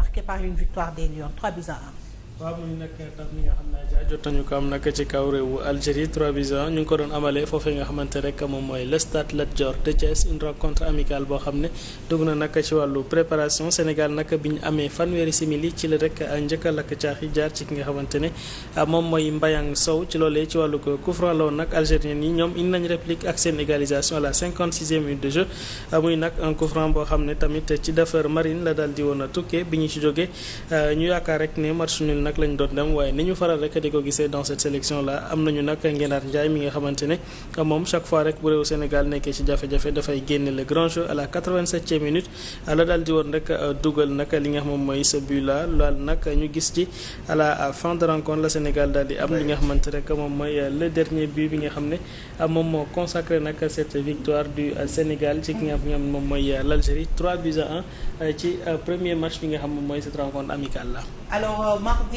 marqué par une victoire des Lions 3 buts à 1. waaw muy nag ndam li nga xam kaw réewu Algérie 3 ñu ngi ko doon amalee foofee nga xamante rek moom mooy le stade Lat Dior de Thiès une rencontre amicale boo xam ne dugg na nag ci wàllu préparation Sénégal nag bi ñu amee fanweeri simili ci la rek njëkkal ak caax yi jaar ci ki nga xamante ne ah, moom mooy Mbayang Sow ci loolee ci wàllu coup franc la woon nag yi ñoom indi nañ réplique ak sénégalisation la 56e minute de jeu ah, muy nag un boo xam ne tamit ci defar marine la daal di woon a tukkee bi ñu ci jógee ah, ñu yaakaar rek ne match nul nag lañ doon dem waaye ni ñu faral rek di ko gisee dans cette sélection là am nañu nag Ngenaat Ndiaye mi nga xamante ne moom chaque fois rek bu réew Sénégal nekkee ci jafe-jafe dafay génne le grand jeu à la 87e minute la daal di woon rek euh, dugal nag li nga xam moom mooy ce but là nag ñu gis ci a la fin de rencontre la Sénégal daal di am li nga xamante rek moom mooy euh, le dernier but bi nga xam ne euh, moom moo consacré nag cette victoire du Sénégal ci ki nga xam ne moom mooy l'Algérie 3 buts à ci premier match bi nga xam moom mooy cette rencontre amicale là.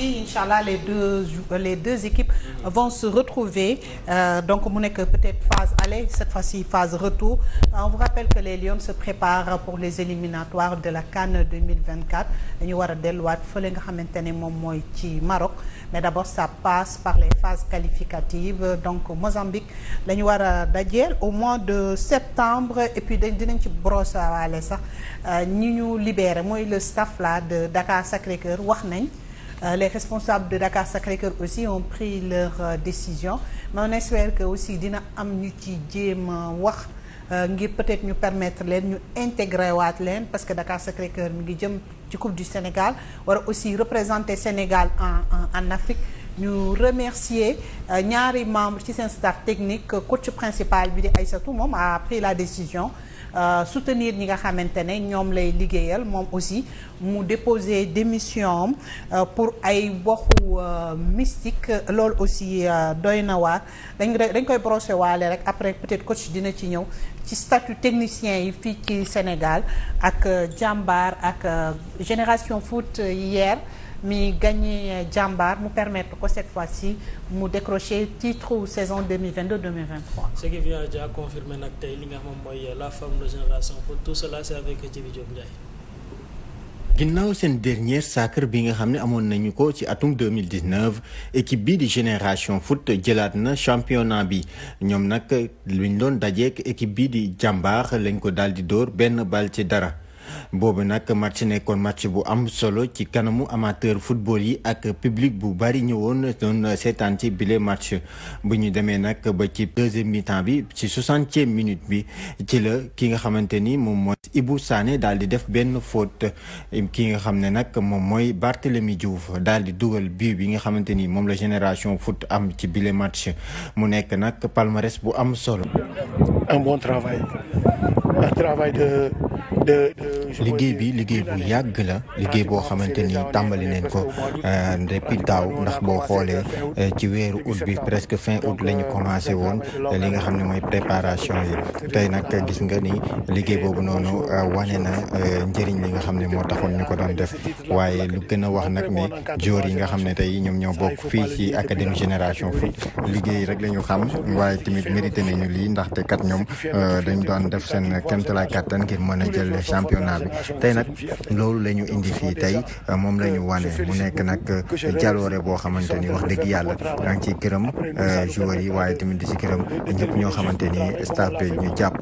samedi incha allah les deux euh, les deux équipes vont se retrouver euh, donc mu nekk peut-être phase aller cette fois-ci phase retour on vous rappelle que les Lions se préparent pour les éliminatoires de la CAN 2024 dañu war a delluwaat fële nga xamante ne moom mooy ci Maroc mais d'abord ça passe par les phases qualificatives donc Mozambique la ñu war a dajeel au mois de septembre et puis dinañ ci brosse waale sax euh, ñi ñu libéré mooy le staff là de Dakar Sacré-Cœur wax nañ Euh, les responsables de Dakar Sacré-Cœur aussi ont pris leur euh, décision mais on espère que aussi dina am ñu ci jéem wax euh, ngir peut-être ñu permettre leen ñu intégré waat leen parce que Dakar Sacré-Cœur mi ngi jëm ci Coupe du Sénégal war aussi représenter Sénégal en en, en Afrique ñu remercier ñaari membre ci seen staff technique coach principal bi di ay Aïssatou moom a pris la décision Euh, soutenir ñi nga xamante ne ñoom lay liggéeyal moom aussi mu déposer démission am euh, pour ay waxu euh, mystique loolu aussi doy na waar dañ dañ koy brosser waale rek après peut-être coach dina ci ñëw ci statut technicien yi fii ci Sénégal ak jàmbar ak génération foot hier mi gagné euh, jàmbaar mu permettre ko cette fois-ci mu décrocher titre saison 2022 2023. ce qui vient déjà tey li nga xam mooy euh, la forme de génération pour tout cela c'est avec seen dernier sacre bi nga xam ne amoon nañu ko ci atum 2019 équipe bii di génération foot jëlaat na championnat bi ñoom nag luñ doon dajeek équipe bi di jàmbaar lañ ko daal di dóor benn bal ci dara boobu nag match nekkoon match bu am solo ci kanamu amateur football yi ak public bu bari ñëwoon doon seetaan ci bile match bu ñu demee nag ba ci deuxième mi bi ci soixantième minute bi ci la ki nga xamante ni moom mooy Ibou Sané daal di def benn faute ki nga xam ne nag moom mooy Barthélemy Diouf daal di dugal but bi nga xamante ni moom la génération foot am ci bile match mu nekk nag palmarès bu am solo. un bon travail. travail de liggéey bi liggéey bu yàgg la liggéey boo xamante ni tàmbali neen ko euh, depuis daaw ndax boo xoolee euh, ci weeru août bi presque fin août lañu ñu commencé woon euh, li nga xam ne mooy préparation yi tey nag gis nga ni liggéey boobu noonu wane na njëriñ li nga xam ne moo taxoon ñu ko doon def waaye lu gën a wax nag ne joor yi nga xam ne tey ñoom ñoo bokk fii ci académie génération foot liggéey rek lañu xam waaye tamit mérité nañu lii ndaxte kat ñoom dañu doon def seen kéemtalaay kattan ngir mën a jël championnat bi tey nag loolu la ñu indi fii tey moom la ñu wane mu nekk nag jaloore boo xamante ni wax dëgg yàlla daa ngi ciy gërëm euh, yi waaye tamit di ci gërëm ñëpp ñoo xamante ni staff bi ñu jàpp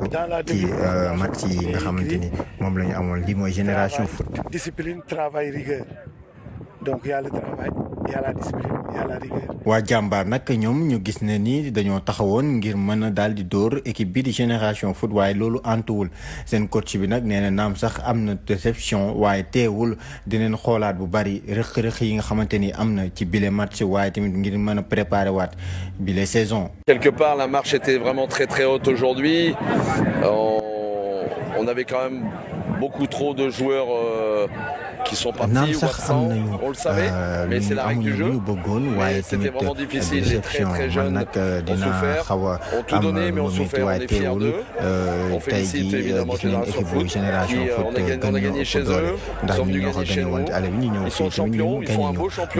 ci euh, match yi nga xamante ni moom lañu amoon lii mooy génération foot. et waa jàmbaar nag ñoom ñu gis ne ni dañoo taxawoon ngir mën a daal di dóor équipe bi di génération foot waaye loolu antuwul seen coach bi nag nee na naam sax am na déception waaye teewul dineen xoolaat bu bari rëq-rëq yi nga xamante ni am na ci bile match waaye tamit ngir mën a préparer waat bile saison. quelque part la marche était vraiment très très haute aujourd'hui on, avait quand même beaucoup trop de joueurs. Euh, naam sax am nañu lu euh, ñu amuñu lu ñu bëggoon waaye tamit euh, déception man nag euh, dina xaw a am lu mu métti waaye teewul tey jii gis nañ équipe bu génération foot gën ñoo ëpp doole ndax ñu ñoo ko gagné woon ci àll bi ñu ñëw fii tamit ñu gagné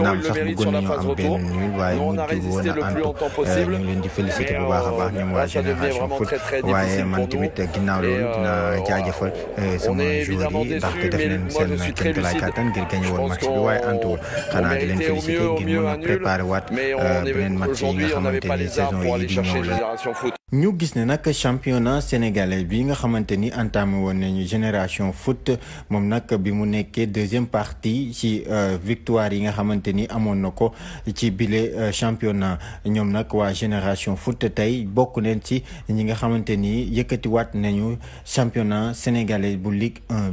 ñu naam sax bëggoon nañoo am benn nul waaye mujj woon a antu ñu ngi leen di félicité bu baax a baax ñoom waa génération foot waaye man tamit ginnaaw loolu dina jaajëfal sama joueur yi ndaxte def nañ seen kéemtalaay laay kàttan ngir gagné woon match bi waaye antuwul xanaa di leen félicité ngir mën a préparé waat beneen match yi nga xamante saison yi ñu gis ne nag championnat sénégalais bi nga xamante ni entamé woon nañu génération foot moom nag bi mu nekkee deuxième partie ci euh, victoire yi nga xamante ni amoon na ko ci bile euh, championnat ñoom nag waa génération foot tey bokk leen ci ñi nga xamante ni yëkkatiwaat nañu championnat sénégalais bu Ligue 1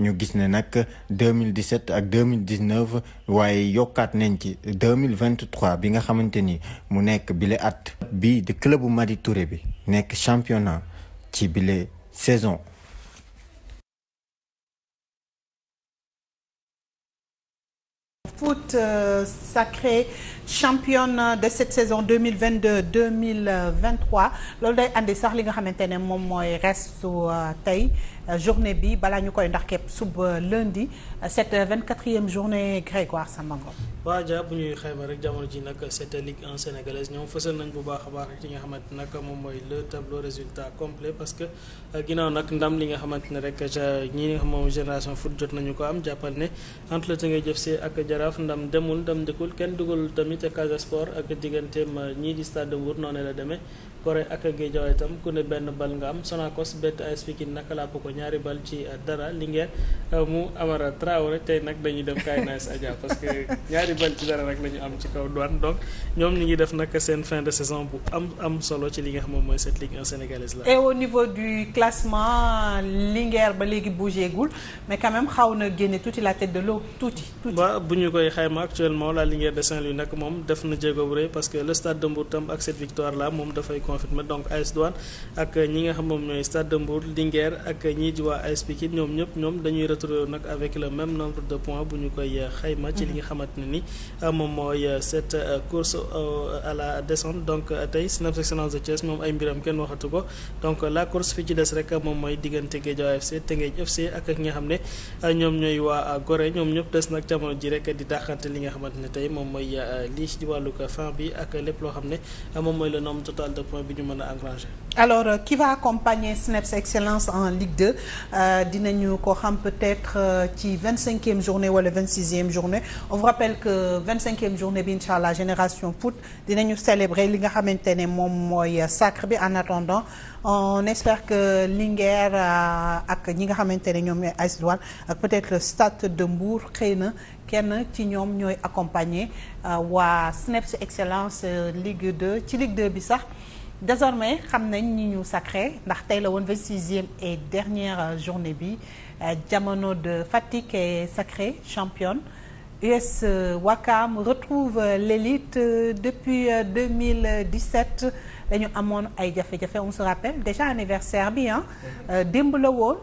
ñu gis ne nag deux mille 2017 ak deux 2019 waaye yokkaat nañ ci mille 2023 bi nga xamante ni mu nekk bile at bi di clubu Madi Touré bi nekk championnat ci bile saison foot euh, sacré championne de cette saison 2022 2023 loolu day andi sax li nga xamante ne moom mooy restu euh, tey journée bi balaa ñu koy ndax képp suba lundi cette vingt quatrième journée Grégoire Samba Ngom waaw Dia bu ñuy xayma rek jamono ji nag cette Ligue 1 sénégalaise ñoom fësal nañ bu baax a baax rek li nga xamante nag moom mooy le tableau résultat complet parce que euh, ginnaaw nag ndam li nga xamante ne rek ñi nga xam moom génération foot jot nañu ko am jàppal ne entre te ngay jëf see ak jaraaf ndam demul ndam dëkkul kenn dugal tamit Casa Sport ak digganteem euh, ñii di Stade de Mbour noonu la demee Corée ak Guédiawaye itam ku ne benn bal nga am Sonacos bett AS Pikine naka ko ñaari bal ci euh, dara Linguère Traoré tey nag dañuy dem Kaay Nice Adja parce que ñaari bal ci dara rek la am ci kaw donc ñoom ñu def nag seen fin de saison bu am am solo ci li nga xam mooy la. et au niveau du la tête de l'eau tuuti. tuuti de Saint-Louis nag le stade de Mbour tam ak cette victoire ñii di waa AS ñoom ñëpp ñoom dañuy retrouver nag avec le même nombre de points bu ñu koy euh, xayma ci li nga xamante ne ni euh, moom mooy euh, cette course à la descente donc tey Snap Excellence de Thiès moom ay mbiram kenn waxatu ko donc la course fi ci des rek moom mooy diggante Guédiawaye FC Teungueth FC ak ak nga xam ne ñoom ñooy waa Gorée ñoom ñëpp des nag jamono ji rek di dàqante li nga xamante ne tey moom mooy lii ci wàllu fin bi ak lépp loo xam ne moom mooy le nombre total de points bi ñu mën a engranger. alors qui vingt cinquième journée wala vingt sixième journée on vous rappelle que vingt cinquième journée bi incha allah génération foot dinañu célébrer li nga xamante ne moom mooy sacre bi en attendant on espère que Linguère euh, ak ñi nga xamante ne ñoom ñooy AS Douanes ak peut-être le de Mbour xëy na kenn ci ñoom ñooy accompagner euh, waa SNEPS Excellence euh, Ligue 2 ci Ligue 2 bi sax. désormais xam nañ ñi ñu sacré ndax tey la woon vingt-sixième et dernière journée bi Diamano euh, de Fatick est sacrée championne. US euh, Wakam retrouve euh, l'élite depuis 2017 dañu amoon ay jafe-jafe on se rappelle déjà anniversaire bi ah démb la woon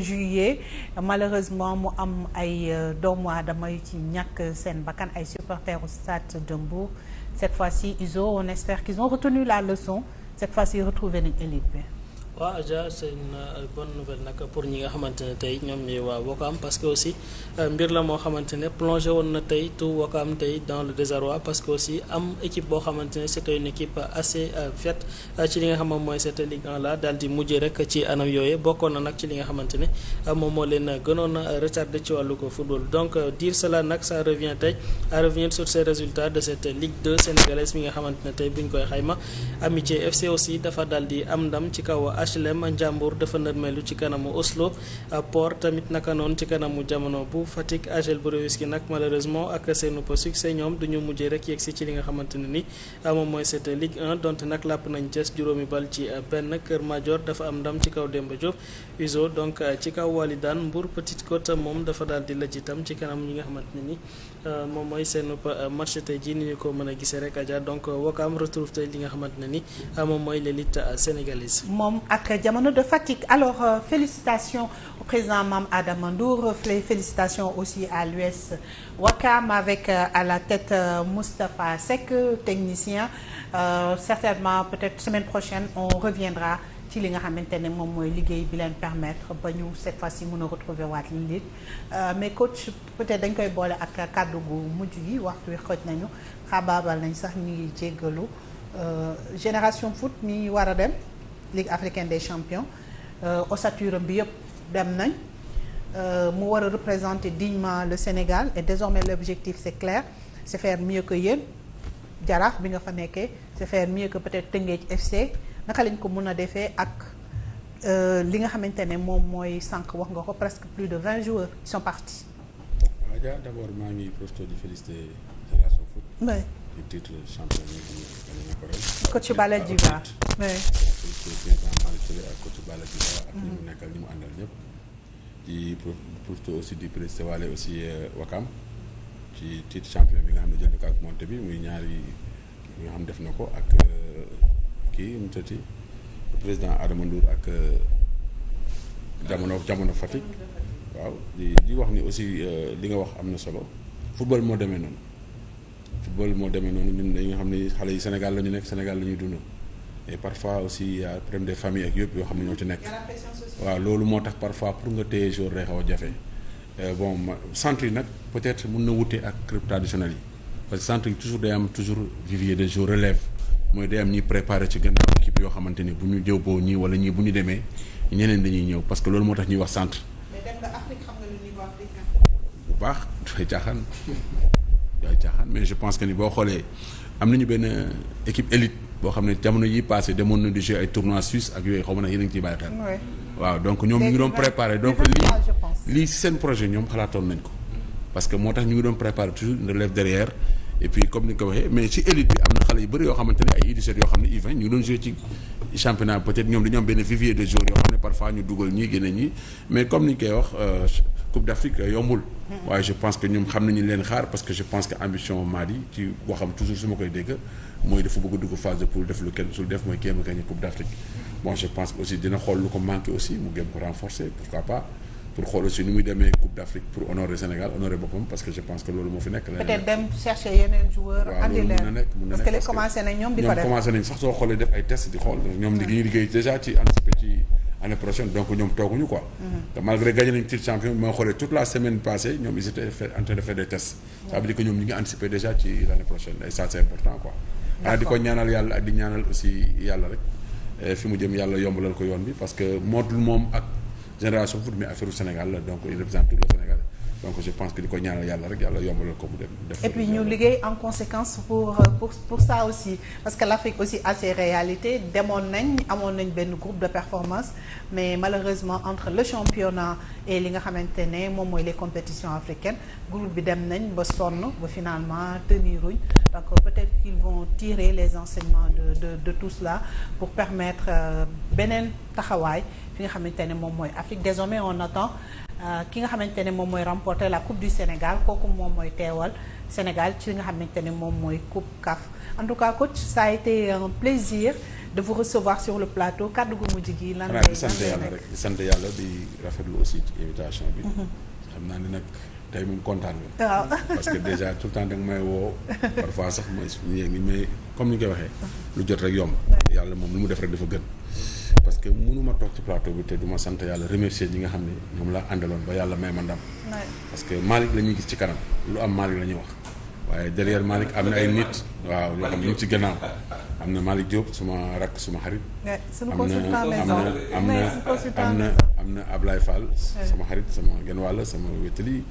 juillet malheureusement mu am ay doomu aadama yu ci ñàkk seen bakkan ay supporters au stade de Mbour cette fois-ci ISO on espère qu'ils ont retenu la leçon cette fois-ci retrouvé nañ élite bi waaw Adja c'est une euh, bonne nouvelle nag pour ñi nga xamante tey ñoom ñooy waa Wakaam parce que aussi euh, mbir la moo xamante ne woon na tey tout Wakaam tey dans le désarroi parce que aussi am équipe boo xamante ne c'était une équipe assez euh, faite ci li nga xam mooy cette Ligue 1 là daal di li nga xamante ne moom moo leen gënoon a retardé ci wàllu ko football donc dire cela nag ça revient tey à revenir sur ces résultats de cette Ligue 2 sénégalaise mi nga xamante ne tey bu ñu koy xayma Amitié FC aussi dafa daal di am ndam ci kaw HLM Ndiambour dafa nërmeelu ci kanamu Oslo Port tamit naka noonu ci kanamu jamono bu Fatick AJEL bu Rewesque nag malheureusement ak seen po succès ñoom duñu mujjee rek yegg si ci li nga xamante ne ni ah, moom mooy cette Ligue 1 donte nag làpp nañ jës juróomi bal ci ah, benn Kër Madior dafa am ndam ci kaw démbajo Diop uso donc ah, ci kaw Walidane Mbour Petite Côte moom dafa daal di lajj itam ci kanam ñi nga xamante ne ni Euh, moom mooy seen euh, match tey jii ni ko mën a gisee rek donc euh, Wakaam retrouve tey li nga xamante ne ni moom mooy l'élite sénégalaise. moom ak jamono de Fatick alors félicitations au président mam Adama Ndour félicitations aussi à l'US Wakaam avec à la tête Moustapha Seck technicien euh, certainement peut-être semaine prochaine on reviendra. ci li nga xamante ne moom mooy liggéey bi leen permettre ba ñu cette fois ci mën a retrouver waat li lit euh, mais coach peut-être dañ koy boole ak kàddu gu mujj gi waxtu wi xooj nañu xabaabal nañ sax ñu ngi jéggalu euh, génération foot mi war a dem Ligue africaine des champions euh, ossature bi yëpp dem nañ mu war a représenter dignement le Sénégal et désormais l'objectif c'est clair c'est faire mieux que yéen jaraaf bi nga fa nekkee c'est faire mieux que peut-être Teungueth FC naka lañ ko mën a defee ak euh, li nga xamante ne moom mooy sànq wax nga ko presque plus de vingt joueurs qui sont partis. waaw Adja d' abord maa ngi profité di féliciter Génération Foot. oui di titre champion mm-hmm. nekkal ñi mu àndal ñëpp. di profité aussi di féliciter waale aussi euh, Wakam ci titre champion bi nga xam ne jënd ko ak monté bi muy ñaari yi nga xam def na ko ak. Euh, kii mu président Adama Ndour ak euh, jamono jamono Fatick waaw li di wax ni aussi euh, li nga wax am na solo football moo demee noonu football moo demee noonu ñun dañu nga xam ne xale yi Sénégal la ñu nekk Sénégal la ñuy dund et parfois aussi y a problème des ak yëpp yoo xam ne ñoo ci nekk waaw loolu moo tax parfois pour nga téye jour day xaw a jafe euh, bon centre yi nag peut-être mun na wute ak club traditionnel yi parce que centre yi toujours day am toujours vivier mooy de am ñuy préparé ci gànnaaw équipe yoo xamante ni bu ñu jëw boo ñii wala ñii bu ñu demee ñeneen dañuy ñëw parce que loolu moo tax ñu wax centre. mais dem nga Afrique xam nga lu ñuy wax bu baax que ni boo xoolee am nañu benn équipe élite boo xam ne jamono yi passé demoon na di jouer ay tournois suisse ak yooyu xaw ma nag yéen a ngi ciy bàyyi xel. waaw donc ñoom ñu ngi doon préparé donc lii lii seen projet ñoom xalaatoon nañ ko. parce que moo tax ñu ngi doon préparé toujours une relève derrière et puis comme ni ko waxee mais ci xale yu bëri yoo xamante ne ay U17 yoo xam ne U20 ñu doon joué ci championnat peut ñoom dañu am benn vivier de joueurs yoo xam ne parfois ñu dugal ñii génne ñii mais comme ni ñu koy wax euh, Coupe d'Afrique yombul. waaye je pense que ñoom xam nañu leen xaar parce que je pense que ambition Madi ci waxam toujours su ma koy dégg mooy dafa bëgg dugg phase de poule def lu kenn sul def mooy kéem a gagné Coupe d'Afrique bon je pense que aussi dina pour xool aussi nu muy demee Coupe d'Afrique pour honorer Sénégal honorer boppam parce que je pense que loolu moo fi nekk. peut-être dem chercher yeneen joueurs. andi leen waaw loolu mun na nekk mun na nekk parce que commencé nañ ñoom di ko def ñoom commencé nañ sax soo xoolee def ay tests di xool ñoom di ngi liggéey déjà ci anticiper ci année prochaine donc ñoom tooguñu quoi. Mm-hmm. te malgré gagné nañ titre champion bi ma xoolee toute la semaine passée ñoom ils étaient en train de faire des tests. ça veut dire que ñoom ñu ngi anticiper déjà ci l'année prochaine et ça c'est important quoi. xanaa di ko ñaanal yàlla ak di ñaanal aussi yàlla rek fi mu jëm yàlla yombalal ko yoon bi parce que mootul moom ak génération foot mais affaire Sénégal la donc il représente tout le Sénégal donc je pense que di ko ñaanal yàlla rek yàlla yombalal ko mu dem. def et puis liggéey en conséquence pour pour pour aussi parce que l'Afrique aussi a ses réalités demoon nañ amoon nañ benn groupe de performance mais malheureusement entre le championnat et li nga xamante ne moom mooy les compétitions africaines groupe bi dem nañ ba sonn ba finalement teniruñ donc peut-être qu'ils vont tirer les enseignements de de de tout pour permettre euh, beneen taxawaay. li nga xamante ne moom mooy Afrique désormais on attend euh, ki nga xamante ne moom mooy remporter la coupe du Sénégal kooku moom mooy teewal Sénégal ci li nga xamante ne moom mooy coupe CAF en tout cas coach ça a été un plaisir de vous recevoir sur le plateau kaddu gu mujj gi lan lay sant yàlla rek di sant yàlla di rafetlu aussi ci invitation bi mhm. xam naa ne nag tey kontaan nga. waaw parce que déjà tout woo. parfois mooy suñu yéen ngi may comme ni ñu koy waxee. lu jot rek yomb. yàlla moom lu mu def rek dafa gën. parce que mënuma toog ci plateau bi te ma sant yàlla remercier ñi nga xam ne ñoom laa àndaloon ba yàlla may ma ndam parce que Malick la ñuy gis ci kanam lu am Malick la ñuy wax waaye derrière malik am na ay nit waaw yoo xam ñu ci gannaaw am na Malick Diop suma rakk suma xarit am na am na am na am na Ablaye Fall sama xarit sama genn wàll sama wétali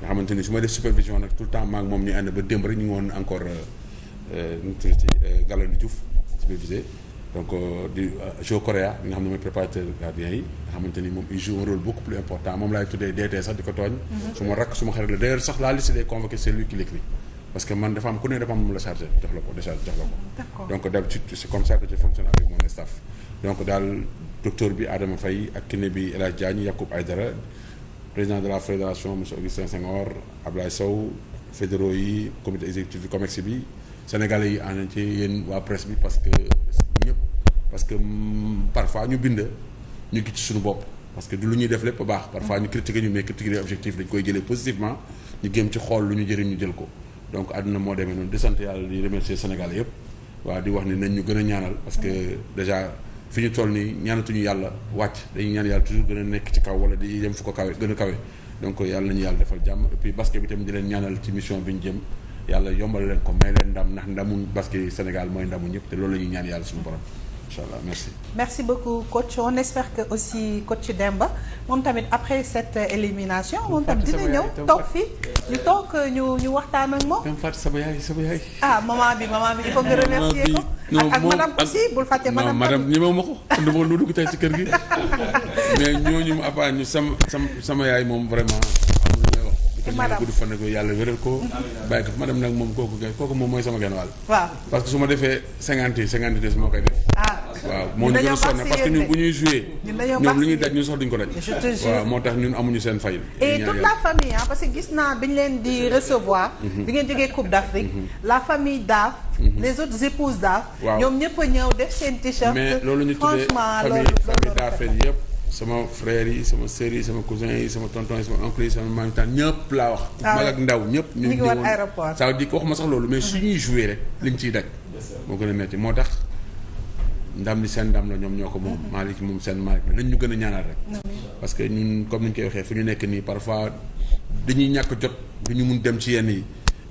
nga xamante ni su may def supervision nag tout le temps maak moom ñu ànd ba démb rek ñu ngi woon encore euh, euh, nu mu tuddati euh, Galandou Diouf supervisé donc di Jo Korea xam ne mooy préparateur gardien yi nga xamante ni moom il joue un rôle beaucoup plus important moom laay tuddee DT sax di ko tooñ mhm. su ma rakk su ma xarit la d'ailleurs sax la liste des convoqués la chargé jox la ko donc d'habitude c'est comme ça que je fonctionne avec staff donc daal docteur bi Adama Faye ak kiné bi El Hadj Diagne Yacoub Aydara président de la fédération monsieur Augustin Senghor Ablaye Sow fédéraux yi comité exécutif bi COMEX bi sénégalais yi en entier yéen waa presse bi parce que ñëpp parce que parfois ñu bind ñu gis ci suñu bopp parce que du lu ñuy def lépp baax parfois ñu critiquer ñu mais critiquer objectif dañ koy jëlee positivement ñu gëm ci xool lu ñu jël ko donc àdduna moo demee noonu di sant yàlla di remercier sénégalais yëpp waaw di wax ne nañ ñu gën a ñaanal parce que déjà fi ñu toll nii ñaanatuñu yàlla wàcc dañuy ñaan yàlla toujours gën a nekk ci kaw wala di dem fu ko yàlla nañu yàlla jàmm et puis basket bi tamit di yàlla yombal leen ko may leen ndam ndax ndamu basket Sénégal mooy ndamu ñëpp te loolu la ñuy ñaan yàlla suñu borom incha allah merci. merci beaucoup coach on espère que aussi coach Demba moom tamit après cette élimination. moom tamit dina ñëw toog fii ñu toog ñu ñu waxtaan ak moom. Fatou sama sama yaay. Ah, ma ko dama kër gi mais ñu sama sama sama yaay moom vraiment. te madame ko gudd fan ko yàlla wéral ko. bàyyi ko madame nag moom kooku kooku moom mooy sama genn wàll. waaw parce que su ma defee cinquante yi cinquante deux moo koy def. ah waaw bu ñuy joué. ñoom lu ñuy daj ñun sax duñ ko daj. waaw moo tax ñun amuñu seen fay. et toute la famille ah parce gis naa bi ñu leen di recevoir. Mhm. bi ngeen jógee Coupe d'Afrique. Mhm. la famille Daaf. Mhm. les autres épouses Daaf. waaw ñoom ñëpp ñëw def seen t-shirt. mais loolu ñu tuddee famille famille Daaf sama frère yi sama sœur yi sama cousin yi sama tonton yi sama oncle yi sama maam taan ñëpp laa wax. Ah mag ak ndaw ñëpp. ñu ngi woon aéroport ça veut dire que waxuma sax loolu mais mm-hmm. suñuy joué rek liñ ciy daj. moo gën a metti moo tax ndam li seen ndam la ñoom ñoo ko moom. Mm-hmm. Malick moom seen Malick la nañ ñu gën a ñaanal rek. Mm-hmm. parce que ñun comme ni ñu koy waxee fu ñu nekk nii parfois dañuy ñàkk jot ñu mun dem ci yenn yi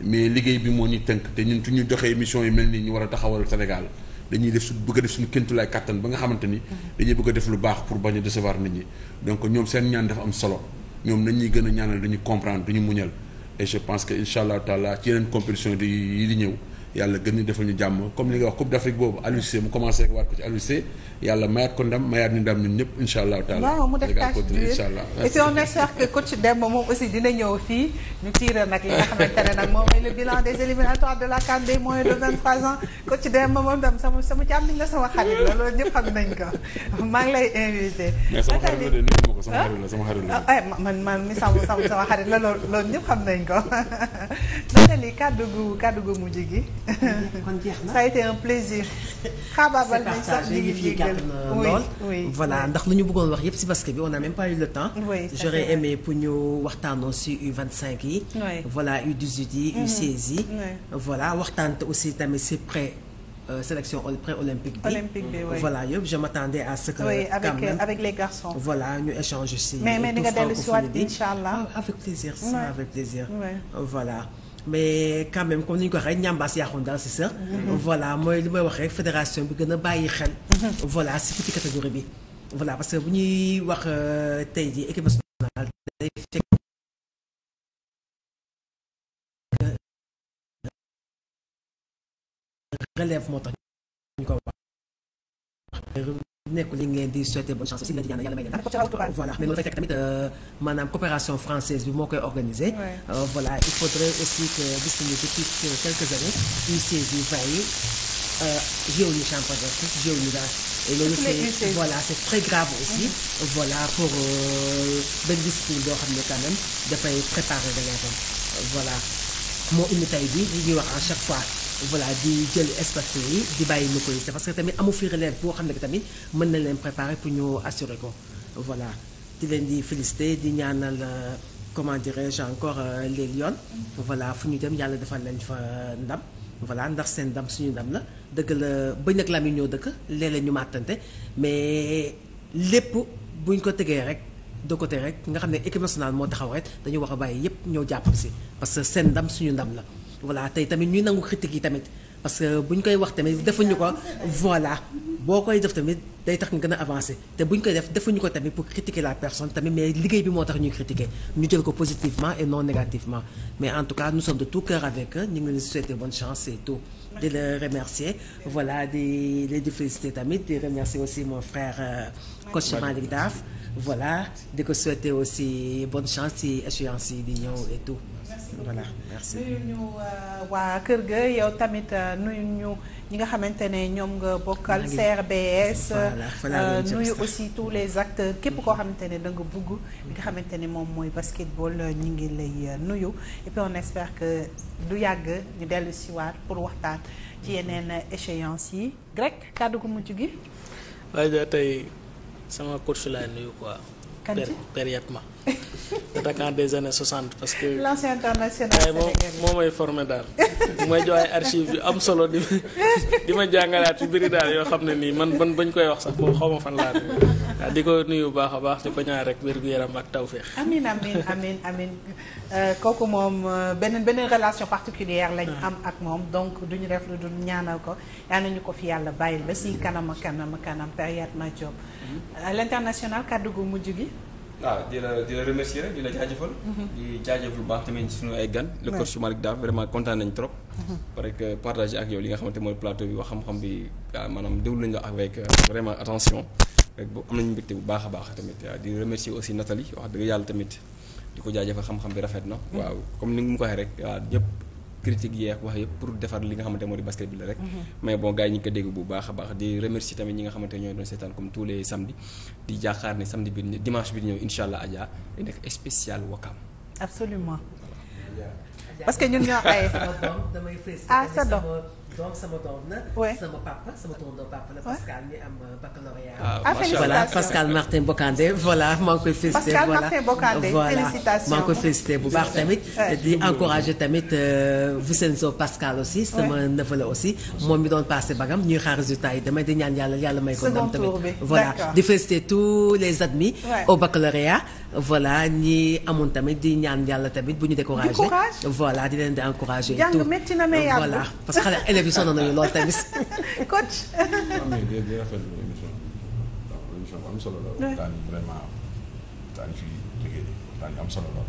mais liggéey bi moo ñuy tënk te ñun ñu joxee mission yi mel nii ñu war a taxawal Sénégal dañuy def su bëgg a def suñu kéntulaay kàttan ba nga xamante ni dañuy bëgg a def lu baax pour bañ a décevoir nit ñi donc ñoom seen ñaan dafa am solo ñoom nañ ñuy gën a ñaanal dañu comprendre dañu muñal et je pense que incha allah taala ci yeneen compétition yi di ñëw yàlla gën ñu defal ñu jàmm comme li nga wax Coupe d'Afrique boobu Aliou Cissé mu commencé waat ko ci Aliou Cissé yàlla mayaat ko ndam mayaat ñu ndam ñun ñëpp incha allah waaw mu def tâche d'huile incha allah moom aussi dina ñëw fii ñu tiire nag li nga xamante ne nag moom le bilan des éliminatoires de la CAN des moins de 23 ans coach Demba moom tam sama sama càmmiñ la sama xarit la loolu ñëpp xam nañ ko maa ngi lay invité mais sama xarit la de ko sama la sama xarit la ah, eh, man man mi sama la loolu loolu ñëpp xam nañ kon jeex na ça a été un plaisir. xaabaabal nañ sax ñu ngi jégal lool. voilà ndax lu ñu bëggoon wax yëpp ci basket bi on a même pas eu le temps. oui j'aurais aimé pour ñu waxtaanoo ci U25 yi. voilà U18 yi mhm. U16 yi. voilà waxtaan aussi tamit ci pré. Euh, sélection pré-olympique bi. olympique bi oui. voilà yëpp je m'attendais à ce que. Oui, avec quand même, avec les garçons. voilà ñu échange si. mais mais di nga dellu si waat incha allah ah, avec plaisir. ça oui. avec plaisir. voilà. mais quand même comme ni ñu ko waxee ñambaas yaaxoon daal c'est ça. Mm-hmm. voilà mooy li may wax rek fédération bi gën a bàyyi xel. Mm-hmm. voilà si petite catégorie bi. voilà parce que bu ñuy wax euh, tey jii équipe nationale day fekk. Euh, moo tax nekk li ngeen di souhaiter bonne chance aussi di leen di ñaanal yàlla may tamit euh, maanaam coopération française bi moo koy organiser. Euh, voilà il faudrait aussi que gis nañu depuis quelques années UCG yi bàyyi géewuñu champion d'Afrique géewuñu daal. et loolu c'est voilà c'est très grave aussi. Mm-hmm. voilà pour euh, benn discipline boo xam ne quand dafay préparer de ngay voilà moo indi tey bi li ñuy wax à chaque fois. voilà di jël expatrié yi di bàyyi locaux yi c'est parce que tamit amu fi relève boo xam ne tamit mën na leen préparer pour ñu assurer ko voilà di leen di féliciter di ñaanal euh, comment dirais-je encore euh, les Lions voilà fu ñu jëm yàlla defal nañ fa ndam voilà ndax seen ndam suñu ndam la dëgg la bëñ ak lami ñoo dëkk léeg-léeg ñu màttante mais lépp bu ñu ko tegee rek de côté rek nga xam ne équipe nationale moo taxaw rek dañu wax a bàyyi yépp ñëw jàppam si parce que seen ndam suñu ndam la voilà tey tamit ñuy nangu critique yi tamit parce que bu ñu koy wax tamit defuñu ko voilà boo koy def tamit day tax ñu gën a avancer te bu ñu koy def defuñu ko tamit pour critiquer la personne tamit mais liggéey bi moo tax ñuy critiquer ñu jël ko positivement et non négativement mais en tout cas nous sommes de tout cœur avec ñu ngi leen souhaiter bonne chance et tout di la remercier voilà di leen di féliciter tamit di remercier aussi mon frère euh, coach Malick Daf voilà di ko souhaiter aussi bonne chance ci échéance yi di ñëw et tout. voilà merci. nuyu ñu euh, waa kër ga yow tamit euh, nuyu ñu ñi nga xamante ne ñoom nga bokkal. CRBS euh, nuyu aussi tous les acteurs képp koo xamante ne da bugg. li nga xamante ne moom mooy basketball ñu ngi lay nuyu et puis on espère que du yàgg ñu dellu siwaat pour waxtaan ci yeneen échéance yi. Greg kàddu gu mujj gi. sama coach laa nuyu quoi. kan ci per Yatma. attaquant des années 60 parce que. l'ancien international sénégalais moo may formé daal. mooy jox ay archives yu am di ma jàngalaat yu bëri daal yoo xam ne nii man ban bañ koy wax sax moom xaw ma fan laa di ko nuyu baax a baax di ko ñaar rek wér gu yaram ak tawféex. amiin amiin amiin amiin euh, kooku moom euh, beneen beneen relation particulière lañ ah. am ak moom donc duñu def lu du ñaanal ko yaa nañu ko fi yàlla bàyyil ba si kanam kanam kanam période ma job à l'international kàddu gu gi. waaw ah, di la la remercier rek di la jaajëfal. Mhm. di jaajëfal bu baax tamit suñu ay gan. le coach Malick Daaf vraiment kontaan nañ trop. Mhm. parce que partager ak yow li nga xamante mooy plateau bi wax xam-xam bi ah, maanaam déglu nañ la avec euh, vraiment attention rek bu am nañu mbégte bu baax a baax tamit ah, di remercier aussi Nathalie wax dëgg yàlla tamit di ko jaajëfal xam-xam bi rafet na. Mhm. waaw comme ni mu ko waxee rek waaw ñëpp. critique yeex wax yëpp pour defar li nga xamante moo di basket rek mhm. mais bon gars yi ñu ngi ko dégg bu baax a baax di remercier tamit ñi nga xamante ñooy doon seetaan comme tous les di jàkkaar ne samedi bi dimanche bi di ñëw incha allah Adja di nekk spécial Wakam absolument parce ñun ñoo ay ah sa doom donc sama doom na. sama papa sama tonton papa la. Pascal mi am baccalauréat. Ah, ah, voilà Pascal Martin Bocandé voilà maa ngi koy félicité. Pascal Martin Bocandé félicitations maa ngi koy félicité bu baax tamit. di encouragé tamit euh, Vincenzo Pascal aussi. sama neveu la aussi moom mi doon passé bagam ñuy xaar résultat yi damay di ñaan yàlla may ko. ndam tamit voilà di félicité tous les admis au voilà ñi amoon tamit di ñaan yàlla tamit bu ñu découragé voilà di leen di encouragé jàng voilà parce que xale élèves yi sonn nañu lool tamit coach mais di di rafetlu émission am solo la waxtaan yi vraiment waxtaan fi am solo la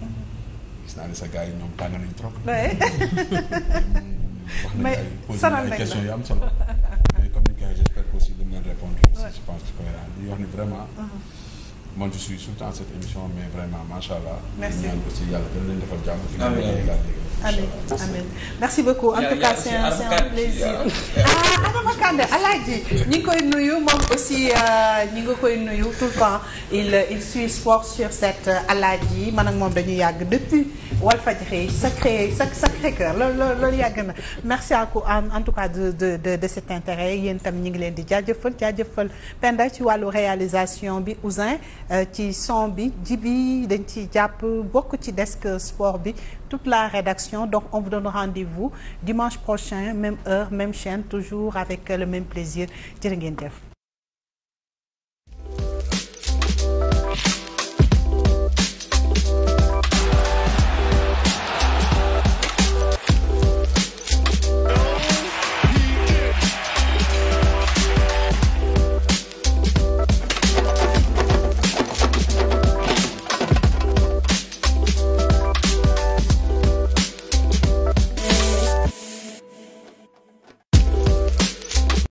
gis naa ne sa gars yi ñoom tàng nañ trop mais saral nañ am solo mais comme ni moi je suis tout le temps cette émission mais vraiment macha merci ñaan merci beaucoup en tout cas c'est un c'est un plaisir. ah Adama Kandé koy nuyu moom aussi euh, ñi nga koy nuyu tout le temps il il suit sport sur cette euh, Alaaji man ak moom dañu yàgg depuis Walfadjri sacré sacré cœur loolu yàgg na. merci à en tout cas de de de de cet intérêt yéen tam ñi ngi leen di jaajëfal jaajëfal Penda ci wàllu réalisation bi Ousin. Euh, ci son bi jibi dañ ci jàpp bokk ci desk sport bi toute la rédaction donc on vous donne rendez-vous dimanche prochain même heure même chaîne toujours avec euh, le même plaisir jërë ngeen jëf